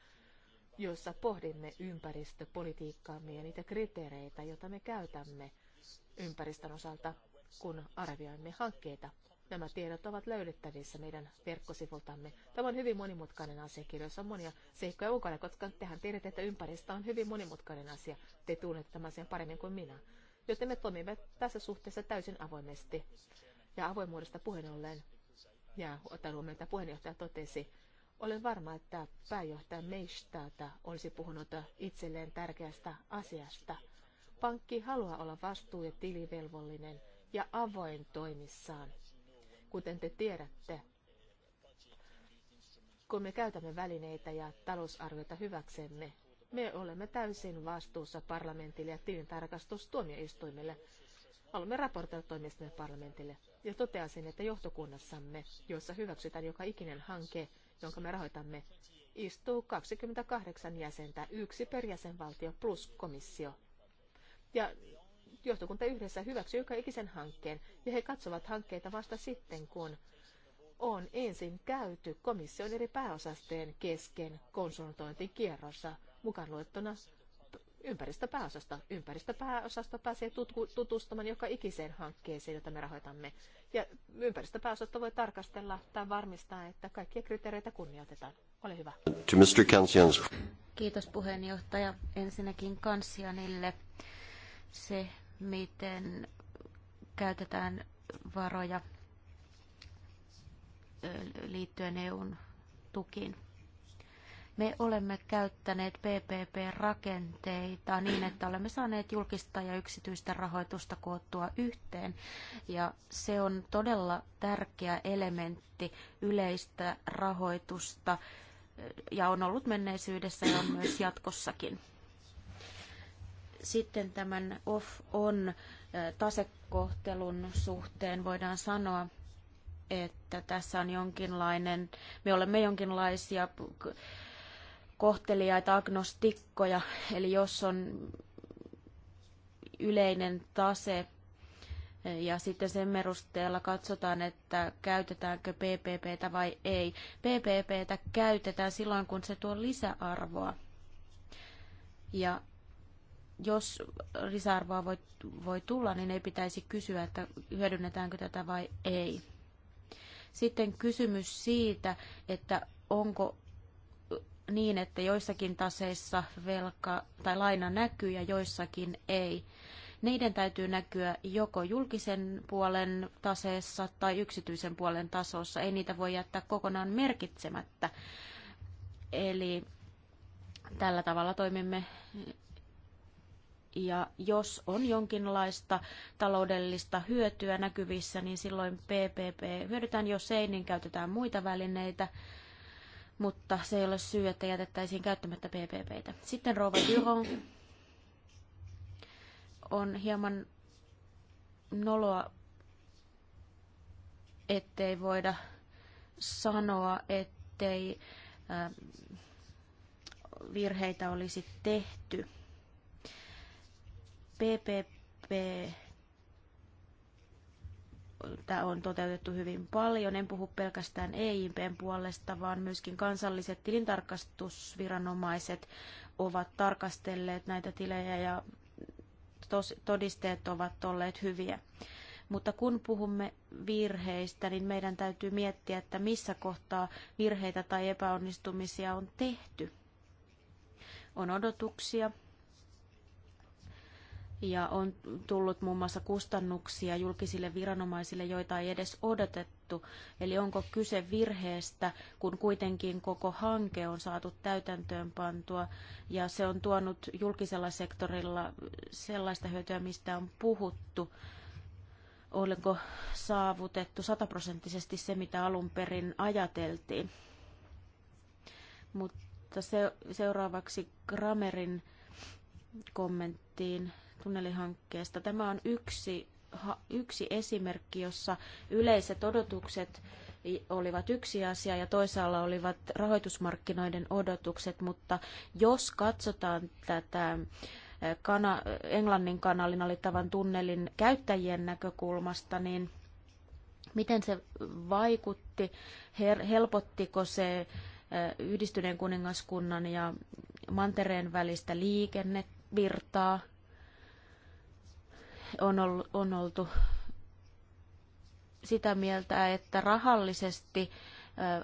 joissa pohdimme ympäristöpolitiikkaamme ja niitä kriteereitä, joita me käytämme ympäristön osalta, kun arvioimme hankkeita. Nämä tiedot ovat löydettävissä meidän verkkosivultamme. Tämä on hyvin monimutkainen asiakirja, jossa on monia seikkoja mukana, koska tehän tiedät, että ympäristö on hyvin monimutkainen asia. Te tunnette tämän sen paremmin kuin minä. Joten me toimimme tässä suhteessa täysin avoimesti. Ja avoimuudesta puheen ollen, ja otan huomioon, että puheenjohtaja totesi, olen varma, että pääjohtaja Meistata olisi puhunut itselleen tärkeästä asiasta. Pankki haluaa olla vastuu- ja tilivelvollinen ja avoin toimissaan. Kuten te tiedätte, kun me käytämme välineitä ja talousarviota hyväksemme, me olemme täysin vastuussa parlamentille ja tilintarkastustuomioistuimelle. Haluamme raportoida toimistamme parlamentille ja toteaisin, että johtokunnassamme, jossa hyväksytään joka ikinen hanke, jonka me rahoitamme, istuu 28 jäsentä, yksi per jäsenvaltio plus komissio. Ja johtokunta yhdessä hyväksyy joka ikisen hankkeen, ja he katsovat hankkeita vasta sitten, kun on ensin käyty komission eri pääosastojen kesken konsultointikierrossa, mukaan luettuna ympäristöpääosasta. Ympäristöpääosasta pääsee tutustumaan joka ikiseen hankkeeseen, jota me rahoitamme. Ja ympäristöpääosasta voi tarkastella tai varmistaa, että kaikkia kriteereitä kunnioitetaan. Ole hyvä. To Mr. Kiitos puheenjohtaja ensinnäkin Kansianille. Se, miten käytetään varoja liittyen EUn tukiin me olemme käyttäneet PPP-rakenteita niin, että olemme saaneet julkista ja yksityistä rahoitusta koottua yhteen. Ja se on todella tärkeä elementti yleistä rahoitusta ja on ollut menneisyydessä ja on myös jatkossakin. Sitten tämän off-on tasekohtelun suhteen voidaan sanoa, että tässä on jonkinlainen, me olemme jonkinlaisia kohteliaita agnostikkoja, eli jos on yleinen tase ja sitten sen perusteella katsotaan, että käytetäänkö PPPtä vai ei. PPPtä käytetään silloin, kun se tuo lisäarvoa. Ja jos lisäarvoa voi, voi tulla, niin ei pitäisi kysyä, että hyödynnetäänkö tätä vai ei. Sitten kysymys siitä, että onko niin, että joissakin taseissa velka tai laina näkyy ja joissakin ei. Niiden täytyy näkyä joko julkisen puolen taseessa tai yksityisen puolen tasossa. Ei niitä voi jättää kokonaan merkitsemättä. Eli tällä tavalla toimimme. Ja jos on jonkinlaista taloudellista hyötyä näkyvissä, niin silloin PPP hyödytään. Jos ei, niin käytetään muita välineitä mutta se ei ole syy, että jätettäisiin käyttämättä PPPtä. Sitten Rova Duron on hieman noloa, ettei voida sanoa, ettei ähm, virheitä olisi tehty. PPP Tämä on toteutettu hyvin paljon. En puhu pelkästään EIPn puolesta, vaan myöskin kansalliset tilintarkastusviranomaiset ovat tarkastelleet näitä tilejä ja todisteet ovat olleet hyviä. Mutta kun puhumme virheistä, niin meidän täytyy miettiä, että missä kohtaa virheitä tai epäonnistumisia on tehty. On odotuksia, ja on tullut muun muassa kustannuksia julkisille viranomaisille, joita ei edes odotettu. Eli onko kyse virheestä, kun kuitenkin koko hanke on saatu täytäntöön pantua ja se on tuonut julkisella sektorilla sellaista hyötyä, mistä on puhuttu. Oliko saavutettu sataprosenttisesti se, mitä alun perin ajateltiin? Mutta se, seuraavaksi Gramerin kommenttiin tunnelihankkeesta. Tämä on yksi, yksi esimerkki, jossa yleiset odotukset olivat yksi asia ja toisaalla olivat rahoitusmarkkinoiden odotukset, mutta jos katsotaan tätä kana, Englannin kanalin alittavan tunnelin käyttäjien näkökulmasta, niin miten se vaikutti, her, helpottiko se yhdistyneen kuningaskunnan ja mantereen välistä liikennevirtaa, on, ollut, on oltu sitä mieltä, että rahallisesti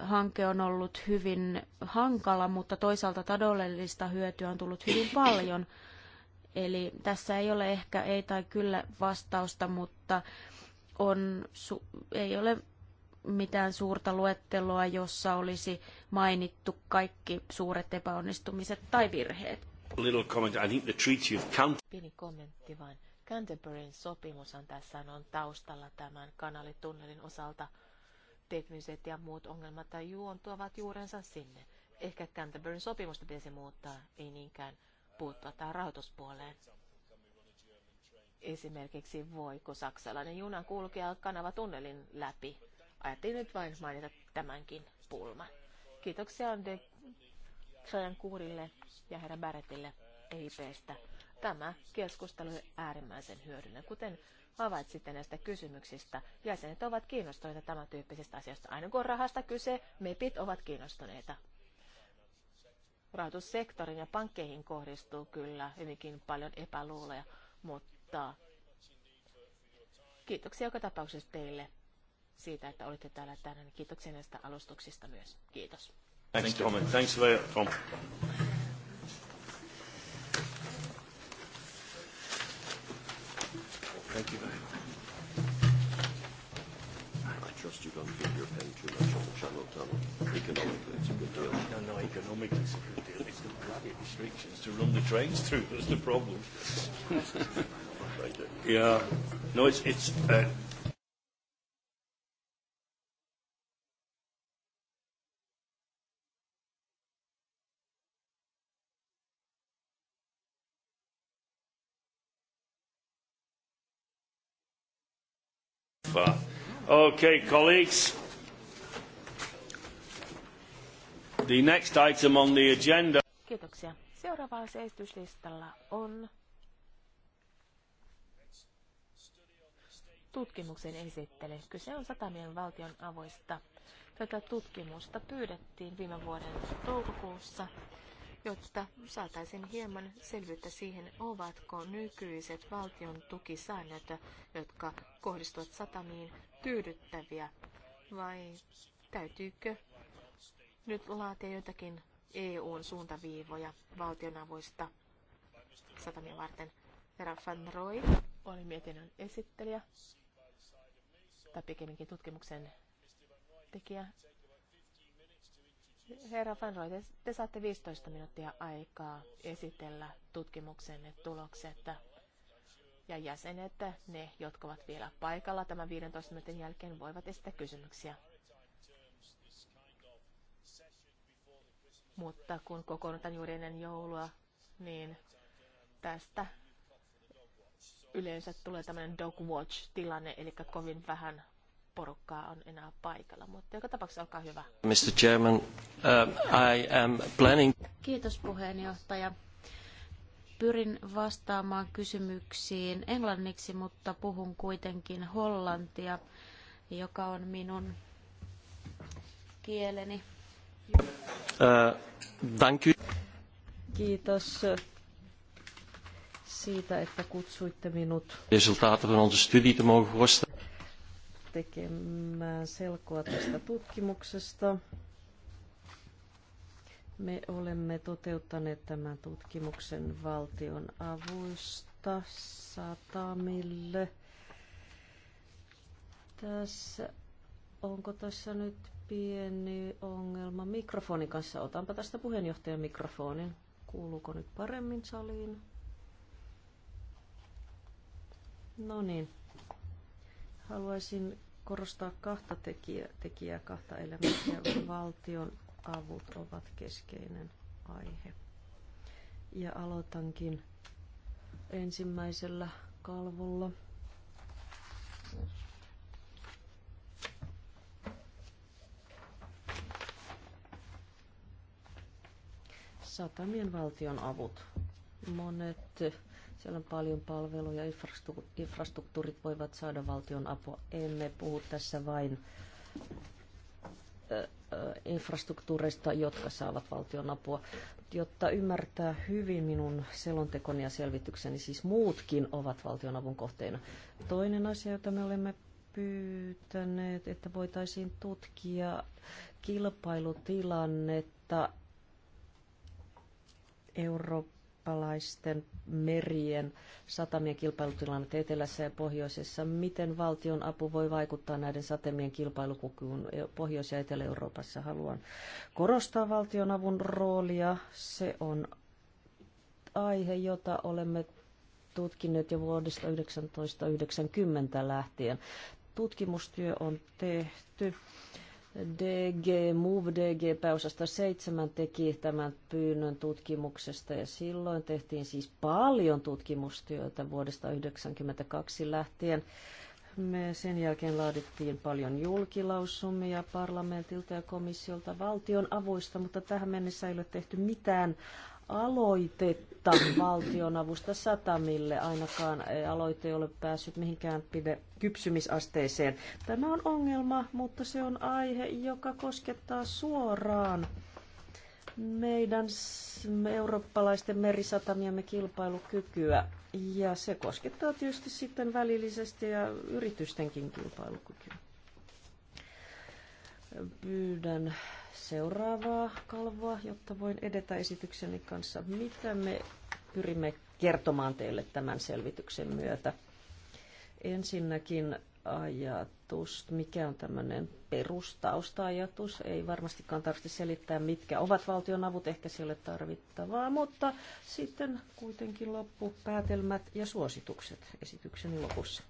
hanke on ollut hyvin hankala, mutta toisaalta taloudellista hyötyä on tullut hyvin paljon. Eli tässä ei ole ehkä ei tai kyllä vastausta, mutta on, ei ole mitään suurta luetteloa, jossa olisi mainittu kaikki suuret epäonnistumiset tai virheet. Pieni kommentti vain. Canterburyn on tässä on taustalla tämän kanalitunnelin osalta. Tekniset ja muut ongelmat tai juontuvat juurensa sinne. Ehkä Canterburyn sopimusta pitäisi muuttaa, ei niinkään puuttua tähän rahoituspuoleen. Esimerkiksi voiko saksalainen juna kulkea tunnelin läpi. Ajattelin nyt vain mainita tämänkin pulman. Kiitoksia Ande Kuurille ja herra Barrettille EIPstä Tämä keskustelu on äärimmäisen hyödyllinen. Kuten havaitsitte näistä kysymyksistä, jäsenet ovat kiinnostuneita tämän tyyppisistä asioista. Aina kun on rahasta kyse, MEPit ovat kiinnostuneita. Rahoitussektorin ja pankkeihin kohdistuu kyllä hyvinkin paljon epäluuloja, mutta kiitoksia joka tapauksessa teille siitä, että olitte täällä tänään. Kiitoksia näistä alustuksista myös. Kiitos. Thanks, Tom. Thanks, Tom. Thank you. I trust you don't think you're paying too much on the Channel Tunnel. Economically, it's a good deal. No, no, no, economically it's a good deal. It's the bloody restrictions to run the trains through that's the problem. Thank you. Yeah. No, it's, it's uh, Okay, colleagues. The next item on the agenda. Kiitoksia. Seuraava esityslistalla on tutkimuksen esittely. Kyse on satamien valtion avoista. Tätä tutkimusta pyydettiin viime vuoden toukokuussa jotta saataisiin hieman selvyyttä siihen, ovatko nykyiset valtion tukisäännöt, jotka kohdistuvat satamiin, tyydyttäviä vai täytyykö nyt laatia jotakin EUn suuntaviivoja valtionavuista satamia varten. Herra van Roy oli mietinnön esittelijä, tai pikemminkin tutkimuksen tekijä. Herra Van Roy, te, te saatte 15 minuuttia aikaa esitellä tutkimuksenne tulokset. Ja jäsenet, ne, jotka ovat vielä paikalla tämän 15 minuutin jälkeen, voivat esittää kysymyksiä. Mutta kun kokoonnutan juuri ennen joulua, niin tästä yleensä tulee tämmöinen dog watch-tilanne, eli kovin vähän porukkaa on enää paikalla, mutta joka tapauksessa olkaa hyvä. Mr. Chairman, uh, I am planning... Kiitos puheenjohtaja. Pyrin vastaamaan kysymyksiin englanniksi, mutta puhun kuitenkin hollantia, joka on minun kieleni. Uh, thank you. Kiitos siitä, että kutsuitte minut. Resultaten van onze studie te mogen voorstellen tekemään selkoa tästä tutkimuksesta. Me olemme toteuttaneet tämän tutkimuksen valtion avuista satamille. Tässä, onko tässä nyt pieni ongelma mikrofonin kanssa? Otanpa tästä puheenjohtajan mikrofonin. Kuuluuko nyt paremmin saliin? No niin, Haluaisin korostaa kahta tekijää, tekijää kahta elementtiä. Valtion avut ovat keskeinen aihe. Ja aloitankin ensimmäisellä kalvolla. Satamien valtion avut. Monet siellä on paljon palveluja, infrastruktuurit voivat saada valtion apua. Emme puhu tässä vain infrastruktuureista, jotka saavat valtion apua. Jotta ymmärtää hyvin minun selontekoni ja selvitykseni, siis muutkin ovat valtionavun kohteina. Toinen asia, jota me olemme pyytäneet, että voitaisiin tutkia kilpailutilannetta Euroopan eurooppalaisten merien satamien kilpailutilannetta etelässä ja pohjoisessa. Miten valtion apu voi vaikuttaa näiden satamien kilpailukykyyn Pohjois- ja Etelä-Euroopassa? Haluan korostaa valtion avun roolia. Se on aihe, jota olemme tutkineet jo vuodesta 1990 lähtien. Tutkimustyö on tehty DG Move, DG pääosasta 7 teki tämän pyynnön tutkimuksesta ja silloin tehtiin siis paljon tutkimustyötä vuodesta 1992 lähtien. Me sen jälkeen laadittiin paljon julkilausumia parlamentilta ja komissiolta valtion avuista, mutta tähän mennessä ei ole tehty mitään aloitetta valtionavusta satamille. Ainakaan ei aloite ei ole päässyt mihinkään pide kypsymisasteeseen. Tämä on ongelma, mutta se on aihe, joka koskettaa suoraan meidän eurooppalaisten merisatamiamme kilpailukykyä. Ja se koskettaa tietysti sitten välillisesti ja yritystenkin kilpailukykyä. Pyydän seuraavaa kalvoa, jotta voin edetä esitykseni kanssa, mitä me pyrimme kertomaan teille tämän selvityksen myötä. Ensinnäkin ajatus, mikä on tämmöinen perustausta-ajatus. Ei varmastikaan tarvitse selittää, mitkä ovat avut, ehkä siellä tarvittavaa, mutta sitten kuitenkin loppupäätelmät ja suositukset esityksen lopussa.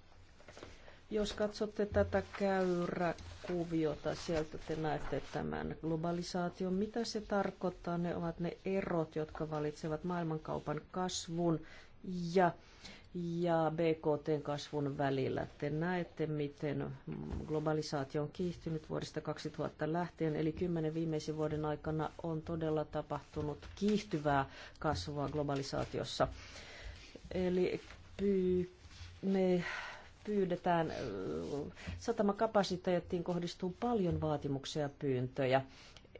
Jos katsotte tätä käyrä kuviota. Sieltä te näette tämän globalisaation. Mitä se tarkoittaa? Ne ovat ne erot, jotka valitsevat maailmankaupan kasvun ja, ja BKTn kasvun välillä. Te näette, miten globalisaatio on kiihtynyt vuodesta 2000 lähtien, eli kymmenen viimeisen vuoden aikana on todella tapahtunut kiihtyvää kasvua globalisaatiossa. Eli me pyydetään. Satamakapasiteettiin kohdistuu paljon vaatimuksia ja pyyntöjä.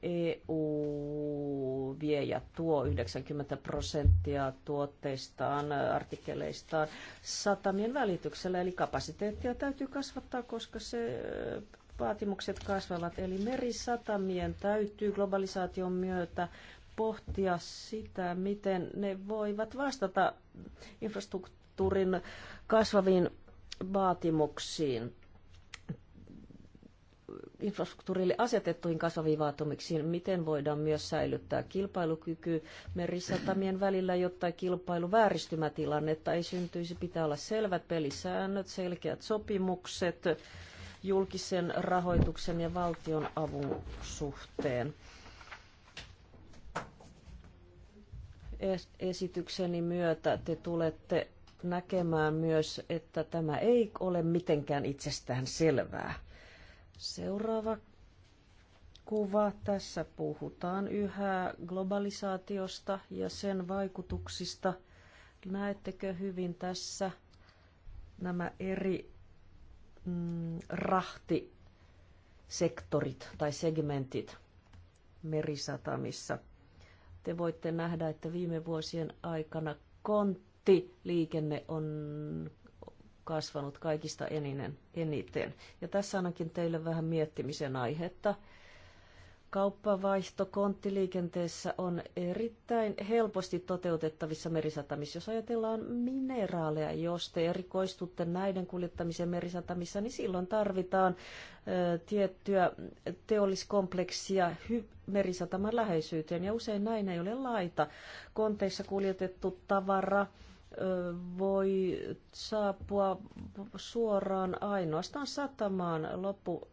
EU vie ja tuo 90 prosenttia tuotteistaan, artikkeleistaan satamien välityksellä, eli kapasiteettia täytyy kasvattaa, koska se vaatimukset kasvavat. Eli merisatamien täytyy globalisaation myötä pohtia sitä, miten ne voivat vastata infrastruktuurin kasvaviin vaatimuksiin, infrastruktuurille asetettuihin kasvaviin vaatimuksiin, miten voidaan myös säilyttää kilpailukyky merisatamien välillä, jotta kilpailu vääristymätilannetta ei syntyisi. Pitää olla selvät pelisäännöt, selkeät sopimukset julkisen rahoituksen ja valtion avun suhteen. Esitykseni myötä te tulette näkemään myös, että tämä ei ole mitenkään itsestään selvää. Seuraava kuva. Tässä puhutaan yhä globalisaatiosta ja sen vaikutuksista. Näettekö hyvin tässä nämä eri mm, rahtisektorit tai segmentit merisatamissa? Te voitte nähdä, että viime vuosien aikana kont- nettiliikenne on kasvanut kaikista eninen, eniten. Ja tässä ainakin teille vähän miettimisen aihetta. Kauppavaihto konttiliikenteessä on erittäin helposti toteutettavissa merisatamissa. Jos ajatellaan mineraaleja, jos te erikoistutte näiden kuljettamiseen merisatamissa, niin silloin tarvitaan ö, tiettyä teolliskompleksia hy- merisataman läheisyyteen. Ja usein näin ei ole laita. Konteissa kuljetettu tavara, voi saapua suoraan ainoastaan satamaan loppu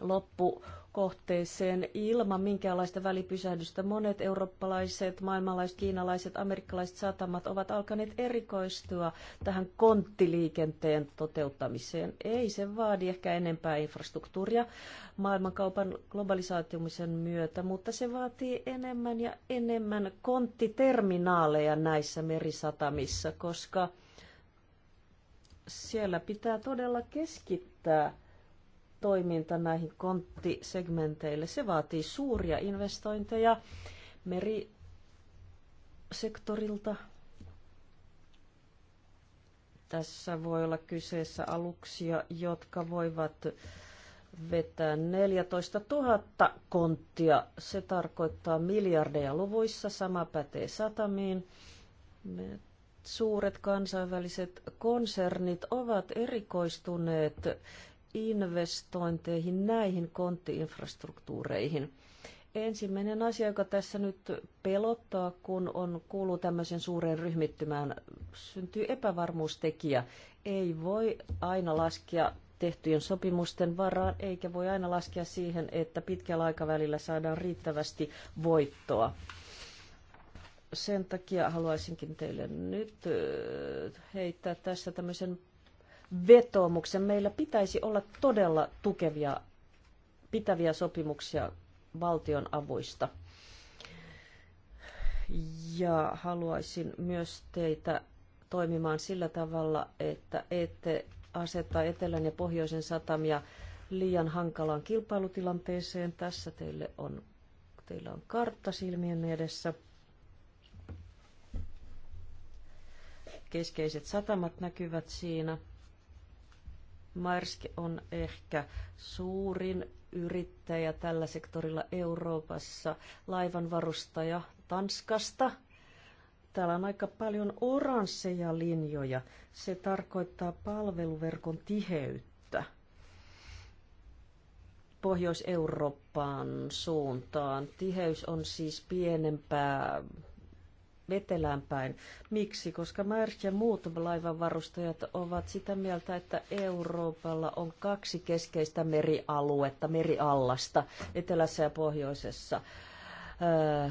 loppukohteeseen ilman minkäänlaista välipysähdystä. Monet eurooppalaiset, maailmanlaiset, kiinalaiset, amerikkalaiset satamat ovat alkaneet erikoistua tähän konttiliikenteen toteuttamiseen. Ei se vaadi ehkä enempää infrastruktuuria maailmankaupan globalisaatiumisen myötä, mutta se vaatii enemmän ja enemmän konttiterminaaleja näissä merisatamissa, koska siellä pitää todella keskittää toiminta näihin konttisegmenteille. Se vaatii suuria investointeja merisektorilta. Tässä voi olla kyseessä aluksia, jotka voivat vetää 14 000 konttia. Se tarkoittaa miljardeja luvuissa. Sama pätee satamiin. suuret kansainväliset konsernit ovat erikoistuneet investointeihin näihin konttiinfrastruktuureihin. Ensimmäinen asia, joka tässä nyt pelottaa, kun on kuuluu tämmöisen suureen ryhmittymään, syntyy epävarmuustekijä. Ei voi aina laskea tehtyjen sopimusten varaan, eikä voi aina laskea siihen, että pitkällä aikavälillä saadaan riittävästi voittoa. Sen takia haluaisinkin teille nyt heittää tässä tämmöisen vetoomuksen. Meillä pitäisi olla todella tukevia, pitäviä sopimuksia valtion avuista. Ja haluaisin myös teitä toimimaan sillä tavalla, että ette asettaa etelän ja pohjoisen satamia liian hankalaan kilpailutilanteeseen. Tässä teille on, teillä on kartta silmien edessä. Keskeiset satamat näkyvät siinä. Maersk on ehkä suurin yrittäjä tällä sektorilla Euroopassa, laivanvarustaja Tanskasta. Täällä on aika paljon oransseja linjoja. Se tarkoittaa palveluverkon tiheyttä Pohjois-Eurooppaan suuntaan. Tiheys on siis pienempää päin. Miksi? Koska Maersk ja muut laivanvarustajat ovat sitä mieltä, että Euroopalla on kaksi keskeistä merialuetta, meriallasta, etelässä ja pohjoisessa. Öö,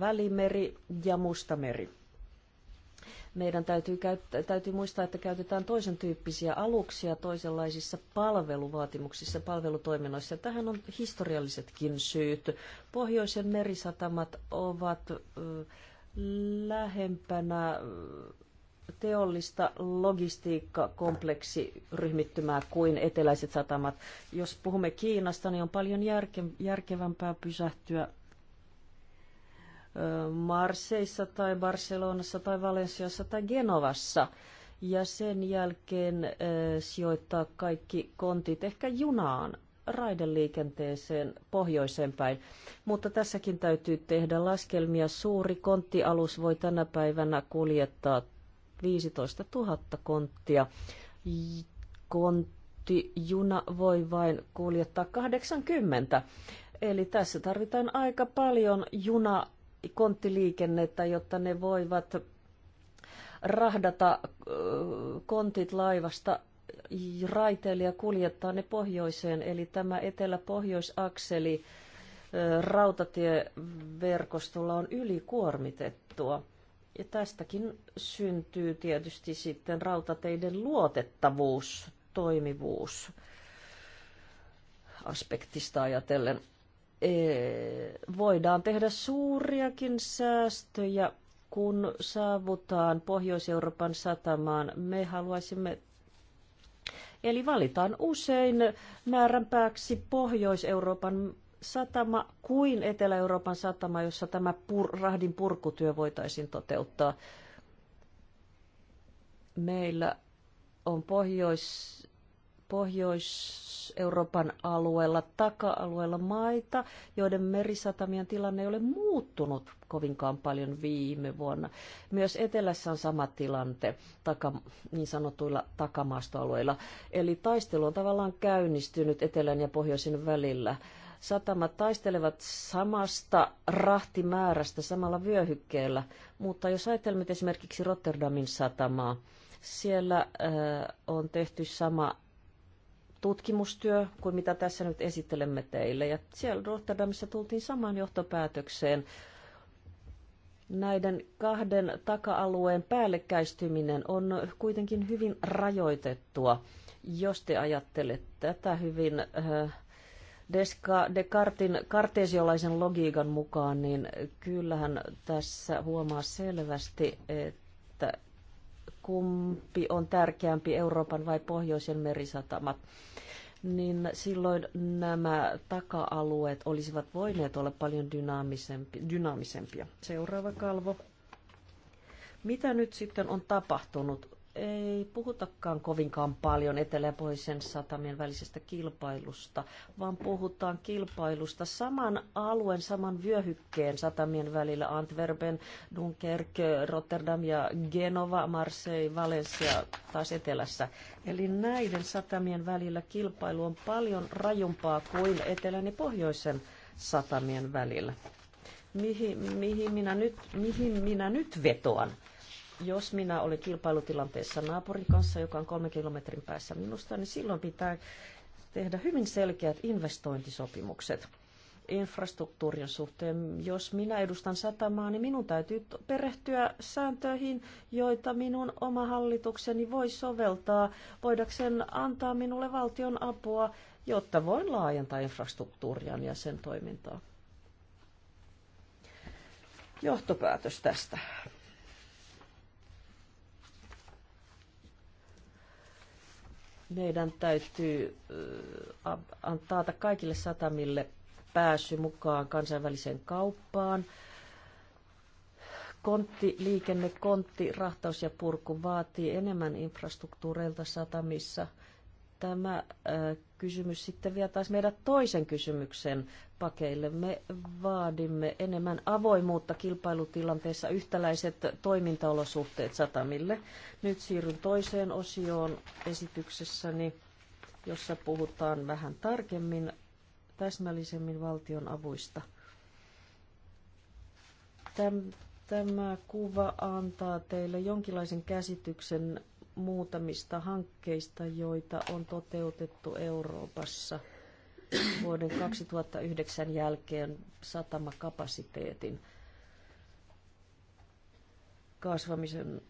Välimeri ja Mustameri meidän täytyy, käyttää, täytyy muistaa, että käytetään toisen tyyppisiä aluksia toisenlaisissa palveluvaatimuksissa, palvelutoiminnoissa. Tähän on historiallisetkin syyt. Pohjoisen merisatamat ovat öö, lähempänä teollista logistiikkakompleksiryhmittymää kuin eteläiset satamat. Jos puhumme Kiinasta, niin on paljon järke, järkevämpää pysähtyä Marseissa tai Barcelonassa tai Valensiassa tai Genovassa ja sen jälkeen sijoittaa kaikki kontit ehkä junaan raideliikenteeseen pohjoiseen päin. Mutta tässäkin täytyy tehdä laskelmia. Suuri konttialus voi tänä päivänä kuljettaa 15 000 konttia. Konttijuna voi vain kuljettaa 80. Eli tässä tarvitaan aika paljon juna konttiliikennettä, jotta ne voivat rahdata kontit laivasta raiteilija kuljettaa ne pohjoiseen. Eli tämä etelä-pohjoisakseli rautatieverkostolla on ylikuormitettua. Ja tästäkin syntyy tietysti sitten rautateiden luotettavuus, toimivuus aspektista ajatellen. E, voidaan tehdä suuriakin säästöjä kun saavutaan Pohjois-Euroopan satamaan, me haluaisimme Eli valitaan usein määränpääksi Pohjois-Euroopan satama kuin Etelä-Euroopan satama, jossa tämä pur, rahdin purkutyö voitaisiin toteuttaa. Meillä on Pohjois, Pohjois-Euroopan alueella, taka-alueella maita, joiden merisatamien tilanne ei ole muuttunut kovinkaan paljon viime vuonna. Myös etelässä on sama tilante taka, niin sanotuilla takamaastoalueilla. Eli taistelu on tavallaan käynnistynyt etelän ja pohjoisen välillä satamat taistelevat samasta rahtimäärästä samalla vyöhykkeellä, mutta jos ajatellaan esimerkiksi Rotterdamin satamaa, siellä on tehty sama tutkimustyö kuin mitä tässä nyt esittelemme teille. Ja siellä Rotterdamissa tultiin samaan johtopäätökseen. Näiden kahden taka-alueen päällekkäistyminen on kuitenkin hyvin rajoitettua, jos te ajattelette tätä hyvin äh, Descartin kartesiolaisen logiikan mukaan, niin kyllähän tässä huomaa selvästi, että kumpi on tärkeämpi, Euroopan vai Pohjoisen merisatamat, niin silloin nämä taka-alueet olisivat voineet olla paljon dynaamisempi, dynaamisempia. Seuraava kalvo. Mitä nyt sitten on tapahtunut ei puhutakaan kovinkaan paljon etelä- ja pohjoisen satamien välisestä kilpailusta, vaan puhutaan kilpailusta saman alueen, saman vyöhykkeen satamien välillä Antwerpen, Dunkerque, Rotterdam ja Genova, Marseille, Valencia taas etelässä. Eli näiden satamien välillä kilpailu on paljon rajumpaa kuin etelän ja pohjoisen satamien välillä. Mihin, mihin, minä, nyt, mihin minä nyt vetoan? jos minä olen kilpailutilanteessa naapurin kanssa, joka on kolme kilometrin päässä minusta, niin silloin pitää tehdä hyvin selkeät investointisopimukset infrastruktuurin suhteen. Jos minä edustan satamaa, niin minun täytyy perehtyä sääntöihin, joita minun oma hallitukseni voi soveltaa, voidakseen antaa minulle valtion apua, jotta voin laajentaa infrastruktuuria ja sen toimintaa. Johtopäätös tästä. meidän täytyy antaa kaikille satamille pääsy mukaan kansainväliseen kauppaan. liikenne, kontti, rahtaus ja purku vaatii enemmän infrastruktuureilta satamissa – tämä kysymys sitten vielä taas meidän toisen kysymyksen pakeille. Me vaadimme enemmän avoimuutta kilpailutilanteessa yhtäläiset toimintaolosuhteet satamille. Nyt siirryn toiseen osioon esityksessäni, jossa puhutaan vähän tarkemmin, täsmällisemmin valtion avuista. Tämä kuva antaa teille jonkinlaisen käsityksen muutamista hankkeista, joita on toteutettu Euroopassa vuoden 2009 jälkeen satamakapasiteetin kasvamisen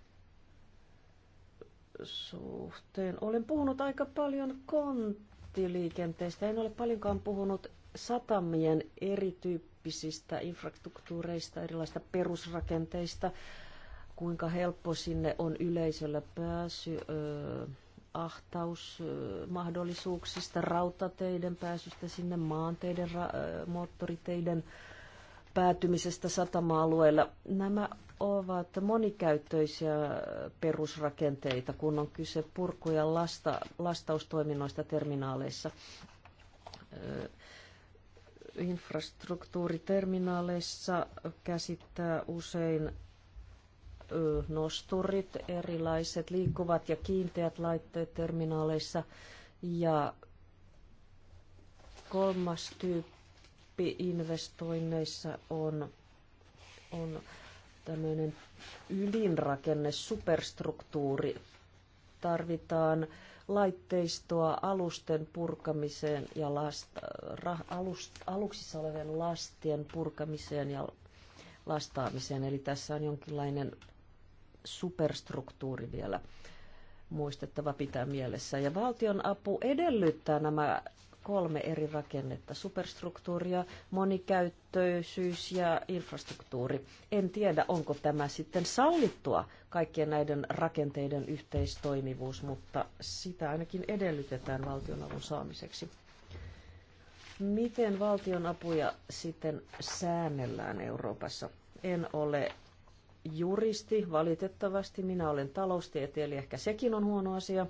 suhteen. Olen puhunut aika paljon konttiliikenteestä. En ole paljonkaan puhunut satamien erityyppisistä infrastruktuureista, erilaisista perusrakenteista, kuinka helppo sinne on yleisöllä pääsy, ö, ahtausmahdollisuuksista, rautateiden pääsystä sinne, maanteiden, ra, ö, moottoriteiden päätymisestä satama-alueella. Nämä ovat monikäyttöisiä perusrakenteita, kun on kyse purku- ja lasta, lastaustoiminnoista terminaaleissa. Ö, infrastruktuuriterminaaleissa käsittää usein nosturit, erilaiset liikkuvat ja kiinteät laitteet terminaaleissa. Ja kolmas tyyppi investoinneissa on, on tämmöinen ydinrakenne, superstruktuuri. Tarvitaan laitteistoa alusten purkamiseen ja last, ra, alust, aluksissa olevien lastien purkamiseen ja lastaamiseen. Eli tässä on jonkinlainen superstruktuuri vielä muistettava pitää mielessä. Ja valtion apu edellyttää nämä kolme eri rakennetta, superstruktuuria, monikäyttöisyys ja infrastruktuuri. En tiedä, onko tämä sitten sallittua kaikkien näiden rakenteiden yhteistoimivuus, mutta sitä ainakin edellytetään valtionavun saamiseksi. Miten valtionapuja sitten säännellään Euroopassa? En ole juristi, valitettavasti. Minä olen taloustieteilijä, ehkä sekin on huono asia,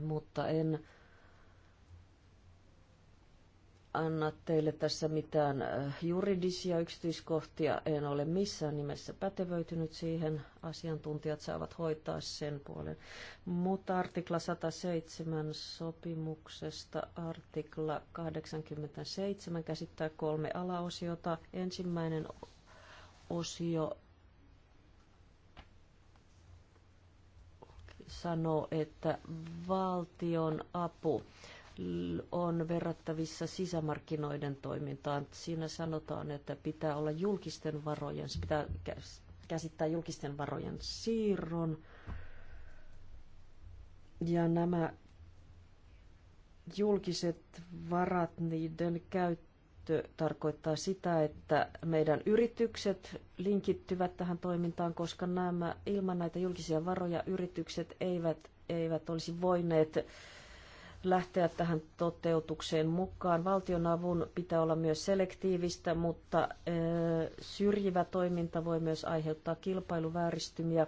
mutta en anna teille tässä mitään juridisia yksityiskohtia. En ole missään nimessä pätevöitynyt siihen. Asiantuntijat saavat hoitaa sen puolen. Mutta artikla 107 sopimuksesta, artikla 87 käsittää kolme alaosiota. Ensimmäinen osio sanoo, että valtion apu on verrattavissa sisämarkkinoiden toimintaan. Siinä sanotaan, että pitää olla julkisten varojen, se pitää käsittää julkisten varojen siirron. Ja nämä julkiset varat, niiden käyttö yhteistyö tarkoittaa sitä, että meidän yritykset linkittyvät tähän toimintaan, koska nämä, ilman näitä julkisia varoja yritykset eivät, eivät olisi voineet lähteä tähän toteutukseen mukaan. Valtionavun pitää olla myös selektiivistä, mutta syrjivä toiminta voi myös aiheuttaa kilpailuvääristymiä.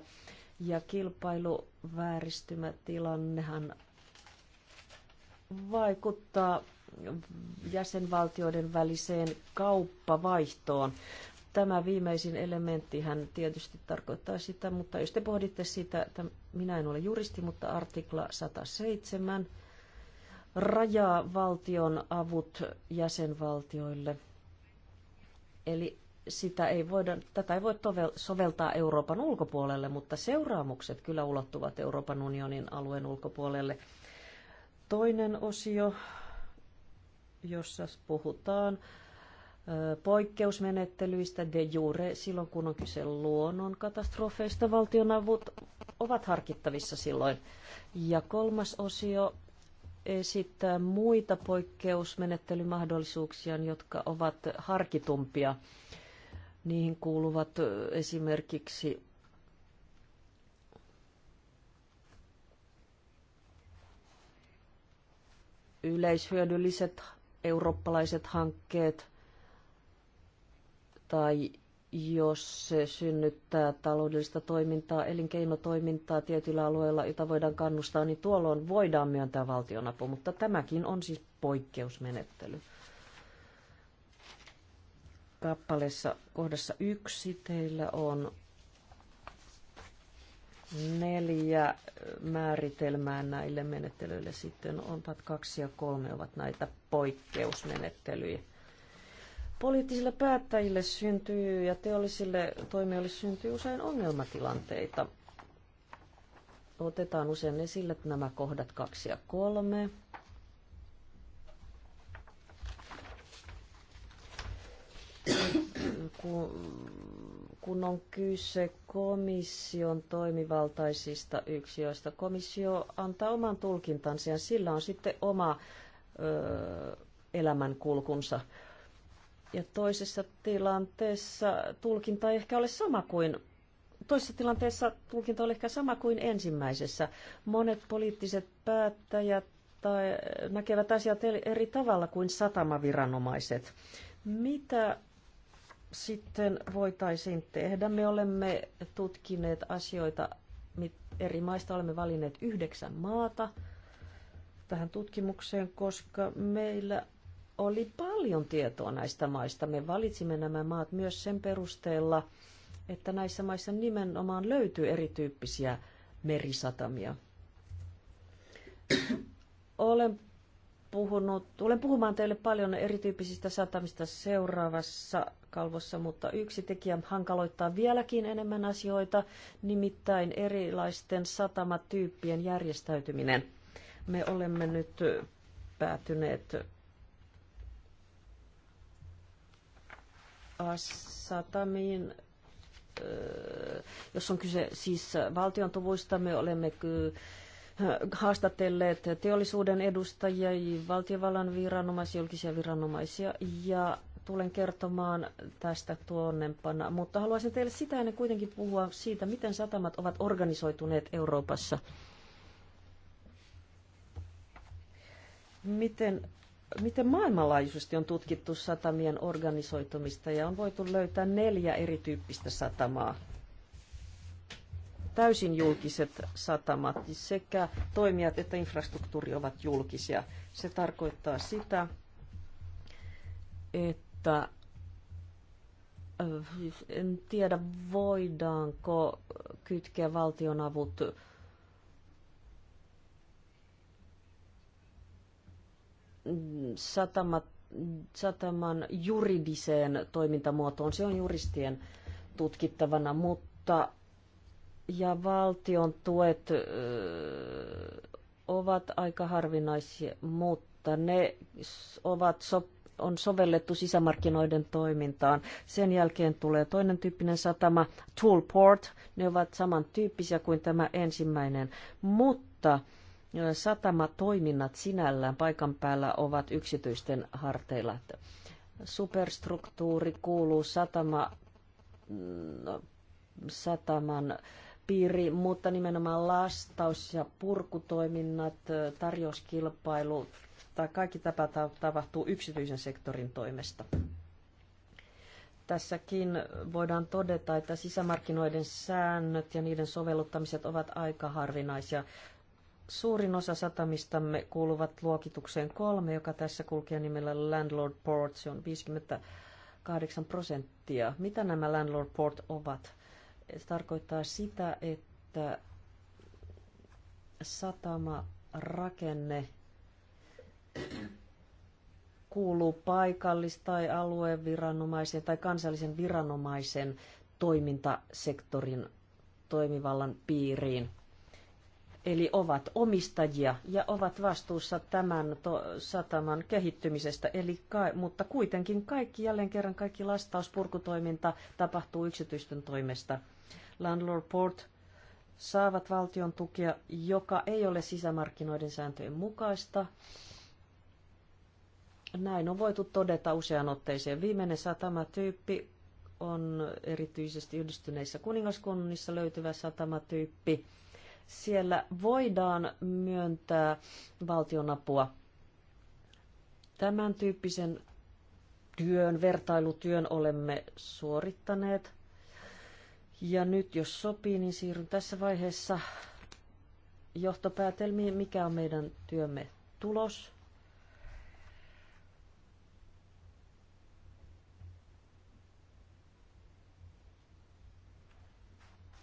Ja kilpailuvääristymätilannehan vaikuttaa jäsenvaltioiden väliseen kauppavaihtoon. Tämä viimeisin elementti hän tietysti tarkoittaa sitä, mutta jos te pohditte sitä, että minä en ole juristi, mutta artikla 107 rajaa valtion avut jäsenvaltioille. Eli sitä ei voida, tätä ei voi soveltaa Euroopan ulkopuolelle, mutta seuraamukset kyllä ulottuvat Euroopan unionin alueen ulkopuolelle. Toinen osio jossa puhutaan poikkeusmenettelyistä de jure silloin, kun on kyse luonnonkatastrofeista. Valtionavut ovat harkittavissa silloin. Ja kolmas osio esittää muita poikkeusmenettelymahdollisuuksia, jotka ovat harkitumpia. Niihin kuuluvat esimerkiksi yleishyödylliset eurooppalaiset hankkeet tai jos se synnyttää taloudellista toimintaa, elinkeinotoimintaa tietyillä alueilla, jota voidaan kannustaa, niin tuolloin voidaan myöntää valtionapu, mutta tämäkin on siis poikkeusmenettely. Kappaleessa kohdassa yksi teillä on neljä äh, määritelmää näille menettelyille sitten. Onpat kaksi ja kolme ovat näitä poikkeusmenettelyjä. Poliittisille päättäjille syntyy ja teollisille toimijoille syntyy usein ongelmatilanteita. Otetaan usein esille nämä kohdat kaksi ja kolme. kun kun on kyse komission toimivaltaisista yksiöistä. Komissio antaa oman tulkintansa ja sillä on sitten oma ö, elämänkulkunsa. Ja toisessa tilanteessa tulkinta ei ehkä ole sama kuin toisessa tilanteessa tulkinta oli ehkä sama kuin ensimmäisessä. Monet poliittiset päättäjät tai näkevät asiat eri tavalla kuin satamaviranomaiset. Mitä sitten voitaisiin tehdä? Me olemme tutkineet asioita eri maista, olemme valinneet yhdeksän maata tähän tutkimukseen, koska meillä oli paljon tietoa näistä maista. Me valitsimme nämä maat myös sen perusteella, että näissä maissa nimenomaan löytyy erityyppisiä merisatamia. Olen puhunut, tulen puhumaan teille paljon erityyppisistä satamista seuraavassa kalvossa, mutta yksi tekijä hankaloittaa vieläkin enemmän asioita, nimittäin erilaisten satamatyyppien järjestäytyminen. Me olemme nyt päätyneet satamiin, öö, jos on kyse siis valtion tuvuista, me olemme haastatelleet teollisuuden edustajia, valtiovallan viranomaisia, julkisia viranomaisia ja tulen kertomaan tästä tuonnempana, mutta haluaisin teille sitä ennen kuitenkin puhua siitä, miten satamat ovat organisoituneet Euroopassa. Miten, miten maailmanlaajuisesti on tutkittu satamien organisoitumista ja on voitu löytää neljä erityyppistä satamaa. Täysin julkiset satamat, siis sekä toimijat että infrastruktuuri ovat julkisia. Se tarkoittaa sitä, että että en tiedä voidaanko kytkeä valtionavut satama, sataman juridiseen toimintamuotoon. Se on juristien tutkittavana, mutta ja valtion tuet ovat aika harvinaisia, mutta ne ovat sop- on sovellettu sisämarkkinoiden toimintaan. Sen jälkeen tulee toinen tyyppinen satama, Toolport. Ne ovat samantyyppisiä kuin tämä ensimmäinen, mutta satamatoiminnat sinällään paikan päällä ovat yksityisten harteilla. Superstruktuuri kuuluu satama, mm, no, sataman piiri, mutta nimenomaan lastaus- ja purkutoiminnat, tarjouskilpailu, tai kaikki tapa tapahtuu yksityisen sektorin toimesta. Tässäkin voidaan todeta, että sisämarkkinoiden säännöt ja niiden sovelluttamiset ovat aika harvinaisia. Suurin osa satamistamme kuuluvat luokitukseen kolme, joka tässä kulkee nimellä Landlord Port. Se on 58 prosenttia. Mitä nämä Landlord Port ovat? Se tarkoittaa sitä, että satama rakenne kuuluu paikallis- tai alueviranomaisen tai kansallisen viranomaisen toimintasektorin toimivallan piiriin. Eli ovat omistajia ja ovat vastuussa tämän sataman kehittymisestä, Eli ka- mutta kuitenkin kaikki, jälleen kerran kaikki lastauspurkutoiminta tapahtuu yksityisten toimesta. Landlord Port saavat valtion tukea, joka ei ole sisämarkkinoiden sääntöjen mukaista näin on voitu todeta usean otteeseen. Viimeinen satamatyyppi on erityisesti yhdistyneissä kuningaskunnissa löytyvä satamatyyppi. Siellä voidaan myöntää valtionapua tämän tyyppisen työn, vertailutyön olemme suorittaneet. Ja nyt jos sopii, niin siirryn tässä vaiheessa johtopäätelmiin, mikä on meidän työmme tulos.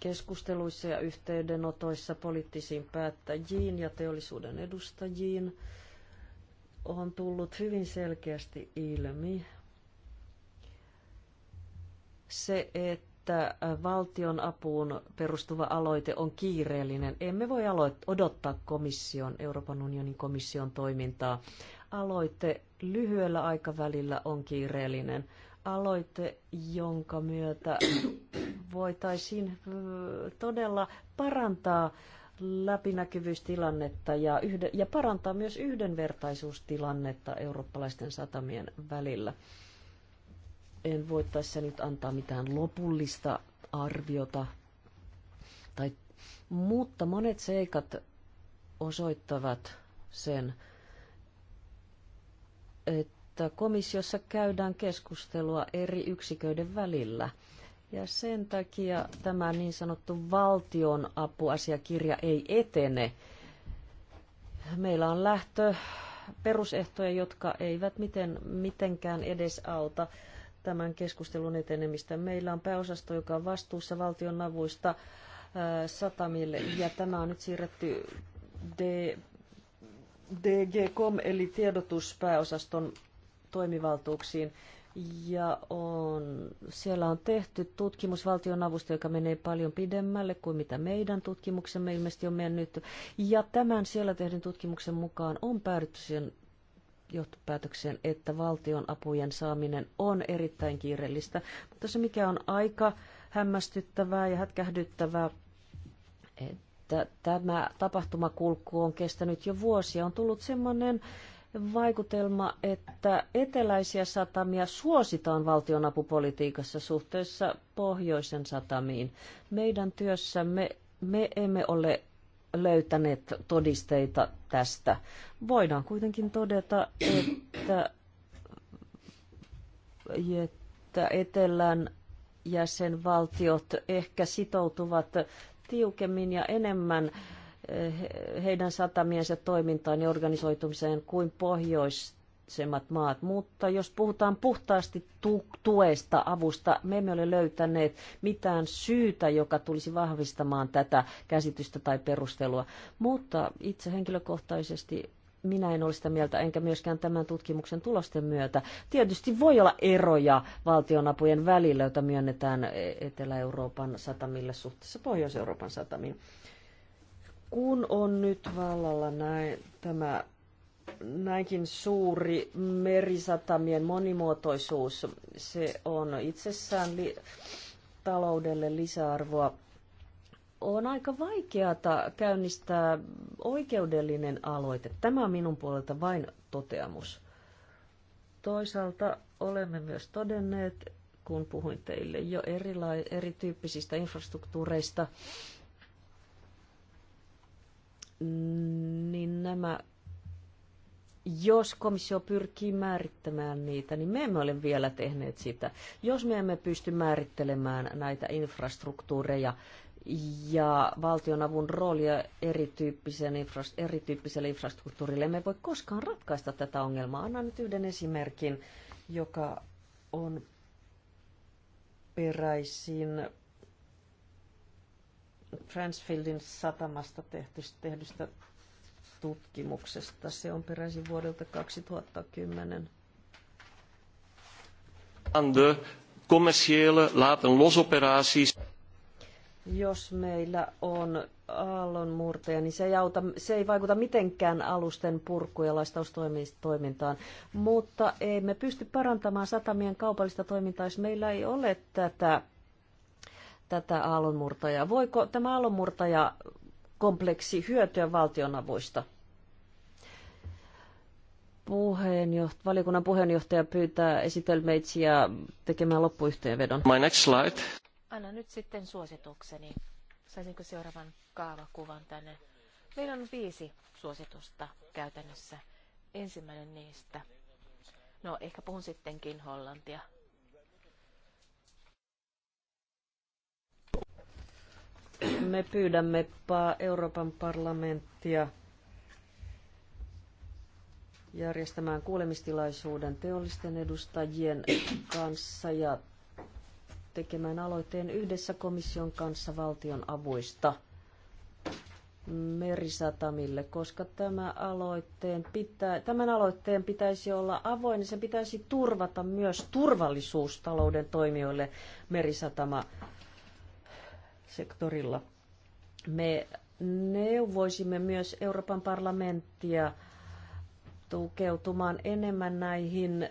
keskusteluissa ja yhteydenotoissa poliittisiin päättäjiin ja teollisuuden edustajiin on tullut hyvin selkeästi ilmi se, että valtion apuun perustuva aloite on kiireellinen. Emme voi odottaa komission, Euroopan unionin komission toimintaa. Aloite lyhyellä aikavälillä on kiireellinen aloite, jonka myötä voitaisiin todella parantaa läpinäkyvyystilannetta ja, yhde, ja parantaa myös yhdenvertaisuustilannetta eurooppalaisten satamien välillä. En voi tässä nyt antaa mitään lopullista arviota, tai, mutta monet seikat osoittavat sen, että että komissiossa käydään keskustelua eri yksiköiden välillä. Ja sen takia tämä niin sanottu valtion apuasiakirja ei etene. Meillä on lähtö perusehtoja, jotka eivät miten, mitenkään auta tämän keskustelun etenemistä. Meillä on pääosasto, joka on vastuussa valtion avuista äh, satamille, ja tämä on nyt siirretty D, DG.com, eli tiedotuspääosaston toimivaltuuksiin. Ja on, siellä on tehty tutkimus avusta, joka menee paljon pidemmälle kuin mitä meidän tutkimuksemme ilmeisesti on mennyt. Ja tämän siellä tehdyn tutkimuksen mukaan on päädytty siihen johtopäätökseen, että valtion apujen saaminen on erittäin kiireellistä. Mutta se mikä on aika hämmästyttävää ja hätkähdyttävää, että tämä tapahtumakulku on kestänyt jo vuosia. On tullut semmoinen vaikutelma, että eteläisiä satamia suositaan valtionapupolitiikassa suhteessa pohjoisen satamiin. Meidän työssämme me emme ole löytäneet todisteita tästä. Voidaan kuitenkin todeta, että, että etelän jäsenvaltiot ehkä sitoutuvat tiukemmin ja enemmän äh, heidän satamiensa toimintaan ja organisoitumiseen kuin pohjoisemmat maat. Mutta jos puhutaan puhtaasti tuesta, avusta, me emme ole löytäneet mitään syytä, joka tulisi vahvistamaan tätä käsitystä tai perustelua. Mutta itse henkilökohtaisesti minä en ole sitä mieltä, enkä myöskään tämän tutkimuksen tulosten myötä. Tietysti voi olla eroja valtionapujen välillä, joita myönnetään e-, Etelä-Euroopan satamille suhteessa Pohjois-Euroopan satamiin. Kun on nyt vallalla näin, tämä näinkin suuri merisatamien monimuotoisuus, se on itsessään li- taloudelle lisäarvoa. On aika vaikeata käynnistää oikeudellinen aloite. Tämä on minun puolelta vain toteamus. Toisaalta olemme myös todenneet, kun puhuin teille jo erila- erityyppisistä infrastruktuureista, niin nämä, jos komissio pyrkii määrittämään niitä, niin me emme ole vielä tehneet sitä. Jos me emme pysty määrittelemään näitä infrastruktuureja ja valtionavun roolia erityyppiselle infrastruktuurille, emme voi koskaan ratkaista tätä ongelmaa. Annan nyt yhden esimerkin, joka on peräisin Transfieldin satamasta tehtystä, tehdystä tutkimuksesta. Se on peräisin vuodelta 2010. Aan de commerciële laten losoperaties. Jos meillä on aallonmurteja, niin se ei, auta, se ei vaikuta mitenkään alusten purku- ja laistaustoimintaan. Mutta emme pysty parantamaan satamien kaupallista toimintaa, jos meillä ei ole tätä tätä aallonmurtajaa. Voiko tämä aallonmurtaja kompleksi hyötyä valtionavuista? Puheenjoht- valiokunnan puheenjohtaja pyytää esitelmeitsiä tekemään loppuyhteenvedon. My next slide. Anna nyt sitten suositukseni. Saisinko seuraavan kaavakuvan tänne? Meillä on viisi suositusta käytännössä. Ensimmäinen niistä. No, ehkä puhun sittenkin hollantia. me pyydämme Euroopan parlamenttia järjestämään kuulemistilaisuuden teollisten edustajien kanssa ja tekemään aloitteen yhdessä komission kanssa valtion avuista merisatamille, koska tämä aloitteen pitää, tämän aloitteen pitäisi olla avoin, niin se pitäisi turvata myös turvallisuustalouden toimijoille merisatama sektorilla. Me neuvoisimme myös Euroopan parlamenttia tukeutumaan enemmän näihin ö,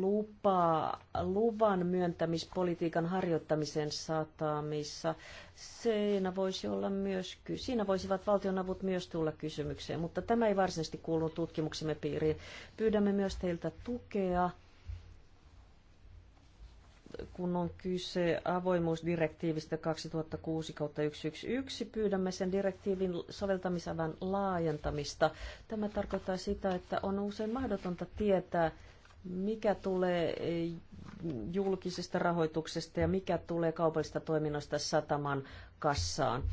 lupa, luvan myöntämispolitiikan harjoittamisen satamissa. Siinä, voisi olla myös, siinä voisivat valtionavut myös tulla kysymykseen, mutta tämä ei varsinaisesti kuulu tutkimuksemme piiriin. Pyydämme myös teiltä tukea kun on kyse avoimuusdirektiivistä 2006-111, pyydämme sen direktiivin soveltamisavan laajentamista. Tämä tarkoittaa sitä, että on usein mahdotonta tietää, mikä tulee eh, julkisesta rahoituksesta ja mikä tulee kaupallisesta toiminnasta sataman kassaan. Eh,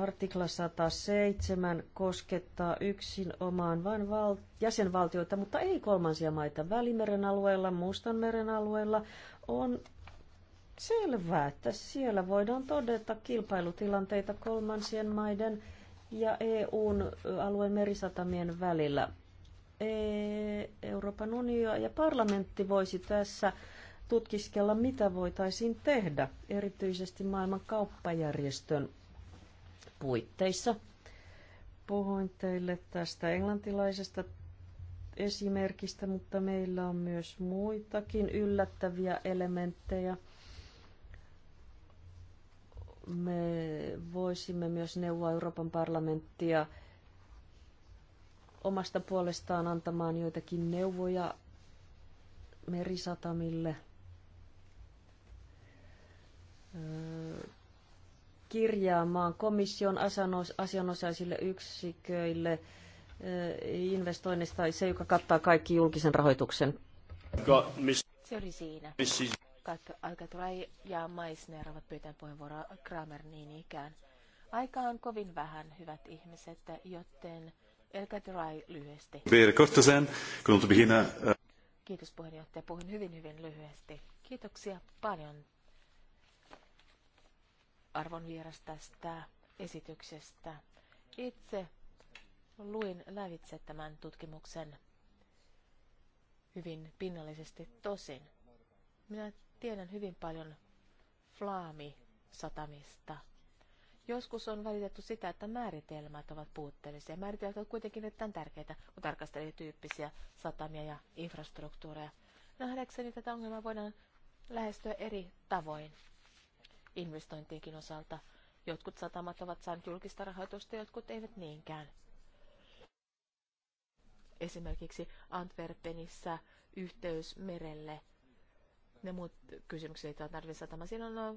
artikla 107 koskettaa yksin omaan vain val- jäsenvaltioita, mutta ei kolmansia maita Välimeren alueella, Mustanmeren alueella, on selvää, että siellä voidaan todeta kilpailutilanteita kolmansien maiden ja EUn alueen merisatamien välillä. E, Euroopan unio ja parlamentti voisi tässä tutkiskella, mitä voitaisiin tehdä, erityisesti maailman kauppajärjestön puitteissa. Puhuin teille tästä englantilaisesta esimerkistä, mutta meillä on myös muitakin yllättäviä elementtejä. Me voisimme myös neuvoa Euroopan parlamenttia omasta puolestaan antamaan joitakin neuvoja merisatamille öö, kirjaamaan komission asianosaisille yksiköille – investoinnista, se joka kattaa kaikki julkisen rahoituksen. Se oli siinä. Aika tulee ja Maisner ovat pyytäneet puheenvuoroa Kramer niin ikään. Aika on kovin vähän, hyvät ihmiset, joten Elkä Dry lyhyesti. Äh- Kiitos puheenjohtaja. Puhun hyvin hyvin lyhyesti. Kiitoksia paljon arvon vieras tästä esityksestä. Itse luin lävitse tämän tutkimuksen hyvin pinnallisesti tosin. Minä tiedän hyvin paljon flaamisatamista. Joskus on valitettu sitä, että määritelmät ovat puutteellisia. Määritelmät ovat kuitenkin erittäin tärkeitä, kun tarkastelee tyyppisiä satamia ja infrastruktuureja. Nähdäkseni tätä ongelmaa voidaan lähestyä eri tavoin investointiinkin osalta. Jotkut satamat ovat saaneet julkista rahoitusta, jotkut eivät niinkään esimerkiksi Antwerpenissä yhteys merelle ne muut kysymykset liittyvät Narvisatamaan. Siinä on no,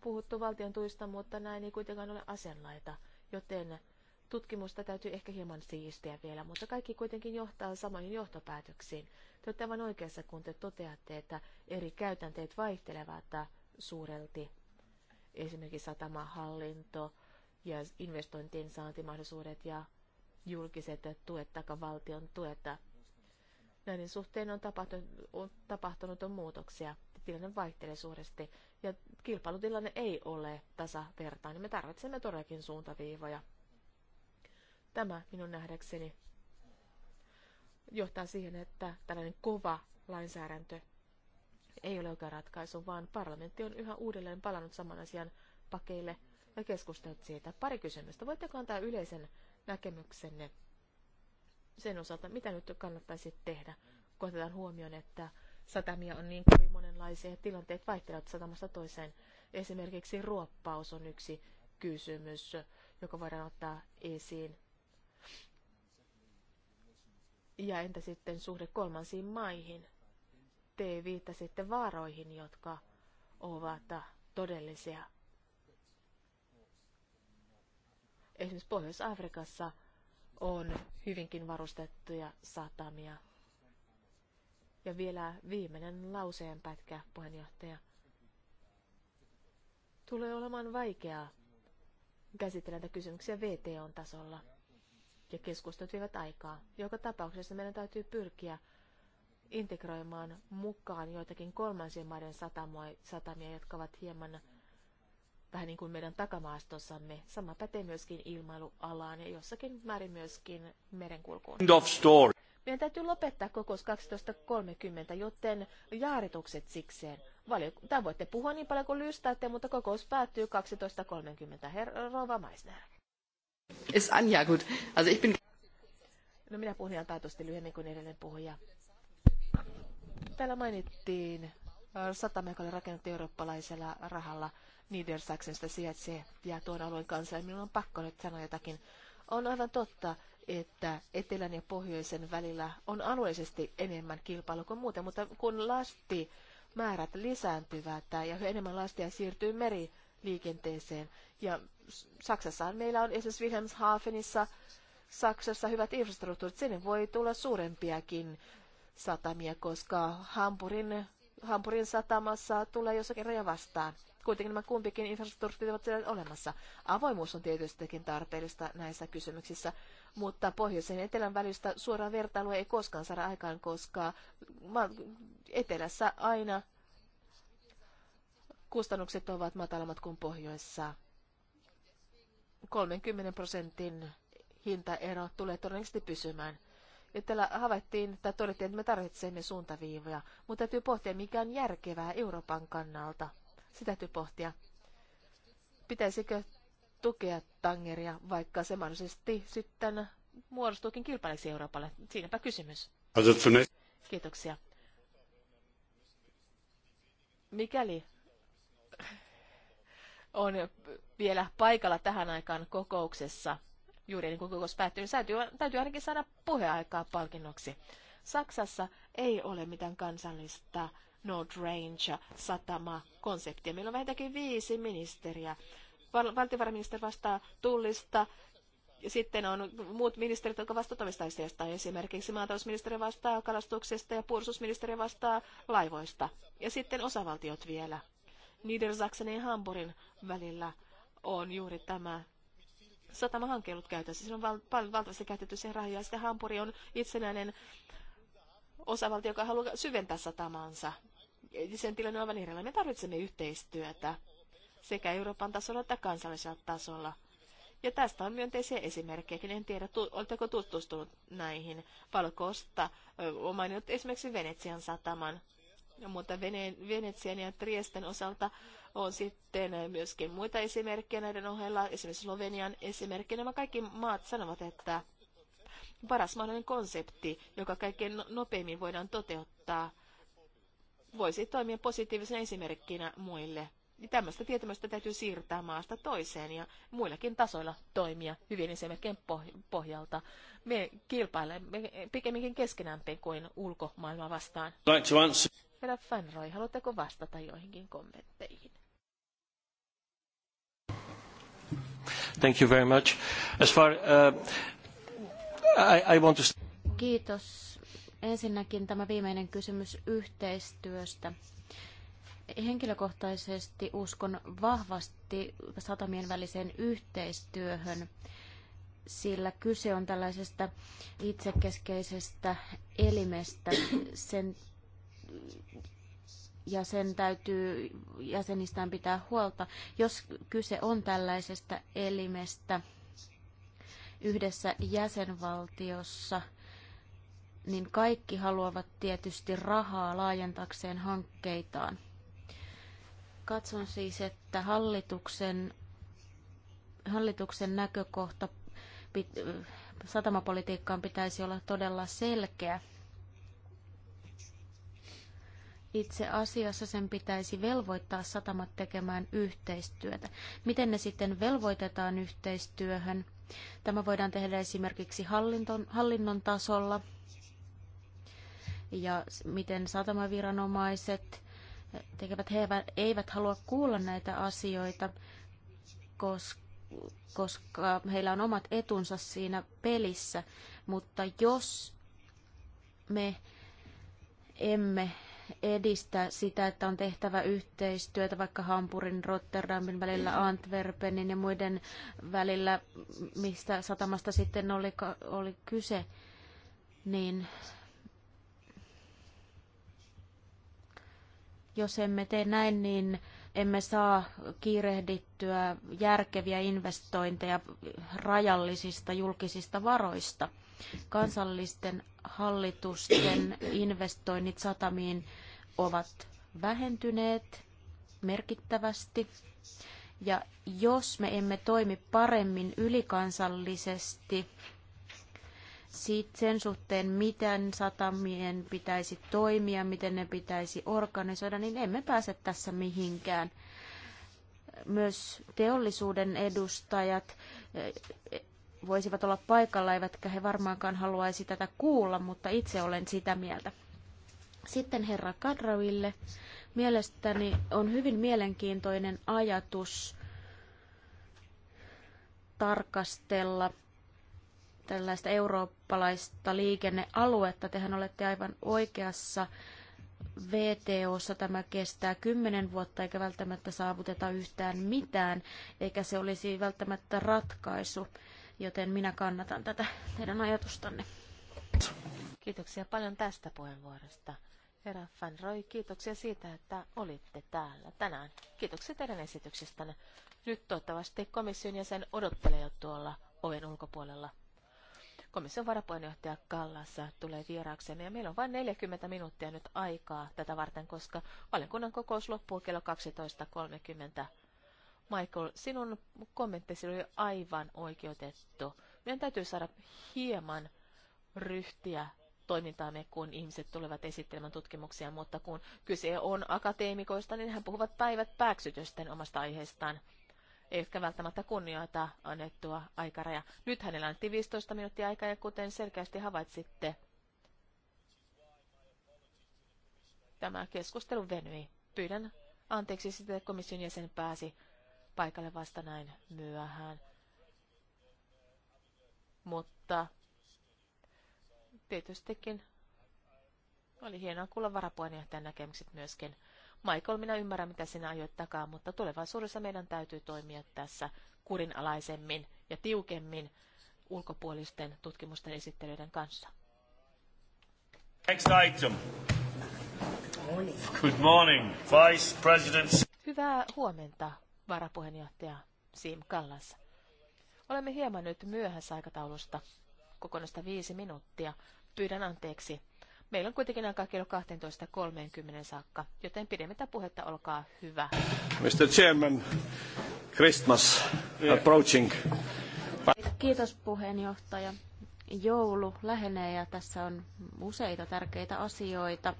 puhuttu valtion tuista, mutta näin ei kuitenkaan ole asenlaita, joten tutkimusta täytyy ehkä hieman siistiä vielä, mutta kaikki kuitenkin johtaa samoihin johtopäätöksiin. Te olette aivan oikeassa, kun te toteatte, että eri käytänteet vaihtelevat suurelti. Esimerkiksi satamahallinto ja investointien saantimahdollisuudet ja julkiset tuet tai valtion tuet. Näiden suhteen on tapahtunut, on tapahtunut on muutoksia. Tilanne vaihtelee suuresti ja kilpailutilanne ei ole tasavertainen. Me tarvitsemme todellakin suuntaviivoja. Tämä minun nähdäkseni johtaa siihen, että tällainen kova lainsäädäntö ei ole oikea ratkaisu, vaan parlamentti on yhä uudelleen palannut saman asian pakeille ja keskustellut siitä. Pari kysymystä. Voitteko antaa yleisen näkemyksenne sen osalta, mitä nyt kannattaisi tehdä, kun otetaan huomioon, että satamia on niin kovin monenlaisia ja tilanteet vaihtelevat satamasta toiseen. Esimerkiksi ruoppaus on yksi kysymys, joka voidaan ottaa esiin. Ja entä sitten suhde kolmansiin maihin? Te viittasitte vaaroihin, jotka ovat todellisia Esimerkiksi Pohjois-Afrikassa on hyvinkin varustettuja satamia. Ja vielä viimeinen lauseen pätkä, puheenjohtaja. Tulee olemaan vaikeaa käsitellä näitä kysymyksiä vto tasolla. Ja keskustelut vievät aikaa. Joka tapauksessa meidän täytyy pyrkiä integroimaan mukaan joitakin kolmansien maiden satamia, jotka ovat hieman vähän niin kuin meidän takamaastossamme. Sama pätee myöskin ilmailualaan ja jossakin määrin myöskin merenkulkuun. End of story. Meidän täytyy lopettaa kokous 12.30, joten jaaritukset sikseen. Tämä voitte puhua niin paljon kuin lystäätte, mutta kokous päättyy 12.30. Herra Rova Meisner. Ist Anja, gut. Also ich bin... No minä puhun ihan taatusti lyhyemmin kuin edellinen puhuja. Täällä mainittiin äh, satama, joka oli rakennettu eurooppalaisella rahalla. Niedersaksenista sijaitsee ja tuon alueen kanssa, minun on pakko nyt sanoa jotakin. On aivan totta, että etelän ja pohjoisen välillä on alueellisesti enemmän kilpailu kuin muuten, mutta kun lasti määrät lisääntyvät ja enemmän lastia siirtyy meriliikenteeseen. Ja Saksassa meillä on esimerkiksi Wilhelmshavenissa Saksassa hyvät infrastruktuurit, sinne voi tulla suurempiakin satamia, koska Hampurin, Hampurin satamassa tulee jossakin raja vastaan. Kuitenkin nämä kumpikin infrastruktuurit ovat olemassa. Avoimuus on tietystikin tarpeellista näissä kysymyksissä, mutta pohjoisen ja etelän välistä suoraan vertailua ei koskaan saada aikaan, koska etelässä aina kustannukset ovat matalammat kuin pohjoissa. 30 prosentin hintaero tulee todennäköisesti pysymään. Ja täällä havaittiin tai todettiin, että me tarvitsemme suuntaviivoja, mutta täytyy pohtia, mikä on järkevää Euroopan kannalta. Sitä täytyy pohtia. Pitäisikö tukea Tangeria, vaikka se mahdollisesti sitten muodostuukin kilpailiksi Euroopalle? Siinäpä kysymys. Kiitoksia. Mikäli on vielä paikalla tähän aikaan kokouksessa, juuri niin kuin kokous päättyy, niin täytyy, täytyy ainakin saada puheaikaa palkinnoksi. Saksassa ei ole mitään kansallista Nord Range satama konseptia. Meillä on vähintäänkin viisi ministeriä. Val- valtiovarainministeri vastaa tullista, sitten on muut ministerit, jotka vastaavat omista asioista. Esimerkiksi maatalousministeri vastaa kalastuksesta ja puolustusministeri vastaa laivoista. Ja sitten osavaltiot vielä. Niedersachsenin ja Hamburgin välillä on juuri tämä satamahanke ollut käytössä. Siinä on val- valtavasti käytetty sen rahoja. Ja sitten Hampuri on itsenäinen osavaltio, joka haluaa syventää satamaansa sen tilanne on välillä. Me tarvitsemme yhteistyötä sekä Euroopan tasolla että kansallisella tasolla. Ja tästä on myönteisiä esimerkkejäkin. En tiedä, tu- oletteko tutustunut näihin. Valkosta on mainittu esimerkiksi Venetsian sataman. Mutta Vene- Venetsian ja Triesten osalta on sitten myöskin muita esimerkkejä näiden ohella. Esimerkiksi Slovenian esimerkki. Nämä kaikki maat sanovat, että paras mahdollinen konsepti, joka kaikkein no- nopeimmin voidaan toteuttaa – voisi toimia positiivisena esimerkkinä muille. Niin tämmöistä tietämystä täytyy siirtää maasta toiseen ja muillakin tasoilla toimia hyvin esimerkkien pohjalta. Me kilpailemme pikemminkin keskenämpiin kuin ulkomaailma vastaan. Herra Fanroy, haluatteko vastata joihinkin kommentteihin? Thank you very much. As far, uh, I, I want to... Kiitos Ensinnäkin tämä viimeinen kysymys yhteistyöstä. Henkilökohtaisesti uskon vahvasti satamien väliseen yhteistyöhön, sillä kyse on tällaisesta itsekeskeisestä elimestä. Sen ja sen täytyy jäsenistään pitää huolta. Jos kyse on tällaisesta elimestä yhdessä jäsenvaltiossa, niin kaikki haluavat tietysti rahaa laajentakseen hankkeitaan. Katson siis, että hallituksen, hallituksen näkökohta pit, satamapolitiikkaan pitäisi olla todella selkeä. Itse asiassa sen pitäisi velvoittaa satamat tekemään yhteistyötä. Miten ne sitten velvoitetaan yhteistyöhön? Tämä voidaan tehdä esimerkiksi hallinton, hallinnon tasolla – ja miten satamaviranomaiset tekevät, he eivät halua kuulla näitä asioita, koska heillä on omat etunsa siinä pelissä, mutta jos me emme edistä sitä, että on tehtävä yhteistyötä vaikka Hampurin, Rotterdamin välillä, Antwerpenin ja muiden välillä, mistä satamasta sitten oli, oli kyse, niin Jos emme tee näin, niin emme saa kiirehdittyä järkeviä investointeja rajallisista julkisista varoista. Kansallisten hallitusten investoinnit satamiin ovat vähentyneet merkittävästi. Ja jos me emme toimi paremmin ylikansallisesti, sen suhteen, miten satamien pitäisi toimia, miten ne pitäisi organisoida, niin emme pääse tässä mihinkään. Myös teollisuuden edustajat eh, voisivat olla paikalla, eivätkä he varmaankaan haluaisi tätä kuulla, mutta itse olen sitä mieltä. Sitten herra Kadraville. Mielestäni on hyvin mielenkiintoinen ajatus tarkastella – tällaista eurooppalaista liikennealuetta. Tehän olette aivan oikeassa. VTOssa tämä kestää kymmenen vuotta eikä välttämättä saavuteta yhtään mitään, eikä se olisi välttämättä ratkaisu, joten minä kannatan tätä teidän ajatustanne. Kiitoksia paljon tästä puheenvuorosta. Herra Van Roy, kiitoksia siitä, että olitte täällä tänään. Kiitoksia teidän esityksestänne. Nyt toivottavasti komission jäsen odottelee jo tuolla oven ulkopuolella. Komission varapuheenjohtaja Kallassa tulee vieraaksemme ja meillä on vain 40 minuuttia nyt aikaa tätä varten, koska valiokunnan kokous loppuu kello 12.30. Michael, sinun kommenttisi oli aivan oikeutettu. Meidän täytyy saada hieman ryhtiä toimintaamme, kun ihmiset tulevat esittelemään tutkimuksia, mutta kun kyse on akateemikoista, niin hän puhuvat päivät pääksytysten omasta aiheestaan ehkä välttämättä kunnioita annettua aikaraja. Nyt hänellä on 15 minuuttia aikaa ja kuten selkeästi havaitsitte, tämä keskustelu venyi. Pyydän anteeksi sitä, että komission jäsen pääsi paikalle vasta näin myöhään. Mutta tietystikin oli hienoa kuulla varapuheenjohtajan näkemykset myöskin. Michael, minä ymmärrän, mitä sinä ajoit takaa, mutta tulevaisuudessa meidän täytyy toimia tässä kurinalaisemmin ja tiukemmin ulkopuolisten tutkimusten esittelyiden kanssa. Next item. Good morning, Vice President. Hyvää huomenta, varapuheenjohtaja Sim Kallas. Olemme hieman nyt myöhässä aikataulusta, kokonaista viisi minuuttia. Pyydän anteeksi Meillä on kuitenkin aikaa kello 12.30 saakka, joten pidemmittä puhetta, olkaa hyvä. Mr. Chairman, Christmas niin. approaching. Kiitos puheenjohtaja. Joulu lähenee ja tässä on useita tärkeitä asioita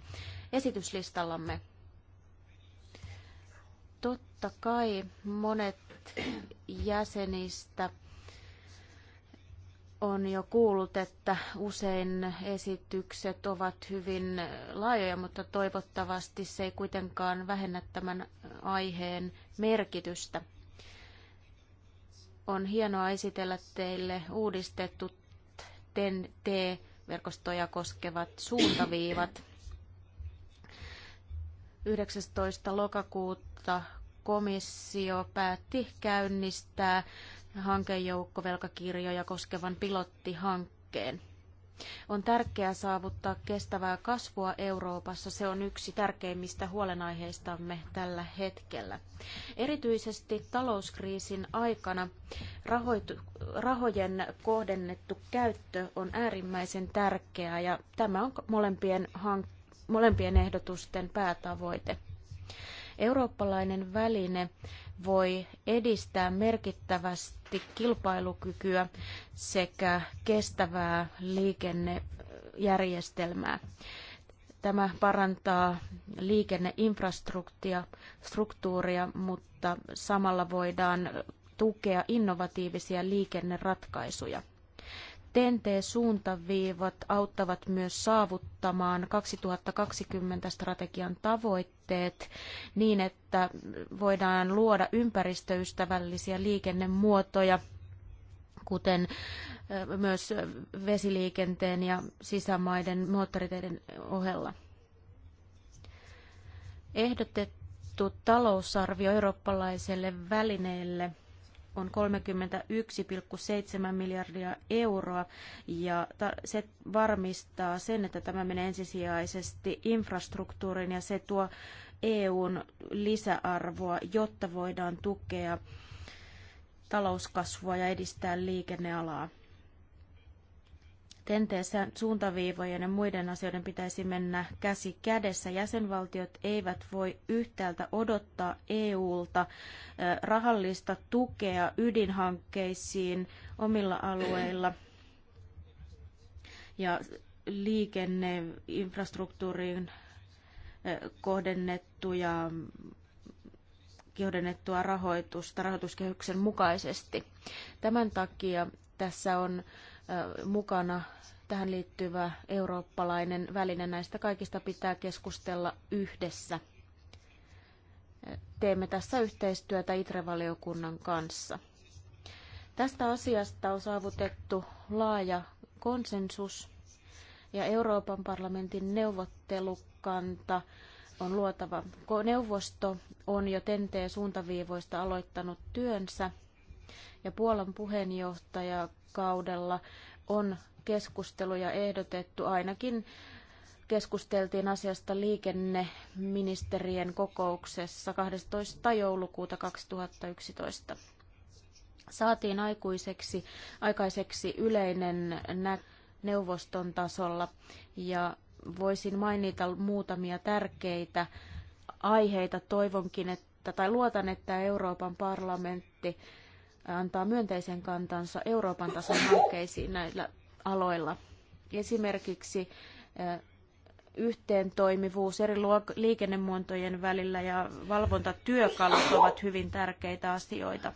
esityslistallamme. Totta kai monet jäsenistä on jo kuullut, että usein esitykset ovat hyvin laajoja, mutta toivottavasti se ei kuitenkaan vähennä tämän aiheen merkitystä. On hienoa esitellä teille uudistetut TEN-T-verkostoja koskevat suuntaviivat. 19. lokakuuta komissio päätti käynnistää hankejoukkovelkakirjoja koskevan pilottihankkeen. On tärkeää saavuttaa kestävää kasvua Euroopassa. Se on yksi tärkeimmistä huolenaiheistamme tällä hetkellä. Erityisesti talouskriisin aikana rahoitu, rahojen kohdennettu käyttö on äärimmäisen tärkeää ja tämä on molempien, hank, molempien ehdotusten päätavoite. Eurooppalainen väline voi edistää merkittävästi kohti kilpailukykyä sekä kestävää liikennejärjestelmää. Tämä parantaa liikenneinfrastruktuuria, mutta samalla voidaan tukea innovatiivisia liikenneratkaisuja. TNT-suuntaviivat auttavat myös saavuttamaan 2020-strategian tavoitteet niin, että voidaan luoda ympäristöystävällisiä liikennemuotoja, kuten myös vesiliikenteen ja sisämaiden moottoriteiden ohella. Ehdotettu talousarvio eurooppalaiselle välineelle – on 31,7 miljardia euroa ja se varmistaa sen, että tämä menee ensisijaisesti infrastruktuuriin ja se tuo EUn lisäarvoa, jotta voidaan tukea talouskasvua ja edistää liikennealaa. Tenteessä suuntaviivojen ja muiden asioiden pitäisi mennä käsi kädessä. Jäsenvaltiot eivät voi yhtäältä odottaa EU-lta rahallista tukea ydinhankkeisiin omilla alueilla ja liikenneinfrastruktuuriin kohdennettuja kohdennettua rahoitusta rahoituskehyksen mukaisesti. Tämän takia tässä on mukana tähän liittyvä eurooppalainen väline. Näistä kaikista pitää keskustella yhdessä. Teemme tässä yhteistyötä ITRE-valiokunnan kanssa. Tästä asiasta on saavutettu laaja konsensus ja Euroopan parlamentin neuvottelukanta on luotava. Neuvosto on jo TENTE-suuntaviivoista aloittanut työnsä – ja Puolan puheenjohtajakaudella on keskusteluja ehdotettu ainakin keskusteltiin asiasta liikenneministerien kokouksessa 12. joulukuuta 2011. Saatiin aikuiseksi, aikaiseksi yleinen nä- neuvoston tasolla ja voisin mainita muutamia tärkeitä aiheita. Toivonkin, että tai luotan, että Euroopan parlamentti antaa myönteisen kantansa Euroopan tason hankkeisiin näillä aloilla. Esimerkiksi yhteentoimivuus eri liikennemuotojen välillä ja valvontatyökalut ovat hyvin tärkeitä asioita.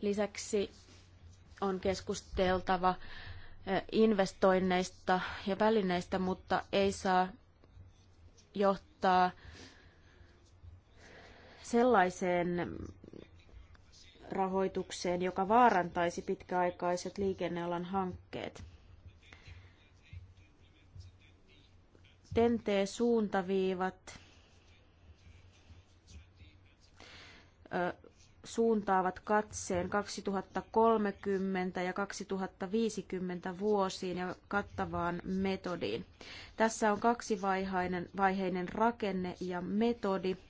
Lisäksi on keskusteltava investoinneista ja välineistä, mutta ei saa johtaa sellaiseen rahoitukseen, joka vaarantaisi pitkäaikaiset liikennealan hankkeet. TENTE-suuntaviivat suuntaavat katseen 2030 ja 2050 vuosiin ja kattavaan metodiin. Tässä on kaksivaiheinen vaiheinen rakenne ja metodi –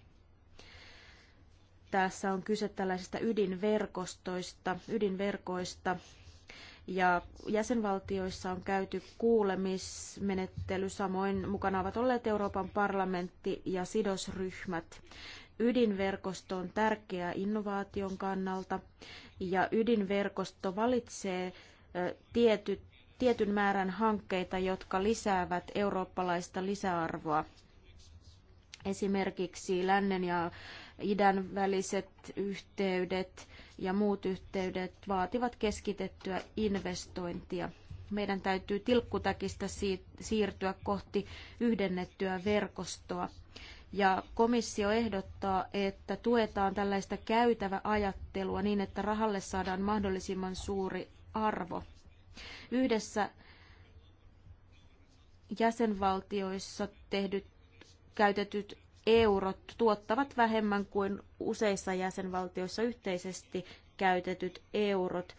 tässä on kyse tällaisista ydinverkostoista, ydinverkoista, ja jäsenvaltioissa on käyty kuulemismenettely, samoin mukana ovat olleet Euroopan parlamentti ja sidosryhmät. Ydinverkosto on tärkeä innovaation kannalta ja ydinverkosto valitsee tietyt, tietyn määrän hankkeita, jotka lisäävät eurooppalaista lisäarvoa. Esimerkiksi lännen ja idän väliset yhteydet ja muut yhteydet vaativat keskitettyä investointia. Meidän täytyy tilkkutäkistä siirtyä kohti yhdennettyä verkostoa. Ja komissio ehdottaa, että tuetaan tällaista ajattelua niin, että rahalle saadaan mahdollisimman suuri arvo. Yhdessä jäsenvaltioissa tehdyt käytetyt eurot tuottavat vähemmän kuin useissa jäsenvaltioissa yhteisesti käytetyt eurot.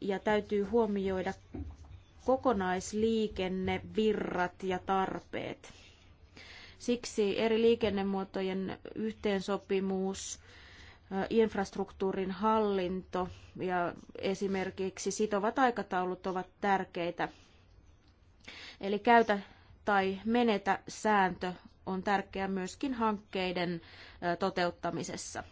Ja täytyy huomioida kokonaisliikennevirrat ja tarpeet. Siksi eri liikennemuotojen yhteensopimus, infrastruktuurin hallinto ja esimerkiksi sitovat aikataulut ovat tärkeitä. Eli käytä tai menetä sääntö on tärkeä myöskin hankkeiden toteuttamisessa.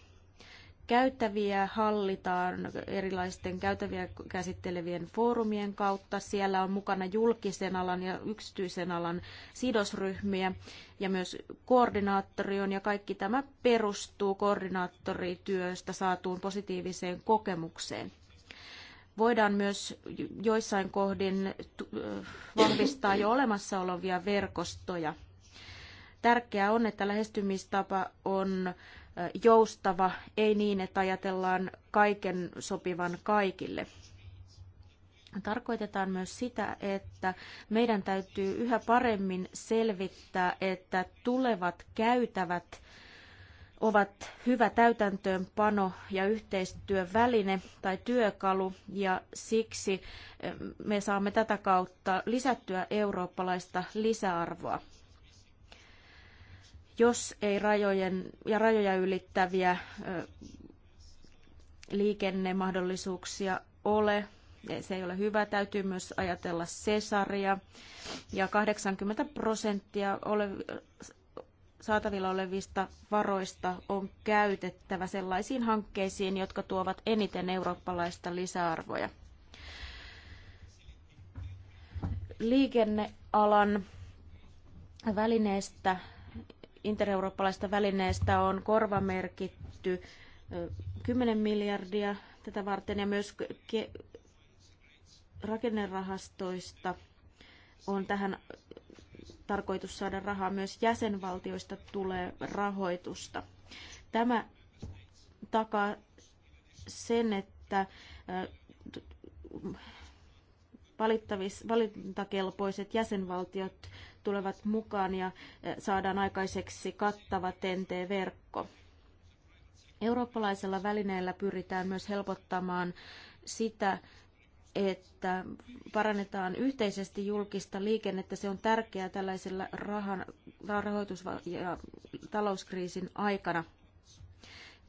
Käytäviä hallitaan erilaisten käytäviä käsittelevien foorumien kautta. Siellä on mukana julkisen alan ja yksityisen alan sidosryhmiä ja myös koordinaattori on. Ja kaikki tämä perustuu koordinaattorityöstä saatuun positiiviseen kokemukseen voidaan myös joissain kohdin vahvistaa jo olemassa olevia verkostoja Tärkeää on, että lähestymistapa on joustava, ei niin, että ajatellaan kaiken sopivan kaikille. Tarkoitetaan myös sitä, että meidän täytyy yhä paremmin selvittää, että tulevat käytävät ovat hyvä täytäntöönpano ja yhteistyöväline tai työkalu, ja siksi me saamme tätä kautta lisättyä eurooppalaista lisäarvoa. Jos ei rajojen ja rajoja ylittäviä liikennemahdollisuuksia ole, se ei ole hyvä. Täytyy myös ajatella Cesaria. Ja 80 prosenttia ole, saatavilla olevista varoista on käytettävä sellaisiin hankkeisiin, jotka tuovat eniten eurooppalaista lisäarvoja. Liikennealan välineestä intereurooppalaista välineestä on korvamerkitty 10 miljardia tätä varten ja myös ke- rakennerahastoista on tähän tarkoitus saada rahaa. Myös jäsenvaltioista tulee rahoitusta. Tämä takaa sen, että valittavis, valintakelpoiset jäsenvaltiot tulevat mukaan ja eh, saadaan aikaiseksi kattava TNT-verkko. Eurooppalaisella välineellä pyritään myös helpottamaan sitä, että parannetaan yhteisesti julkista liikennettä. Se on tärkeää tällaisella rahan, rahoitus- ja talouskriisin aikana.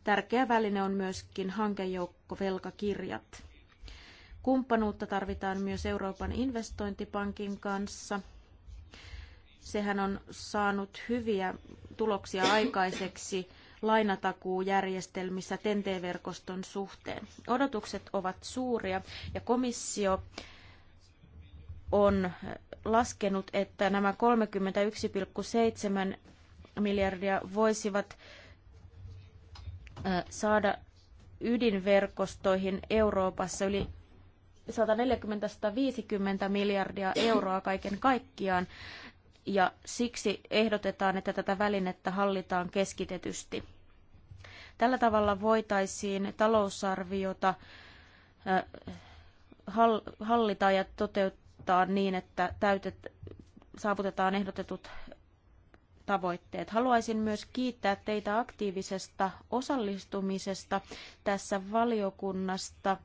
Tärkeä väline on myöskin velkakirjat. Kumppanuutta tarvitaan myös Euroopan investointipankin kanssa – Sehän on saanut hyviä tuloksia aikaiseksi lainatakuujärjestelmissä TENTE-verkoston suhteen. Odotukset ovat suuria ja komissio on laskenut, että nämä 31,7 miljardia voisivat äh, saada ydinverkostoihin Euroopassa yli 140-150 miljardia euroa kaiken kaikkiaan ja siksi ehdotetaan, että tätä välinettä hallitaan keskitetysti. Tällä tavalla voitaisiin talousarviota hallita ja toteuttaa niin, että täytet, saavutetaan ehdotetut tavoitteet. Haluaisin myös kiittää teitä aktiivisesta osallistumisesta tässä valiokunnasta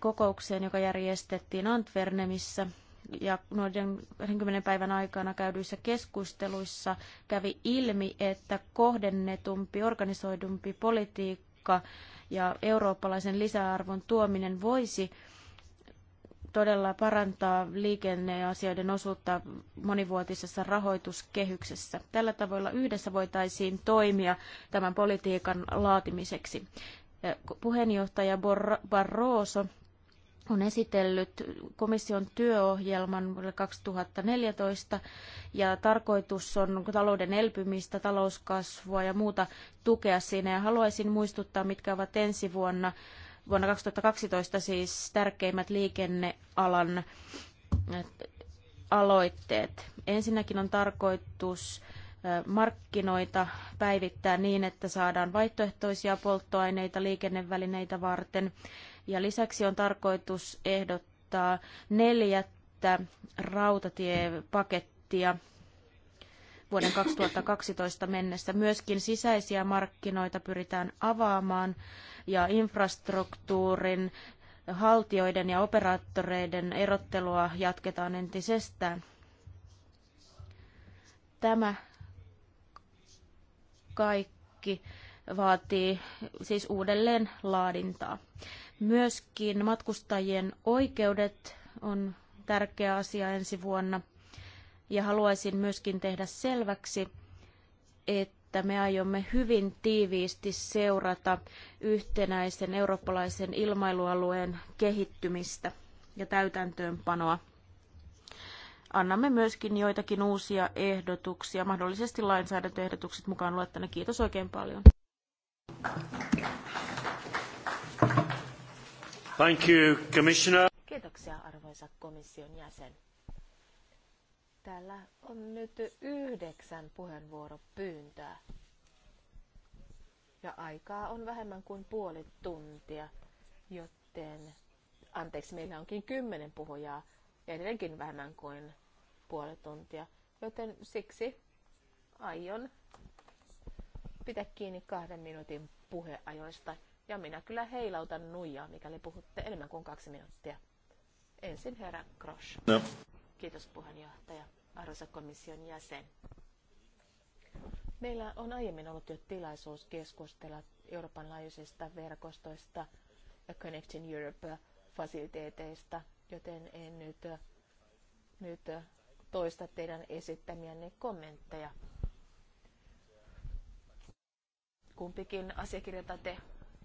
kokoukseen, joka järjestettiin Antwernemissä ja noiden 20 päivän aikana käydyissä keskusteluissa kävi ilmi, että kohdennetumpi, organisoidumpi politiikka ja eurooppalaisen lisäarvon tuominen voisi todella parantaa liikenneasioiden osuutta monivuotisessa rahoituskehyksessä. Tällä tavalla yhdessä voitaisiin toimia tämän politiikan laatimiseksi. Puheenjohtaja Barroso on esitellyt komission työohjelman vuodelle 2014 ja tarkoitus on talouden elpymistä, talouskasvua ja muuta tukea siinä. Ja haluaisin muistuttaa, mitkä ovat ensi vuonna, vuonna 2012 siis tärkeimmät liikennealan äh, aloitteet. Ensinnäkin on tarkoitus äh, markkinoita päivittää niin, että saadaan vaihtoehtoisia polttoaineita liikennevälineitä varten. Ja lisäksi on tarkoitus ehdottaa neljättä rautatiepakettia vuoden 2012 mennessä. Myöskin sisäisiä markkinoita pyritään avaamaan ja infrastruktuurin haltijoiden ja operaattoreiden erottelua jatketaan entisestään. Tämä kaikki vaatii siis uudelleen laadintaa. Myöskin matkustajien oikeudet on tärkeä asia ensi vuonna. Ja haluaisin myöskin tehdä selväksi, että me aiomme hyvin tiiviisti seurata yhtenäisen eurooppalaisen ilmailualueen kehittymistä ja täytäntöönpanoa. Annamme myöskin joitakin uusia ehdotuksia, mahdollisesti lainsäädäntöehdotukset mukaan luettuna. Kiitos oikein paljon. Thank you, Commissioner. Kiitoksia arvoisa komission jäsen. Täällä on nyt yhdeksän puheenvuoropyyntöä. Ja aikaa on vähemmän kuin puoli tuntia, joten anteeksi, meillä onkin kymmenen puhujaa ja edelleenkin vähemmän kuin puoli tuntia. Joten siksi aion pitää kiinni kahden minuutin puheajoista. Ja minä kyllä heilautan nuijaa, mikäli puhutte enemmän kuin kaksi minuuttia. Ensin herra Grosch. No. Kiitos puheenjohtaja, arvoisa komission jäsen. Meillä on aiemmin ollut jo tilaisuus keskustella Euroopan laajuisista verkostoista ja Connection Europe-fasiliteeteista, joten en nyt, nyt toista teidän esittämiänne kommentteja. kumpikin asiakirja, jota te,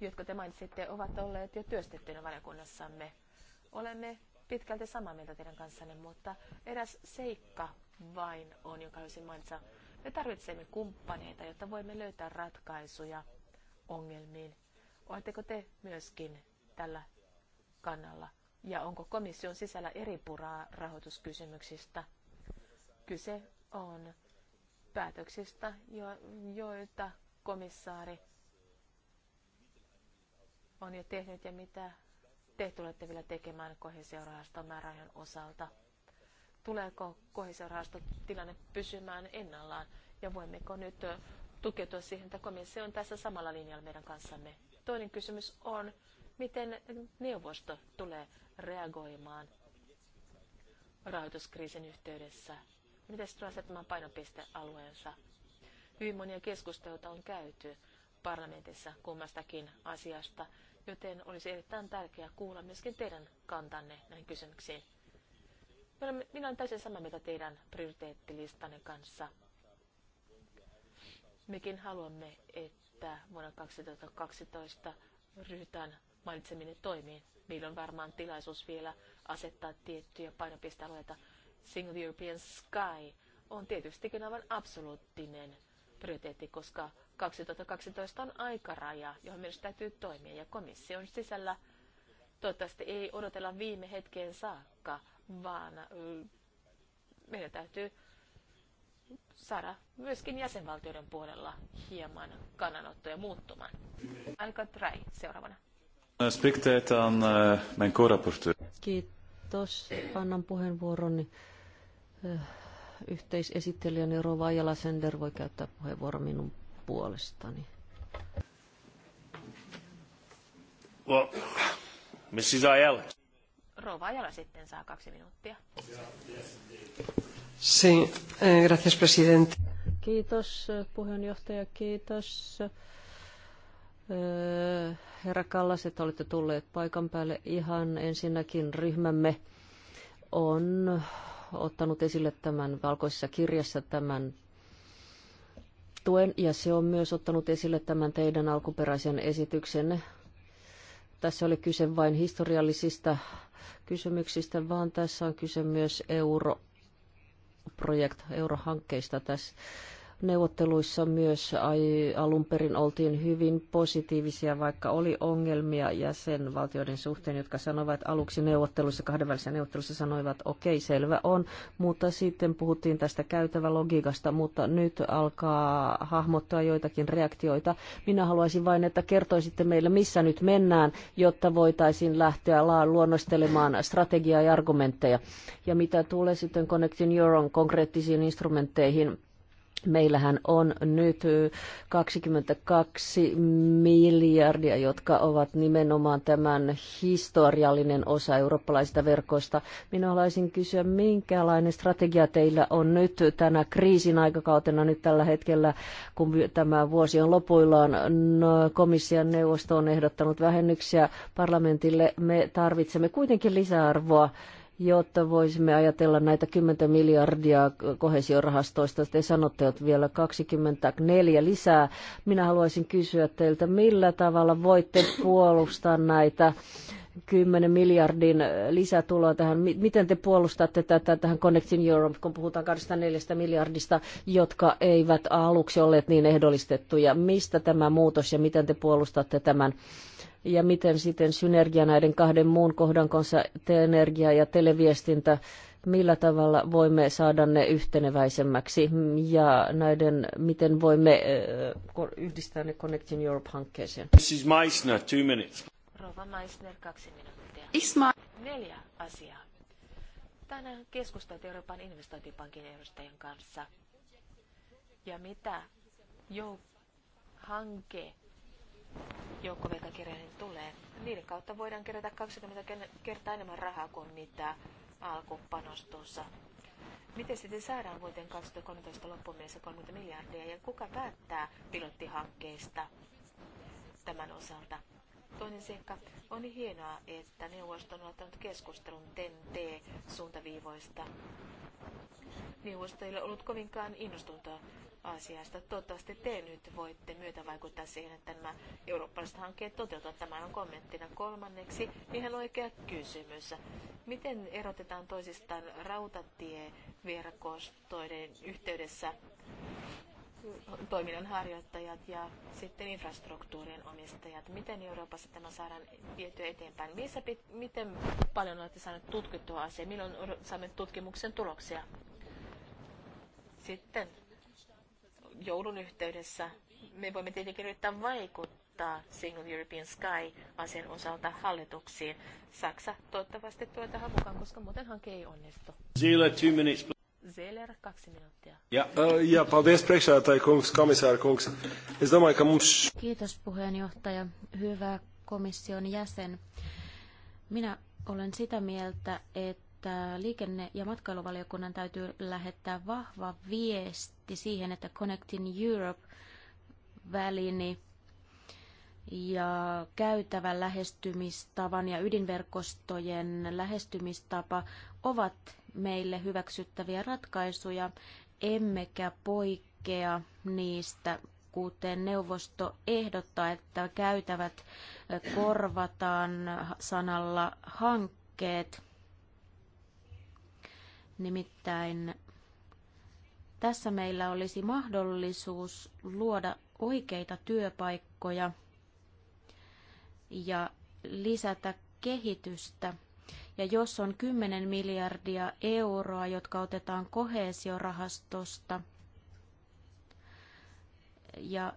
jotka te mainitsitte, ovat olleet jo työstettyinä valiokunnassamme. Olemme pitkälti samaa mieltä teidän kanssanne, mutta eräs seikka vain on, joka haluaisin mainita. Me tarvitsemme kumppaneita, jotta voimme löytää ratkaisuja ongelmiin. Oletteko te myöskin tällä kannalla? Ja onko komission sisällä eri puraa rahoituskysymyksistä? Kyse on päätöksistä, joita komissaari on jo tehnyt ja mitä te tulette vielä tekemään kohesiorahaston määrärahojen osalta? Tuleeko kohesiorahaston tilanne pysymään ennallaan ja voimmeko nyt tukeutua siihen, että komissio on tässä samalla linjalla meidän kanssamme? Toinen kysymys on, miten neuvosto tulee reagoimaan rahoituskriisin yhteydessä? Miten se tulee asettamaan painopistealueensa? Hyvin monia keskusteluita on käyty parlamentissa kummastakin asiasta, joten olisi erittäin tärkeää kuulla myöskin teidän kantanne näihin kysymyksiin. Minä olen täysin samaa mieltä teidän prioriteettilistanne kanssa. Mekin haluamme, että vuonna 2012 ryhdytään mainitseminen toimiin. Meillä on varmaan tilaisuus vielä asettaa tiettyjä painopistealueita. Single European Sky on tietystikin aivan absoluuttinen prioriteetti, koska 2012 on aikaraja, johon mielestäni täytyy toimia. Ja komission sisällä toivottavasti ei odotella viime hetkeen saakka, vaan meidän täytyy saada myöskin jäsenvaltioiden puolella hieman kannanottoja muuttumaan. Anka Trai seuraavana. Kiitos. Annan puheenvuoroni yhteisesittelijäni Rova Ajala Sender voi käyttää puheenvuoron minun puolestani. Well, Mrs. Ayala. Rova Ajala sitten saa kaksi minuuttia. Sí, eh, gracias, presidente. Kiitos puheenjohtaja, kiitos. Eh, herra Kallas, että olette tulleet paikan päälle ihan ensinnäkin ryhmämme on ottanut esille tämän valkoisessa kirjassa tämän tuen ja se on myös ottanut esille tämän teidän alkuperäisen esityksenne. Tässä oli kyse vain historiallisista kysymyksistä, vaan tässä on kyse myös euro projekt, eurohankkeista tässä Neuvotteluissa myös alun perin oltiin hyvin positiivisia, vaikka oli ongelmia jäsenvaltioiden suhteen, jotka sanoivat aluksi neuvotteluissa, kahdenvälisissä neuvotteluissa sanoivat, okei, okay, selvä on, mutta sitten puhuttiin tästä logiikasta, mutta nyt alkaa hahmottaa joitakin reaktioita. Minä haluaisin vain, että kertoisitte meille, missä nyt mennään, jotta voitaisiin lähteä luonnostelemaan strategiaa ja argumentteja. Ja mitä tulee sitten Connecting Euron konkreettisiin instrumentteihin, Meillähän on nyt 22 miljardia, jotka ovat nimenomaan tämän historiallinen osa eurooppalaisista verkoista. Minä haluaisin kysyä, minkälainen strategia teillä on nyt tänä kriisin aikakautena, nyt tällä hetkellä, kun tämä vuosi on lopuillaan. No, komission neuvosto on ehdottanut vähennyksiä parlamentille. Me tarvitsemme kuitenkin lisäarvoa jotta voisimme ajatella näitä 10 miljardia kohesiorahastoista. Te sanotte, että vielä 24 lisää. Minä haluaisin kysyä teiltä, millä tavalla voitte puolustaa näitä 10 miljardin lisätuloa tähän. Miten te puolustatte tätä tähän Connecting Europe, kun puhutaan 24 miljardista, jotka eivät aluksi olleet niin ehdollistettuja? Mistä tämä muutos ja miten te puolustatte tämän ja miten sitten synergia näiden kahden muun kohdan kanssa, energia ja televiestintä, millä tavalla voimme saada ne yhteneväisemmäksi ja näiden, miten voimme yhdistää ne Connecting Europe-hankkeeseen. is Meissner, two minutes. Rova Meissner, kaksi minuuttia. Isma. Neljä asiaa. Tänään keskusteltiin Euroopan investointipankin edustajien kanssa. Ja mitä? jo hanke joukkovelkakirjoihin tulee. Niiden kautta voidaan kerätä 20 kertaa enemmän rahaa kuin mitä alkupanostossa. Miten sitten saadaan vuoteen 2013 loppuun mennessä 30 miljardia ja kuka päättää pilottihankkeista tämän osalta? Toinen seikka. On hienoa, että neuvosto on ottanut keskustelun TEN-T-suuntaviivoista. Neuvosto ei ole ollut kovinkaan innostunta asiasta. Toivottavasti te nyt voitte myötä vaikuttaa siihen, että nämä eurooppalaiset hankkeet toteutuvat. Tämä on kommenttina kolmanneksi. Ihan oikea kysymys. Miten erotetaan toisistaan rautatieverkostoiden yhteydessä toiminnan harjoittajat ja sitten infrastruktuurien omistajat. Miten Euroopassa tämä saadaan vietyä eteenpäin? Missä, miten paljon olette saaneet tutkittua asiaa? Milloin saamme tutkimuksen tuloksia? Sitten joulun yhteydessä me voimme tietenkin yrittää vaikuttaa Single European Sky-asian osalta hallituksiin. Saksa toivottavasti tähän mukaan, koska muuten hanke ei onnistu. two minutes. Zēlera, kaksi minuuttia. Ja, äh, ja paldies priekšsētāji kungs, komisāra kungs. Es domāju, ka mums... Kiitos puheenjohtaja, hyvä komission jäsen. Minä olen sitä mieltä, että liikenne- ja matkailuvaliokunnan täytyy lähettää vahva viesti siihen, että Connecting Europe-väline ja käytävän lähestymistavan ja ydinverkostojen lähestymistapa ovat meille hyväksyttäviä ratkaisuja, emmekä poikkea niistä, kuten neuvosto ehdottaa, että käytävät korvataan sanalla hankkeet. Nimittäin tässä meillä olisi mahdollisuus luoda oikeita työpaikkoja ja lisätä kehitystä ja jos on 10 miljardia euroa, jotka otetaan kohesiorahastosta, ja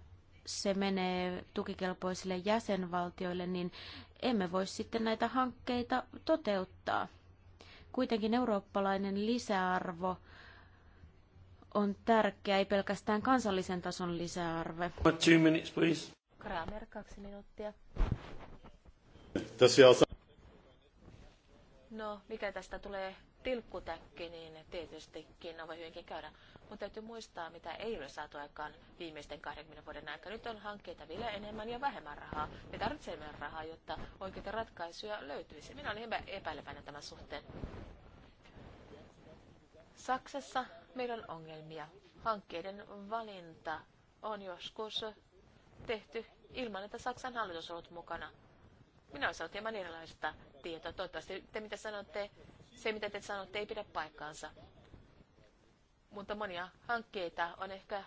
se menee tukikelpoisille jäsenvaltioille, niin emme voi sitten näitä hankkeita toteuttaa. Kuitenkin eurooppalainen lisäarvo on tärkeä, ei pelkästään kansallisen tason lisäarve. Two minutes, please. Kramer, kaksi minuuttia. No, mikä tästä tulee tilkkutäkki, niin tietystikin on voi hyvinkin käydä. Mutta täytyy muistaa, mitä ei ole saatu aikaan viimeisten 20 vuoden aikana. Nyt on hankkeita vielä enemmän ja vähemmän rahaa. Me tarvitsemme rahaa, jotta oikeita ratkaisuja löytyisi. Minä olen epäileväinen tämän suhteen. Saksassa meillä on ongelmia. Hankkeiden valinta on joskus tehty ilman, että Saksan hallitus on ollut mukana. Minä olisin ollut hieman erilaista tieto. Toivottavasti te, mitä sanotte, se mitä te sanotte ei pidä paikkaansa. Mutta monia hankkeita on ehkä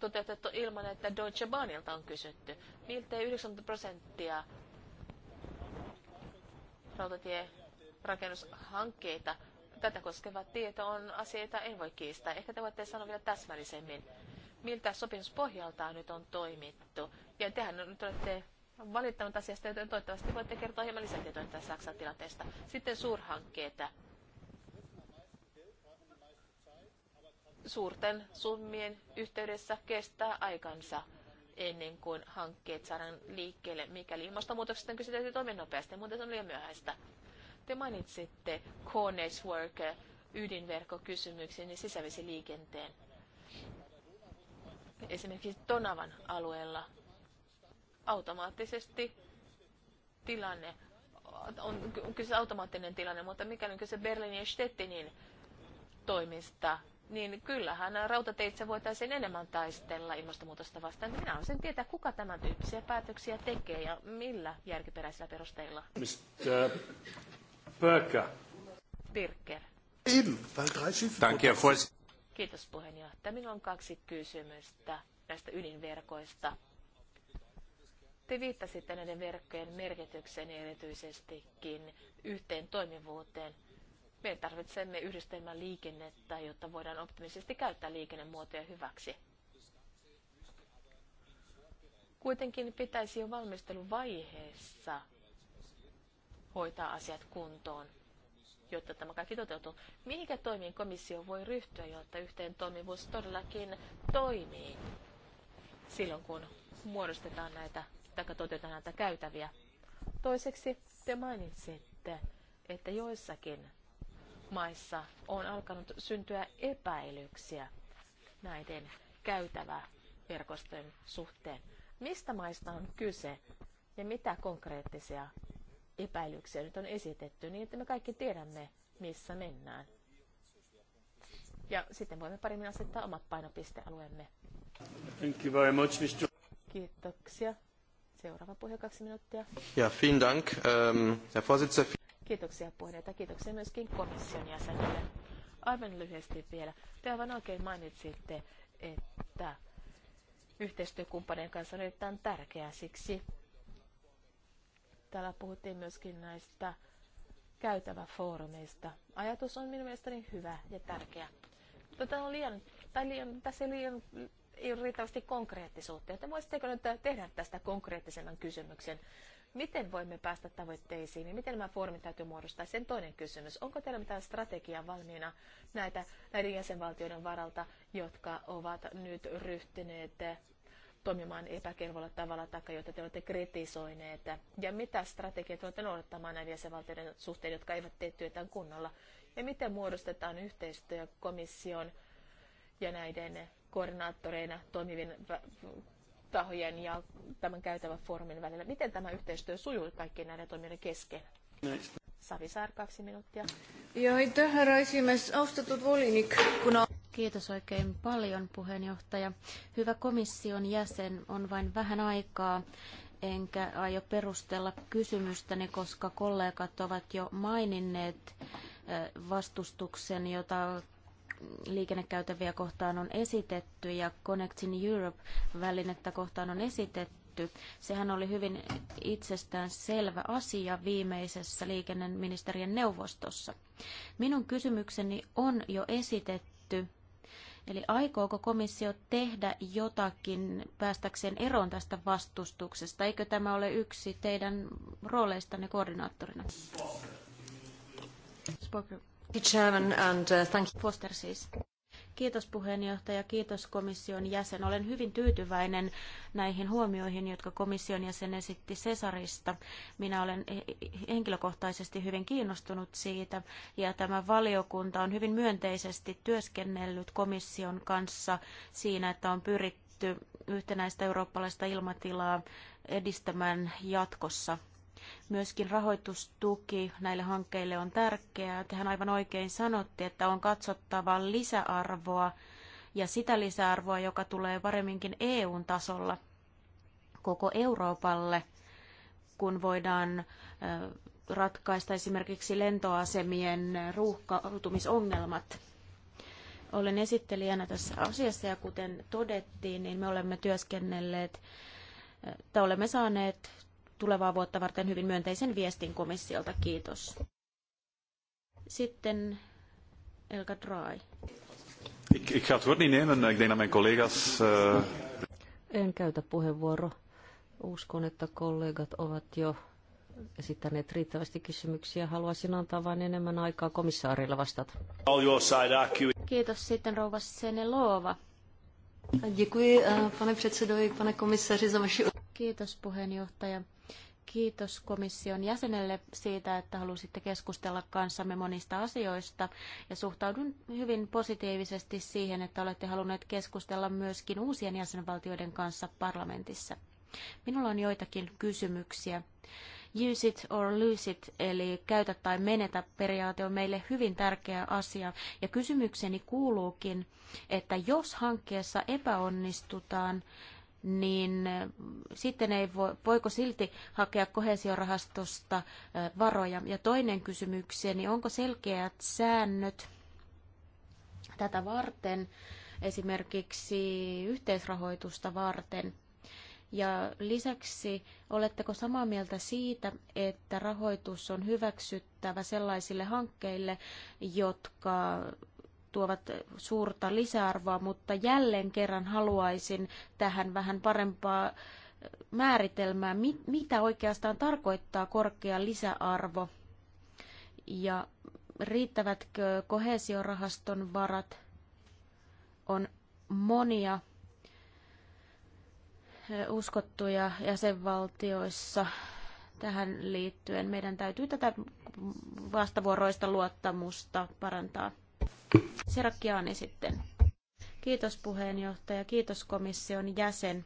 toteutettu ilman, että Deutsche Bahnilta on kysytty. Miltei 90 prosenttia rautatierakennushankkeita tätä koskeva tieto on asioita, en voi kiistää. Ehkä te voitte sanoa vielä täsmällisemmin, miltä sopimuspohjalta nyt on toimittu. Ja tehän nyt olette valittanut asiasta, joten toivottavasti voitte kertoa hieman lisätietoja tästä Saksan tilanteesta. Sitten suurhankkeita. Suurten summien yhteydessä kestää aikansa ennen kuin hankkeet saadaan liikkeelle, mikäli ilmastonmuutoksesta kyse täytyy toimia nopeasti, muuten on liian myöhäistä. Te mainitsitte Cornishwork ydinverkkokysymyksen ja sisävesiliikenteen. Esimerkiksi Donavan alueella automaattisesti tilanne, on, on kyse automaattinen tilanne, mutta mikäli on kyse Berliinin ja Stettinin toimista, niin kyllähän rautateitse voitaisiin enemmän taistella ilmastonmuutosta vastaan. Minä haluaisin tietää, kuka tämän tyyppisiä päätöksiä tekee ja millä järkiperäisillä perusteilla. Mr. Birker. Birker. Kiitos puheenjohtaja. Minulla on kaksi kysymystä näistä ydinverkoista. Te viittasitte näiden verkkojen merkitykseen erityisestikin yhteen toimivuuteen. Me tarvitsemme yhdistelmän liikennettä, jotta voidaan optimisesti käyttää liikennemuotoja hyväksi. Kuitenkin pitäisi jo valmisteluvaiheessa vaiheessa hoitaa asiat kuntoon, jotta tämä kaikki toteutuu. Mihinkä toimiin komissio voi ryhtyä, jotta yhteen toimivuus todellakin toimii silloin, kun muodostetaan näitä tai toteutetaan näitä käytäviä. Toiseksi te mainitsitte, että joissakin maissa on alkanut syntyä epäilyksiä näiden käytäväverkostojen suhteen. Mistä maista on kyse ja mitä konkreettisia epäilyksiä nyt on esitetty, niin että me kaikki tiedämme, missä mennään. Ja sitten voimme paremmin asettaa omat painopistealueemme. Thank you very much, Mr. Kiitoksia, Seuraava puhe kaksi minuuttia. Ja dank, ähm, Herr Vorsitzender. Kiitoksia puheenjohtaja. Kiitoksia myöskin komission jäsenille. Aivan lyhyesti vielä. Te aivan oikein mainitsitte, että yhteistyökumppanien kanssa on erittäin tärkeää. Siksi täällä puhuttiin myöskin näistä käytäväfoorumeista. Ajatus on minun mielestäni hyvä ja tärkeä. Tämä tota, on liian, tai liian, tässä ei liian ei ole riittävästi konkreettisuutta, joten voisitteko nyt tehdä tästä konkreettisemman kysymyksen? Miten voimme päästä tavoitteisiin ja miten nämä foorumit täytyy muodostaa? Sen toinen kysymys, onko teillä mitään strategiaa valmiina näitä, näiden jäsenvaltioiden varalta, jotka ovat nyt ryhtyneet toimimaan epäkelvolla tavalla tai joita te olette kritisoineet? Ja mitä strategiaa te olette noudattamaan näiden jäsenvaltioiden suhteen, jotka eivät tee työtään kunnolla? Ja miten muodostetaan yhteistyö komission ja näiden koordinaattoreina toimivien tahojen ja tämän käytävän foorumin välillä. Miten tämä yhteistyö sujuu kaikkien näiden toimijoiden kesken? Savisaar, kaksi minuuttia. Ja aitäh, herra esimies, austatud volinik. Kuna... Kiitos oikein paljon, puheenjohtaja. Hyvä komission jäsen, on vain vähän aikaa, enkä aio perustella kysymystäni, koska kollegat ovat jo maininneet eh, vastustuksen, jota liikennekäytäviä kohtaan on esitetty ja Connecting Europe-välinettä kohtaan on esitetty. Sehän oli hyvin itsestään selvä asia viimeisessä liikenneministerien neuvostossa. Minun kysymykseni on jo esitetty. Eli aikooko komissio tehdä jotakin päästäkseen eroon tästä vastustuksesta? Eikö tämä ole yksi teidän rooleistanne koordinaattorina? Spoker. Chairman and, uh, siis. Kiitos puheenjohtaja, kiitos komission jäsen. Olen hyvin tyytyväinen näihin huomioihin, jotka komission jäsen esitti Cesarista. Minä olen henkilökohtaisesti hyvin kiinnostunut siitä ja tämä valiokunta on hyvin myönteisesti työskennellyt komission kanssa siinä, että on pyritty yhtenäistä eurooppalaista ilmatilaa edistämään jatkossa. Myöskin rahoitustuki näille hankkeille on tärkeää. Tehän aivan oikein sanotte, että on katsottava lisäarvoa ja sitä lisäarvoa, joka tulee paremminkin EUn tasolla koko Euroopalle, kun voidaan ratkaista esimerkiksi lentoasemien ruuhkautumisongelmat. Olen esittelijänä tässä asiassa ja kuten todettiin, niin me olemme työskennelleet tai olemme saaneet tulevaa vuotta varten hyvin myönteisen viestin komissiolta. Kiitos. Sitten Elka Drai. Ik, ik ga het woord niet nemen. Ik denk dat mijn collega's... Uh... En käytä puheenvuoro. Uskon, että kollegat ovat jo esittäneet riittävästi kysymyksiä. Haluaisin antaa vain enemmän aikaa komissaarille vastata. Kiitos sitten rouva Senelova. Děkuji, eh, pane předsedo, pane komisaři, za vaši... Kiitos puheenjohtaja. Kiitos komission jäsenelle siitä, että halusitte keskustella kanssamme monista asioista ja suhtaudun hyvin positiivisesti siihen, että olette halunneet keskustella myöskin uusien jäsenvaltioiden kanssa parlamentissa. Minulla on joitakin kysymyksiä. Use it or lose it, eli käytä tai menetä periaate on meille hyvin tärkeä asia. Ja kysymykseni kuuluukin, että jos hankkeessa epäonnistutaan, niin sitten ei voi, voiko silti hakea kohesiorahastosta varoja? Ja toinen kysymykseni, onko selkeät säännöt tätä varten, esimerkiksi yhteisrahoitusta varten? Ja lisäksi, oletteko samaa mieltä siitä, että rahoitus on hyväksyttävä sellaisille hankkeille, jotka tuovat suurta lisäarvoa, mutta jälleen kerran haluaisin tähän vähän parempaa eh, määritelmää, mitä oikeastaan tarkoittaa korkea lisäarvo ja riittävätkö kohesiorahaston varat. On monia eh, uskottuja jäsenvaltioissa tähän liittyen. Meidän täytyy tätä vastavuoroista luottamusta parantaa. Serakiani sitten. Kiitos puheenjohtaja, kiitos komission jäsen.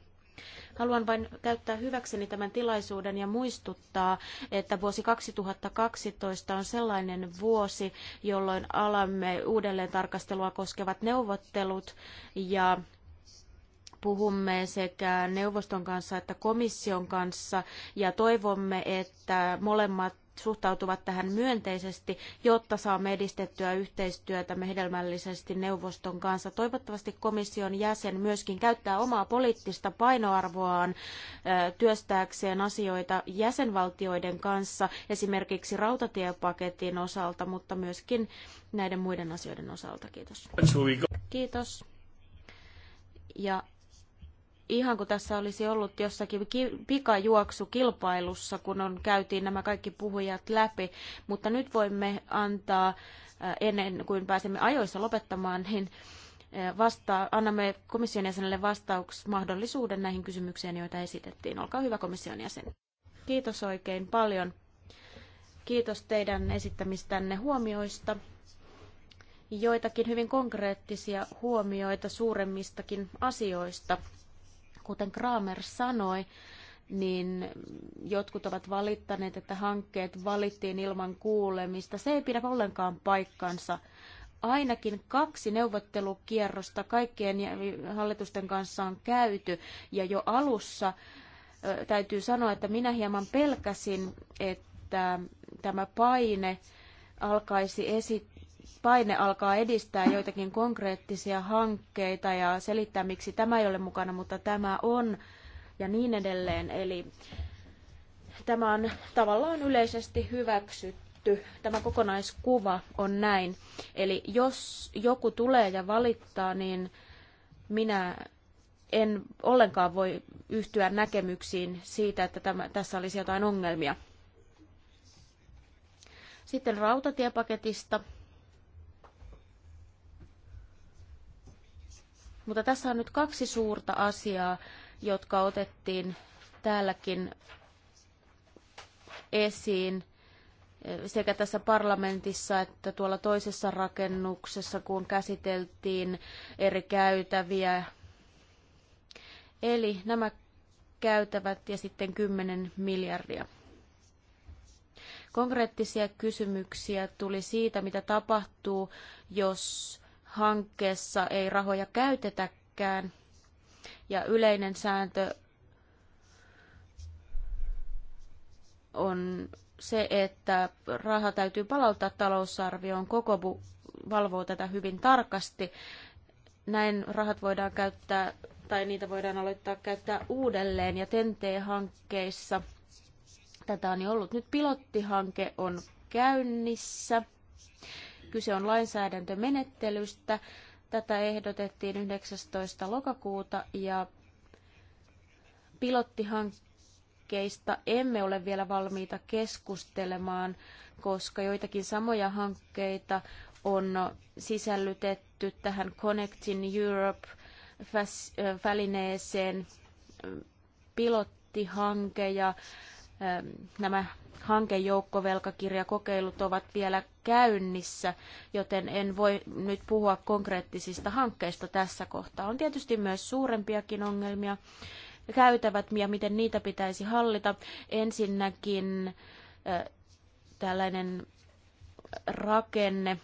Haluan vain käyttää hyväkseni tämän tilaisuuden ja muistuttaa, että vuosi 2012 on sellainen vuosi, jolloin alamme uudelleen tarkastelua koskevat neuvottelut ja puhumme sekä neuvoston kanssa että komission kanssa ja toivomme, että molemmat suhtautuvat tähän myönteisesti, jotta saamme edistettyä yhteistyötämme hedelmällisesti neuvoston kanssa. Toivottavasti komission jäsen myöskin käyttää omaa poliittista painoarvoaan työstääkseen asioita jäsenvaltioiden kanssa, esimerkiksi rautatiepaketin osalta, mutta myöskin näiden muiden asioiden osalta. Kiitos. Kiitos. Ja ihan kuin tässä olisi ollut jossakin pikajuoksukilpailussa, kun on käytiin nämä kaikki puhujat läpi, mutta nyt voimme antaa äh, ennen kuin pääsemme ajoissa lopettamaan, niin äh, vasta, annamme komission jäsenelle vastausmahdollisuuden näihin kysymyksiin, joita esitettiin. Olkaa hyvä komission jäsen. Kiitos oikein paljon. Kiitos teidän esittämistänne huomioista. Joitakin hyvin konkreettisia huomioita suuremmistakin asioista. Kuten Kramer sanoi, niin jotkut ovat valittaneet, että hankkeet valittiin ilman kuulemista. Se ei pidä ollenkaan paikkansa. Ainakin kaksi neuvottelukierrosta kaikkien hallitusten kanssa on käyty ja jo alussa täytyy sanoa, että minä hieman pelkäsin, että tämä paine alkaisi esittää paine alkaa edistää joitakin konkreettisia hankkeita ja selittää, miksi tämä ei ole mukana, mutta tämä on ja niin edelleen. Eli tämä on tavallaan yleisesti hyväksytty. Tämä kokonaiskuva on näin. Eli jos joku tulee ja valittaa, niin minä en ollenkaan voi yhtyä näkemyksiin siitä, että tämä, tässä olisi jotain ongelmia. Sitten rautatiepaketista. Mutta tässä on nyt kaksi suurta asiaa, jotka otettiin täälläkin esiin sekä tässä parlamentissa että tuolla toisessa rakennuksessa, kun käsiteltiin eri käytäviä. Eli nämä käytävät ja sitten 10 miljardia. Konkreettisia kysymyksiä tuli siitä, mitä tapahtuu, jos hankkeessa ei rahoja käytetäkään. Ja yleinen sääntö on se, että raha täytyy palauttaa talousarvioon. Koko valvoo tätä hyvin tarkasti. Näin rahat voidaan käyttää tai niitä voidaan aloittaa käyttää uudelleen. Ja TNT-hankkeissa tätä on jo ollut. Nyt pilottihanke on käynnissä. Kyse on lainsäädäntömenettelystä. Tätä ehdotettiin 19. lokakuuta ja pilottihankkeista emme ole vielä valmiita keskustelemaan, koska joitakin samoja hankkeita on sisällytetty tähän Connecting Europe välineeseen pilottihanke ja nämä hankejoukkovelkakirjakokeilut ovat vielä käynnissä, joten en voi nyt puhua konkreettisista hankkeista tässä kohtaa. On tietysti myös suurempiakin ongelmia, käytävät ja miten niitä pitäisi hallita. Ensinnäkin tällainen rakenne,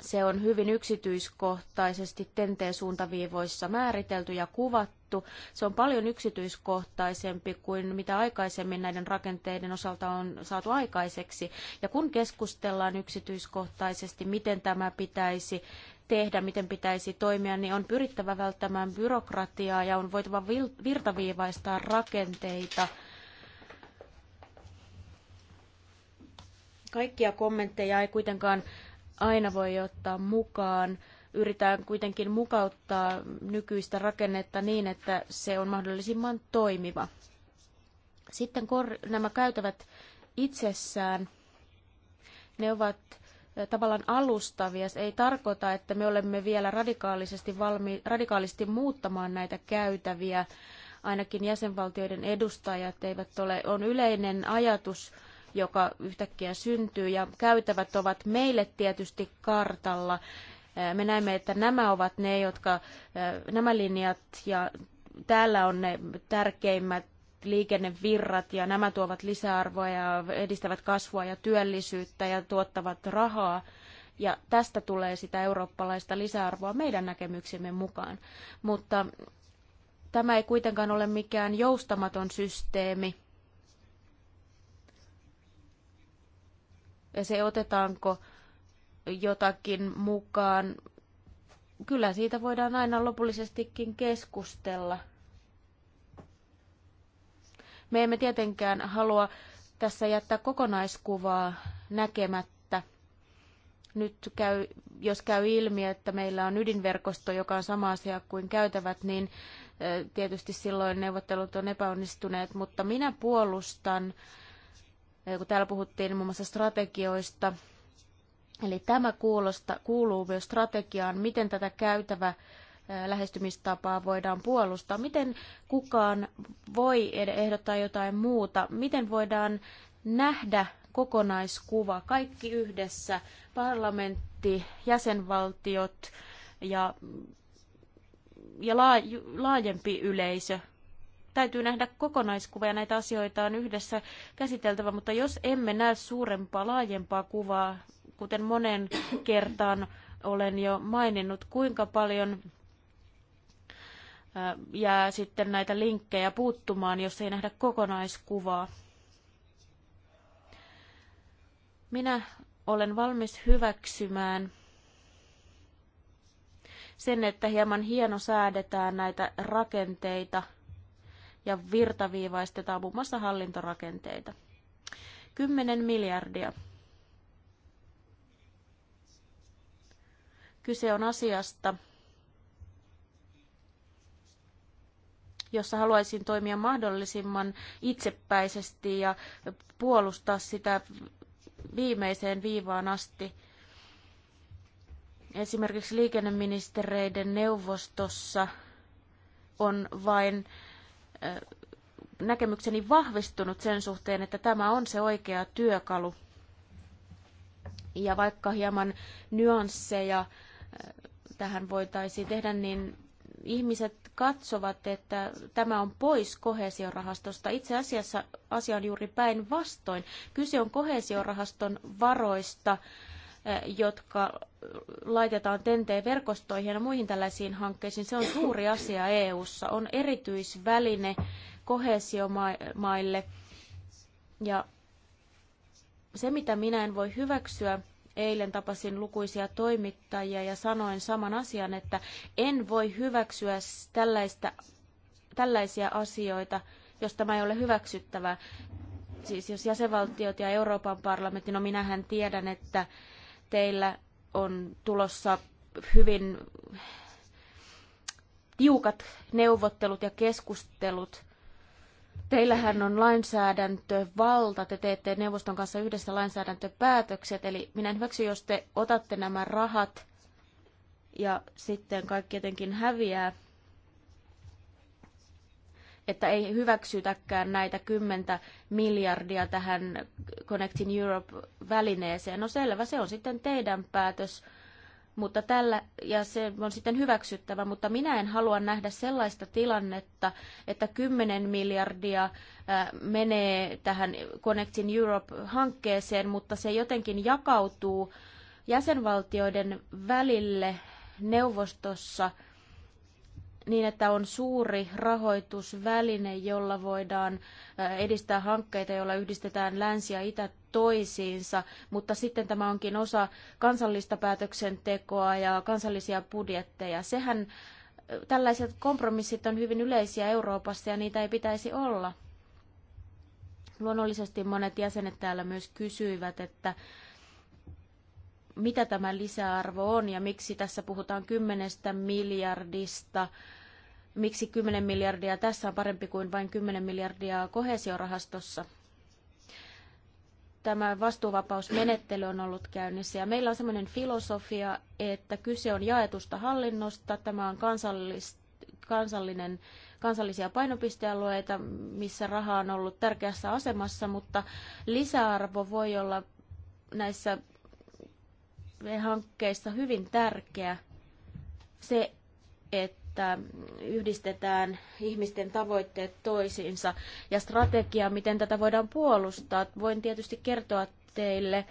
se on hyvin yksityiskohtaisesti tenteen suuntaviivoissa määritelty ja kuvattu. Se on paljon yksityiskohtaisempi kuin mitä aikaisemmin näiden rakenteiden osalta on saatu aikaiseksi. Ja kun keskustellaan yksityiskohtaisesti, miten tämä pitäisi tehdä, miten pitäisi toimia, niin on pyrittävä välttämään byrokratiaa ja on voitava virtaviivaistaa rakenteita. Kaikkia kommentteja ei kuitenkaan aina voi ottaa mukaan. Yritetään kuitenkin mukauttaa nykyistä rakennetta niin, että se on mahdollisimman toimiva. Sitten nämä käytävät itsessään, ne ovat eh, tavallaan alustavia. Se ei tarkoita, että me olemme vielä radikaalisesti, valmi, radikaalisti muuttamaan näitä käytäviä. Ainakin jäsenvaltioiden edustajat eivät ole. On yleinen ajatus joka yhtäkkiä syntyy. Ja käytävät ovat meille tietysti kartalla. Me näemme, että nämä ovat ne, jotka, nämä linjat ja täällä on ne tärkeimmät liikennevirrat ja nämä tuovat lisäarvoa ja edistävät kasvua ja työllisyyttä ja tuottavat rahaa. Ja tästä tulee sitä eurooppalaista lisäarvoa meidän näkemyksemme mukaan. Mutta tämä ei kuitenkaan ole mikään joustamaton systeemi. ja se otetaanko jotakin mukaan. Kyllä siitä voidaan aina lopullisestikin keskustella. Me emme tietenkään halua tässä jättää kokonaiskuvaa näkemättä. Nyt käy, jos käy ilmi, että meillä on ydinverkosto, joka on sama asia kuin käytävät, niin eh, tietysti silloin neuvottelut on epäonnistuneet, mutta minä puolustan kun täällä puhuttiin muun mm. muassa strategioista. Eli tämä kuulosta, kuuluu myös strategiaan, miten tätä käytävä lähestymistapaa voidaan puolustaa. Miten kukaan voi ehdottaa jotain muuta? Miten voidaan nähdä kokonaiskuva, kaikki yhdessä, parlamentti, jäsenvaltiot ja, ja laajempi yleisö täytyy nähdä kokonaiskuva ja näitä asioita on yhdessä käsiteltävä, mutta jos emme näe suurempaa, laajempaa kuvaa, kuten monen kertaan olen jo maininnut, kuinka paljon jää sitten näitä linkkejä puuttumaan, jos ei nähdä kokonaiskuvaa. Minä olen valmis hyväksymään sen, että hieman hieno säädetään näitä rakenteita – ja virtaviivaistetaan muun muassa hallintorakenteita. 10 miljardia. Kyse on asiasta, jossa haluaisin toimia mahdollisimman itsepäisesti ja puolustaa sitä viimeiseen viivaan asti. Esimerkiksi liikenneministereiden neuvostossa on vain näkemykseni vahvistunut sen suhteen, että tämä on se oikea työkalu. Ja vaikka hieman nyansseja tähän voitaisiin tehdä, niin ihmiset katsovat, että tämä on pois kohesiorahastosta. Itse asiassa asia on juuri päinvastoin. Kyse on kohesiorahaston varoista, jotka laitetaan TNT-verkostoihin ja muihin tällaisiin hankkeisiin, se on suuri asia EU:ssa. On erityisväline kohesiomaille. Ja se, mitä minä en voi hyväksyä, eilen tapasin lukuisia toimittajia ja sanoin saman asian, että en voi hyväksyä tällaista, tällaisia asioita, jos tämä ei ole hyväksyttävää. Siis jos jäsenvaltiot ja Euroopan parlamentti, no minähän tiedän, että teillä on tulossa hyvin tiukat neuvottelut ja keskustelut. Teillähän on lainsäädäntövalta, te teette neuvoston kanssa yhdessä lainsäädäntöpäätökset, eli minä en hyväksy, jos te otatte nämä rahat ja sitten kaikki jotenkin häviää että ei hyväksytäkään näitä 10 miljardia tähän Connecting Europe-välineeseen. No selvä, se on sitten teidän päätös, mutta tällä, ja se on sitten hyväksyttävä, mutta minä en halua nähdä sellaista tilannetta, että 10 miljardia äh, menee tähän Connecting Europe-hankkeeseen, mutta se jotenkin jakautuu jäsenvaltioiden välille neuvostossa – niin, että on suuri rahoitusväline, jolla voidaan äh, edistää hankkeita, joilla yhdistetään länsi ja itä toisiinsa, mutta sitten tämä onkin osa kansallista päätöksentekoa ja kansallisia budjetteja. Sehän äh, tällaiset kompromissit on hyvin yleisiä Euroopassa ja niitä ei pitäisi olla. Luonnollisesti monet jäsenet täällä myös kysyivät, että mitä tämä lisäarvo on ja miksi tässä puhutaan kymmenestä miljardista miksi 10 miljardia tässä on parempi kuin vain 10 miljardia kohesiorahastossa. Tämä vastuuvapausmenettely on ollut käynnissä ja meillä on sellainen filosofia, että kyse on jaetusta hallinnosta, tämä on kansallinen, kansallisia painopistealueita, missä raha on ollut tärkeässä asemassa, mutta lisäarvo voi olla näissä hankkeissa hyvin tärkeä. Se, että että yhdistetään ihmisten tavoitteet toisiinsa ja strategia, miten tätä voidaan puolustaa. Voin tietysti kertoa teille,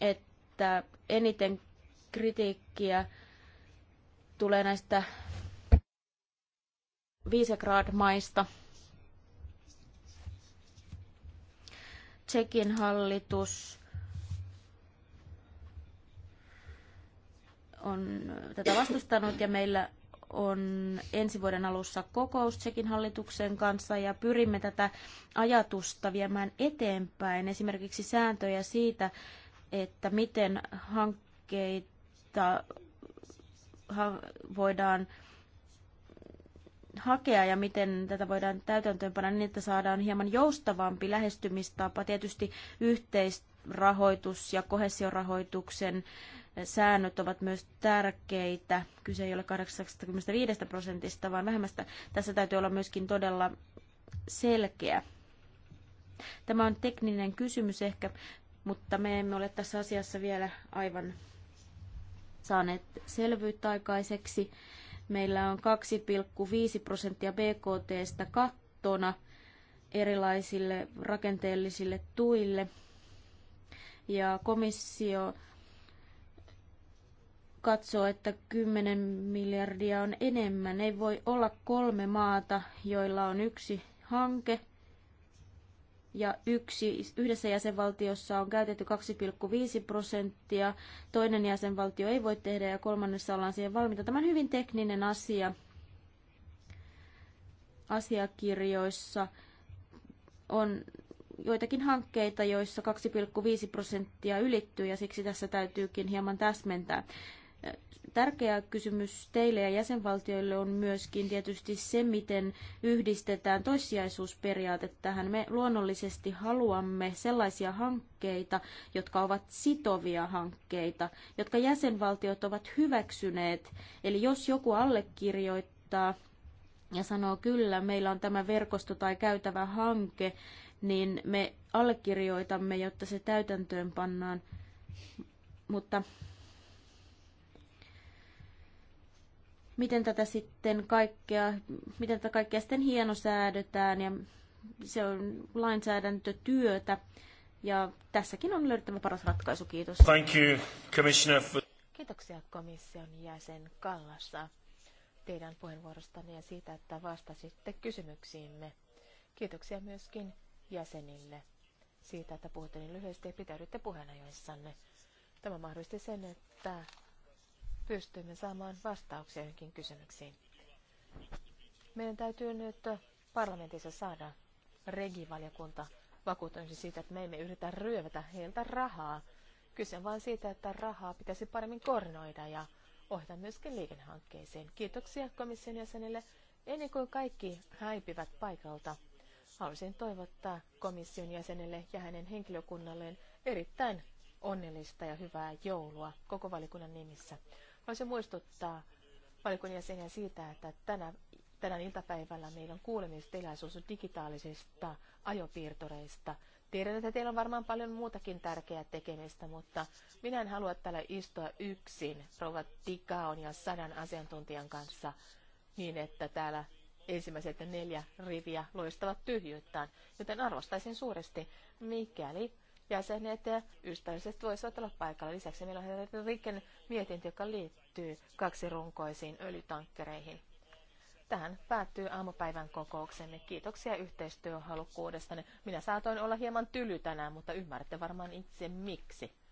että eniten kritiikkiä tulee näistä Visegrad-maista. Tsekin hallitus on tätä vastustanut ja meillä on ensi vuoden alussa kokous Tsekin hallituksen kanssa ja pyrimme tätä ajatusta viemään eteenpäin. Esimerkiksi sääntöjä siitä, että miten hankkeita voidaan hakea ja miten tätä voidaan täytäntöönpanna niin, että saadaan hieman joustavampi lähestymistapa. Tietysti yhteisrahoitus ja kohesiorahoituksen äh, säännöt ovat myös tärkeitä. Kyse ei ole 85 prosentista, vaan vähemmästä. Tässä täytyy olla myöskin todella selkeä. Tämä on tekninen kysymys ehkä, mutta me emme ole tässä asiassa vielä aivan saaneet selvyyttä aikaiseksi. Meillä on 2,5 prosenttia BKTstä kattona erilaisille rakenteellisille tuille. Ja komissio katsoo, että 10 miljardia on enemmän. Ei voi olla kolme maata, joilla on yksi hanke ja yksi, yhdessä jäsenvaltiossa on käytetty 2,5 prosenttia, toinen jäsenvaltio ei voi tehdä ja kolmannessa ollaan siihen valmiita. Tämä on hyvin tekninen asia asiakirjoissa. On joitakin hankkeita, joissa 2,5 prosenttia ylittyy ja siksi tässä täytyykin hieman täsmentää. Tärkeä kysymys teille ja jäsenvaltioille on myöskin tietysti se, miten yhdistetään toissijaisuusperiaate tähän. Me luonnollisesti haluamme sellaisia hankkeita, jotka ovat sitovia hankkeita, jotka jäsenvaltiot ovat hyväksyneet. Eli jos joku allekirjoittaa ja sanoo kyllä, meillä on tämä verkosto tai käytävä hanke, niin me allekirjoitamme, jotta se täytäntöön pannaan. Mutta miten tätä sitten kaikkea, miten tätä kaikkea sitten hienosäädetään ja se on lainsäädäntötyötä. Ja tässäkin on löydettävä paras ratkaisu. Kiitos. Thank you, Commissioner. For... Kiitoksia komission jäsen Kallassa teidän puheenvuorostanne ja siitä, että vastasitte kysymyksiimme. Kiitoksia myöskin jäsenille siitä, että puhutte niin lyhyesti ja pitäydytte puheenajoissanne. Tämä mahdollisti sen, että pystymme saamaan vastauksia johonkin kysymyksiin. Meidän täytyy nyt parlamentissa saada regivaliokunta vakuuttamisen siitä, että me emme yritä ryövätä heiltä rahaa. Kyse on vain siitä, että rahaa pitäisi paremmin koordinoida ja ohjata myöskin liikennehankkeisiin. Kiitoksia komission jäsenille. Ennen kuin kaikki häipivät paikalta, haluaisin toivottaa komission jäsenelle ja hänen henkilökunnalleen erittäin onnellista ja hyvää joulua koko valikunnan nimissä. Haluaisin muistuttaa valikon jäseniä siitä, että tänä, tänä iltapäivällä meillä on kuulemistilaisuus digitaalisista ajopiirtoreista. Tiedän, että teillä on varmaan paljon muutakin tärkeää tekemistä, mutta minä en halua täällä istua yksin rouva Tikaon ja sadan asiantuntijan kanssa niin, että täällä ensimmäiset neljä riviä loistavat tyhjyyttään, joten arvostaisin suuresti, mikäli jäsenet ystävät voisivat olla paikalla. Lisäksi meillä on Riken mietintö, joka liittyy kaksi runkoisiin öljytankkereihin. Tähän päättyy aamupäivän kokouksemme. Kiitoksia yhteistyöhalukkuudestanne. Minä saatoin olla hieman tyly tänään, mutta ymmärrätte varmaan itse miksi.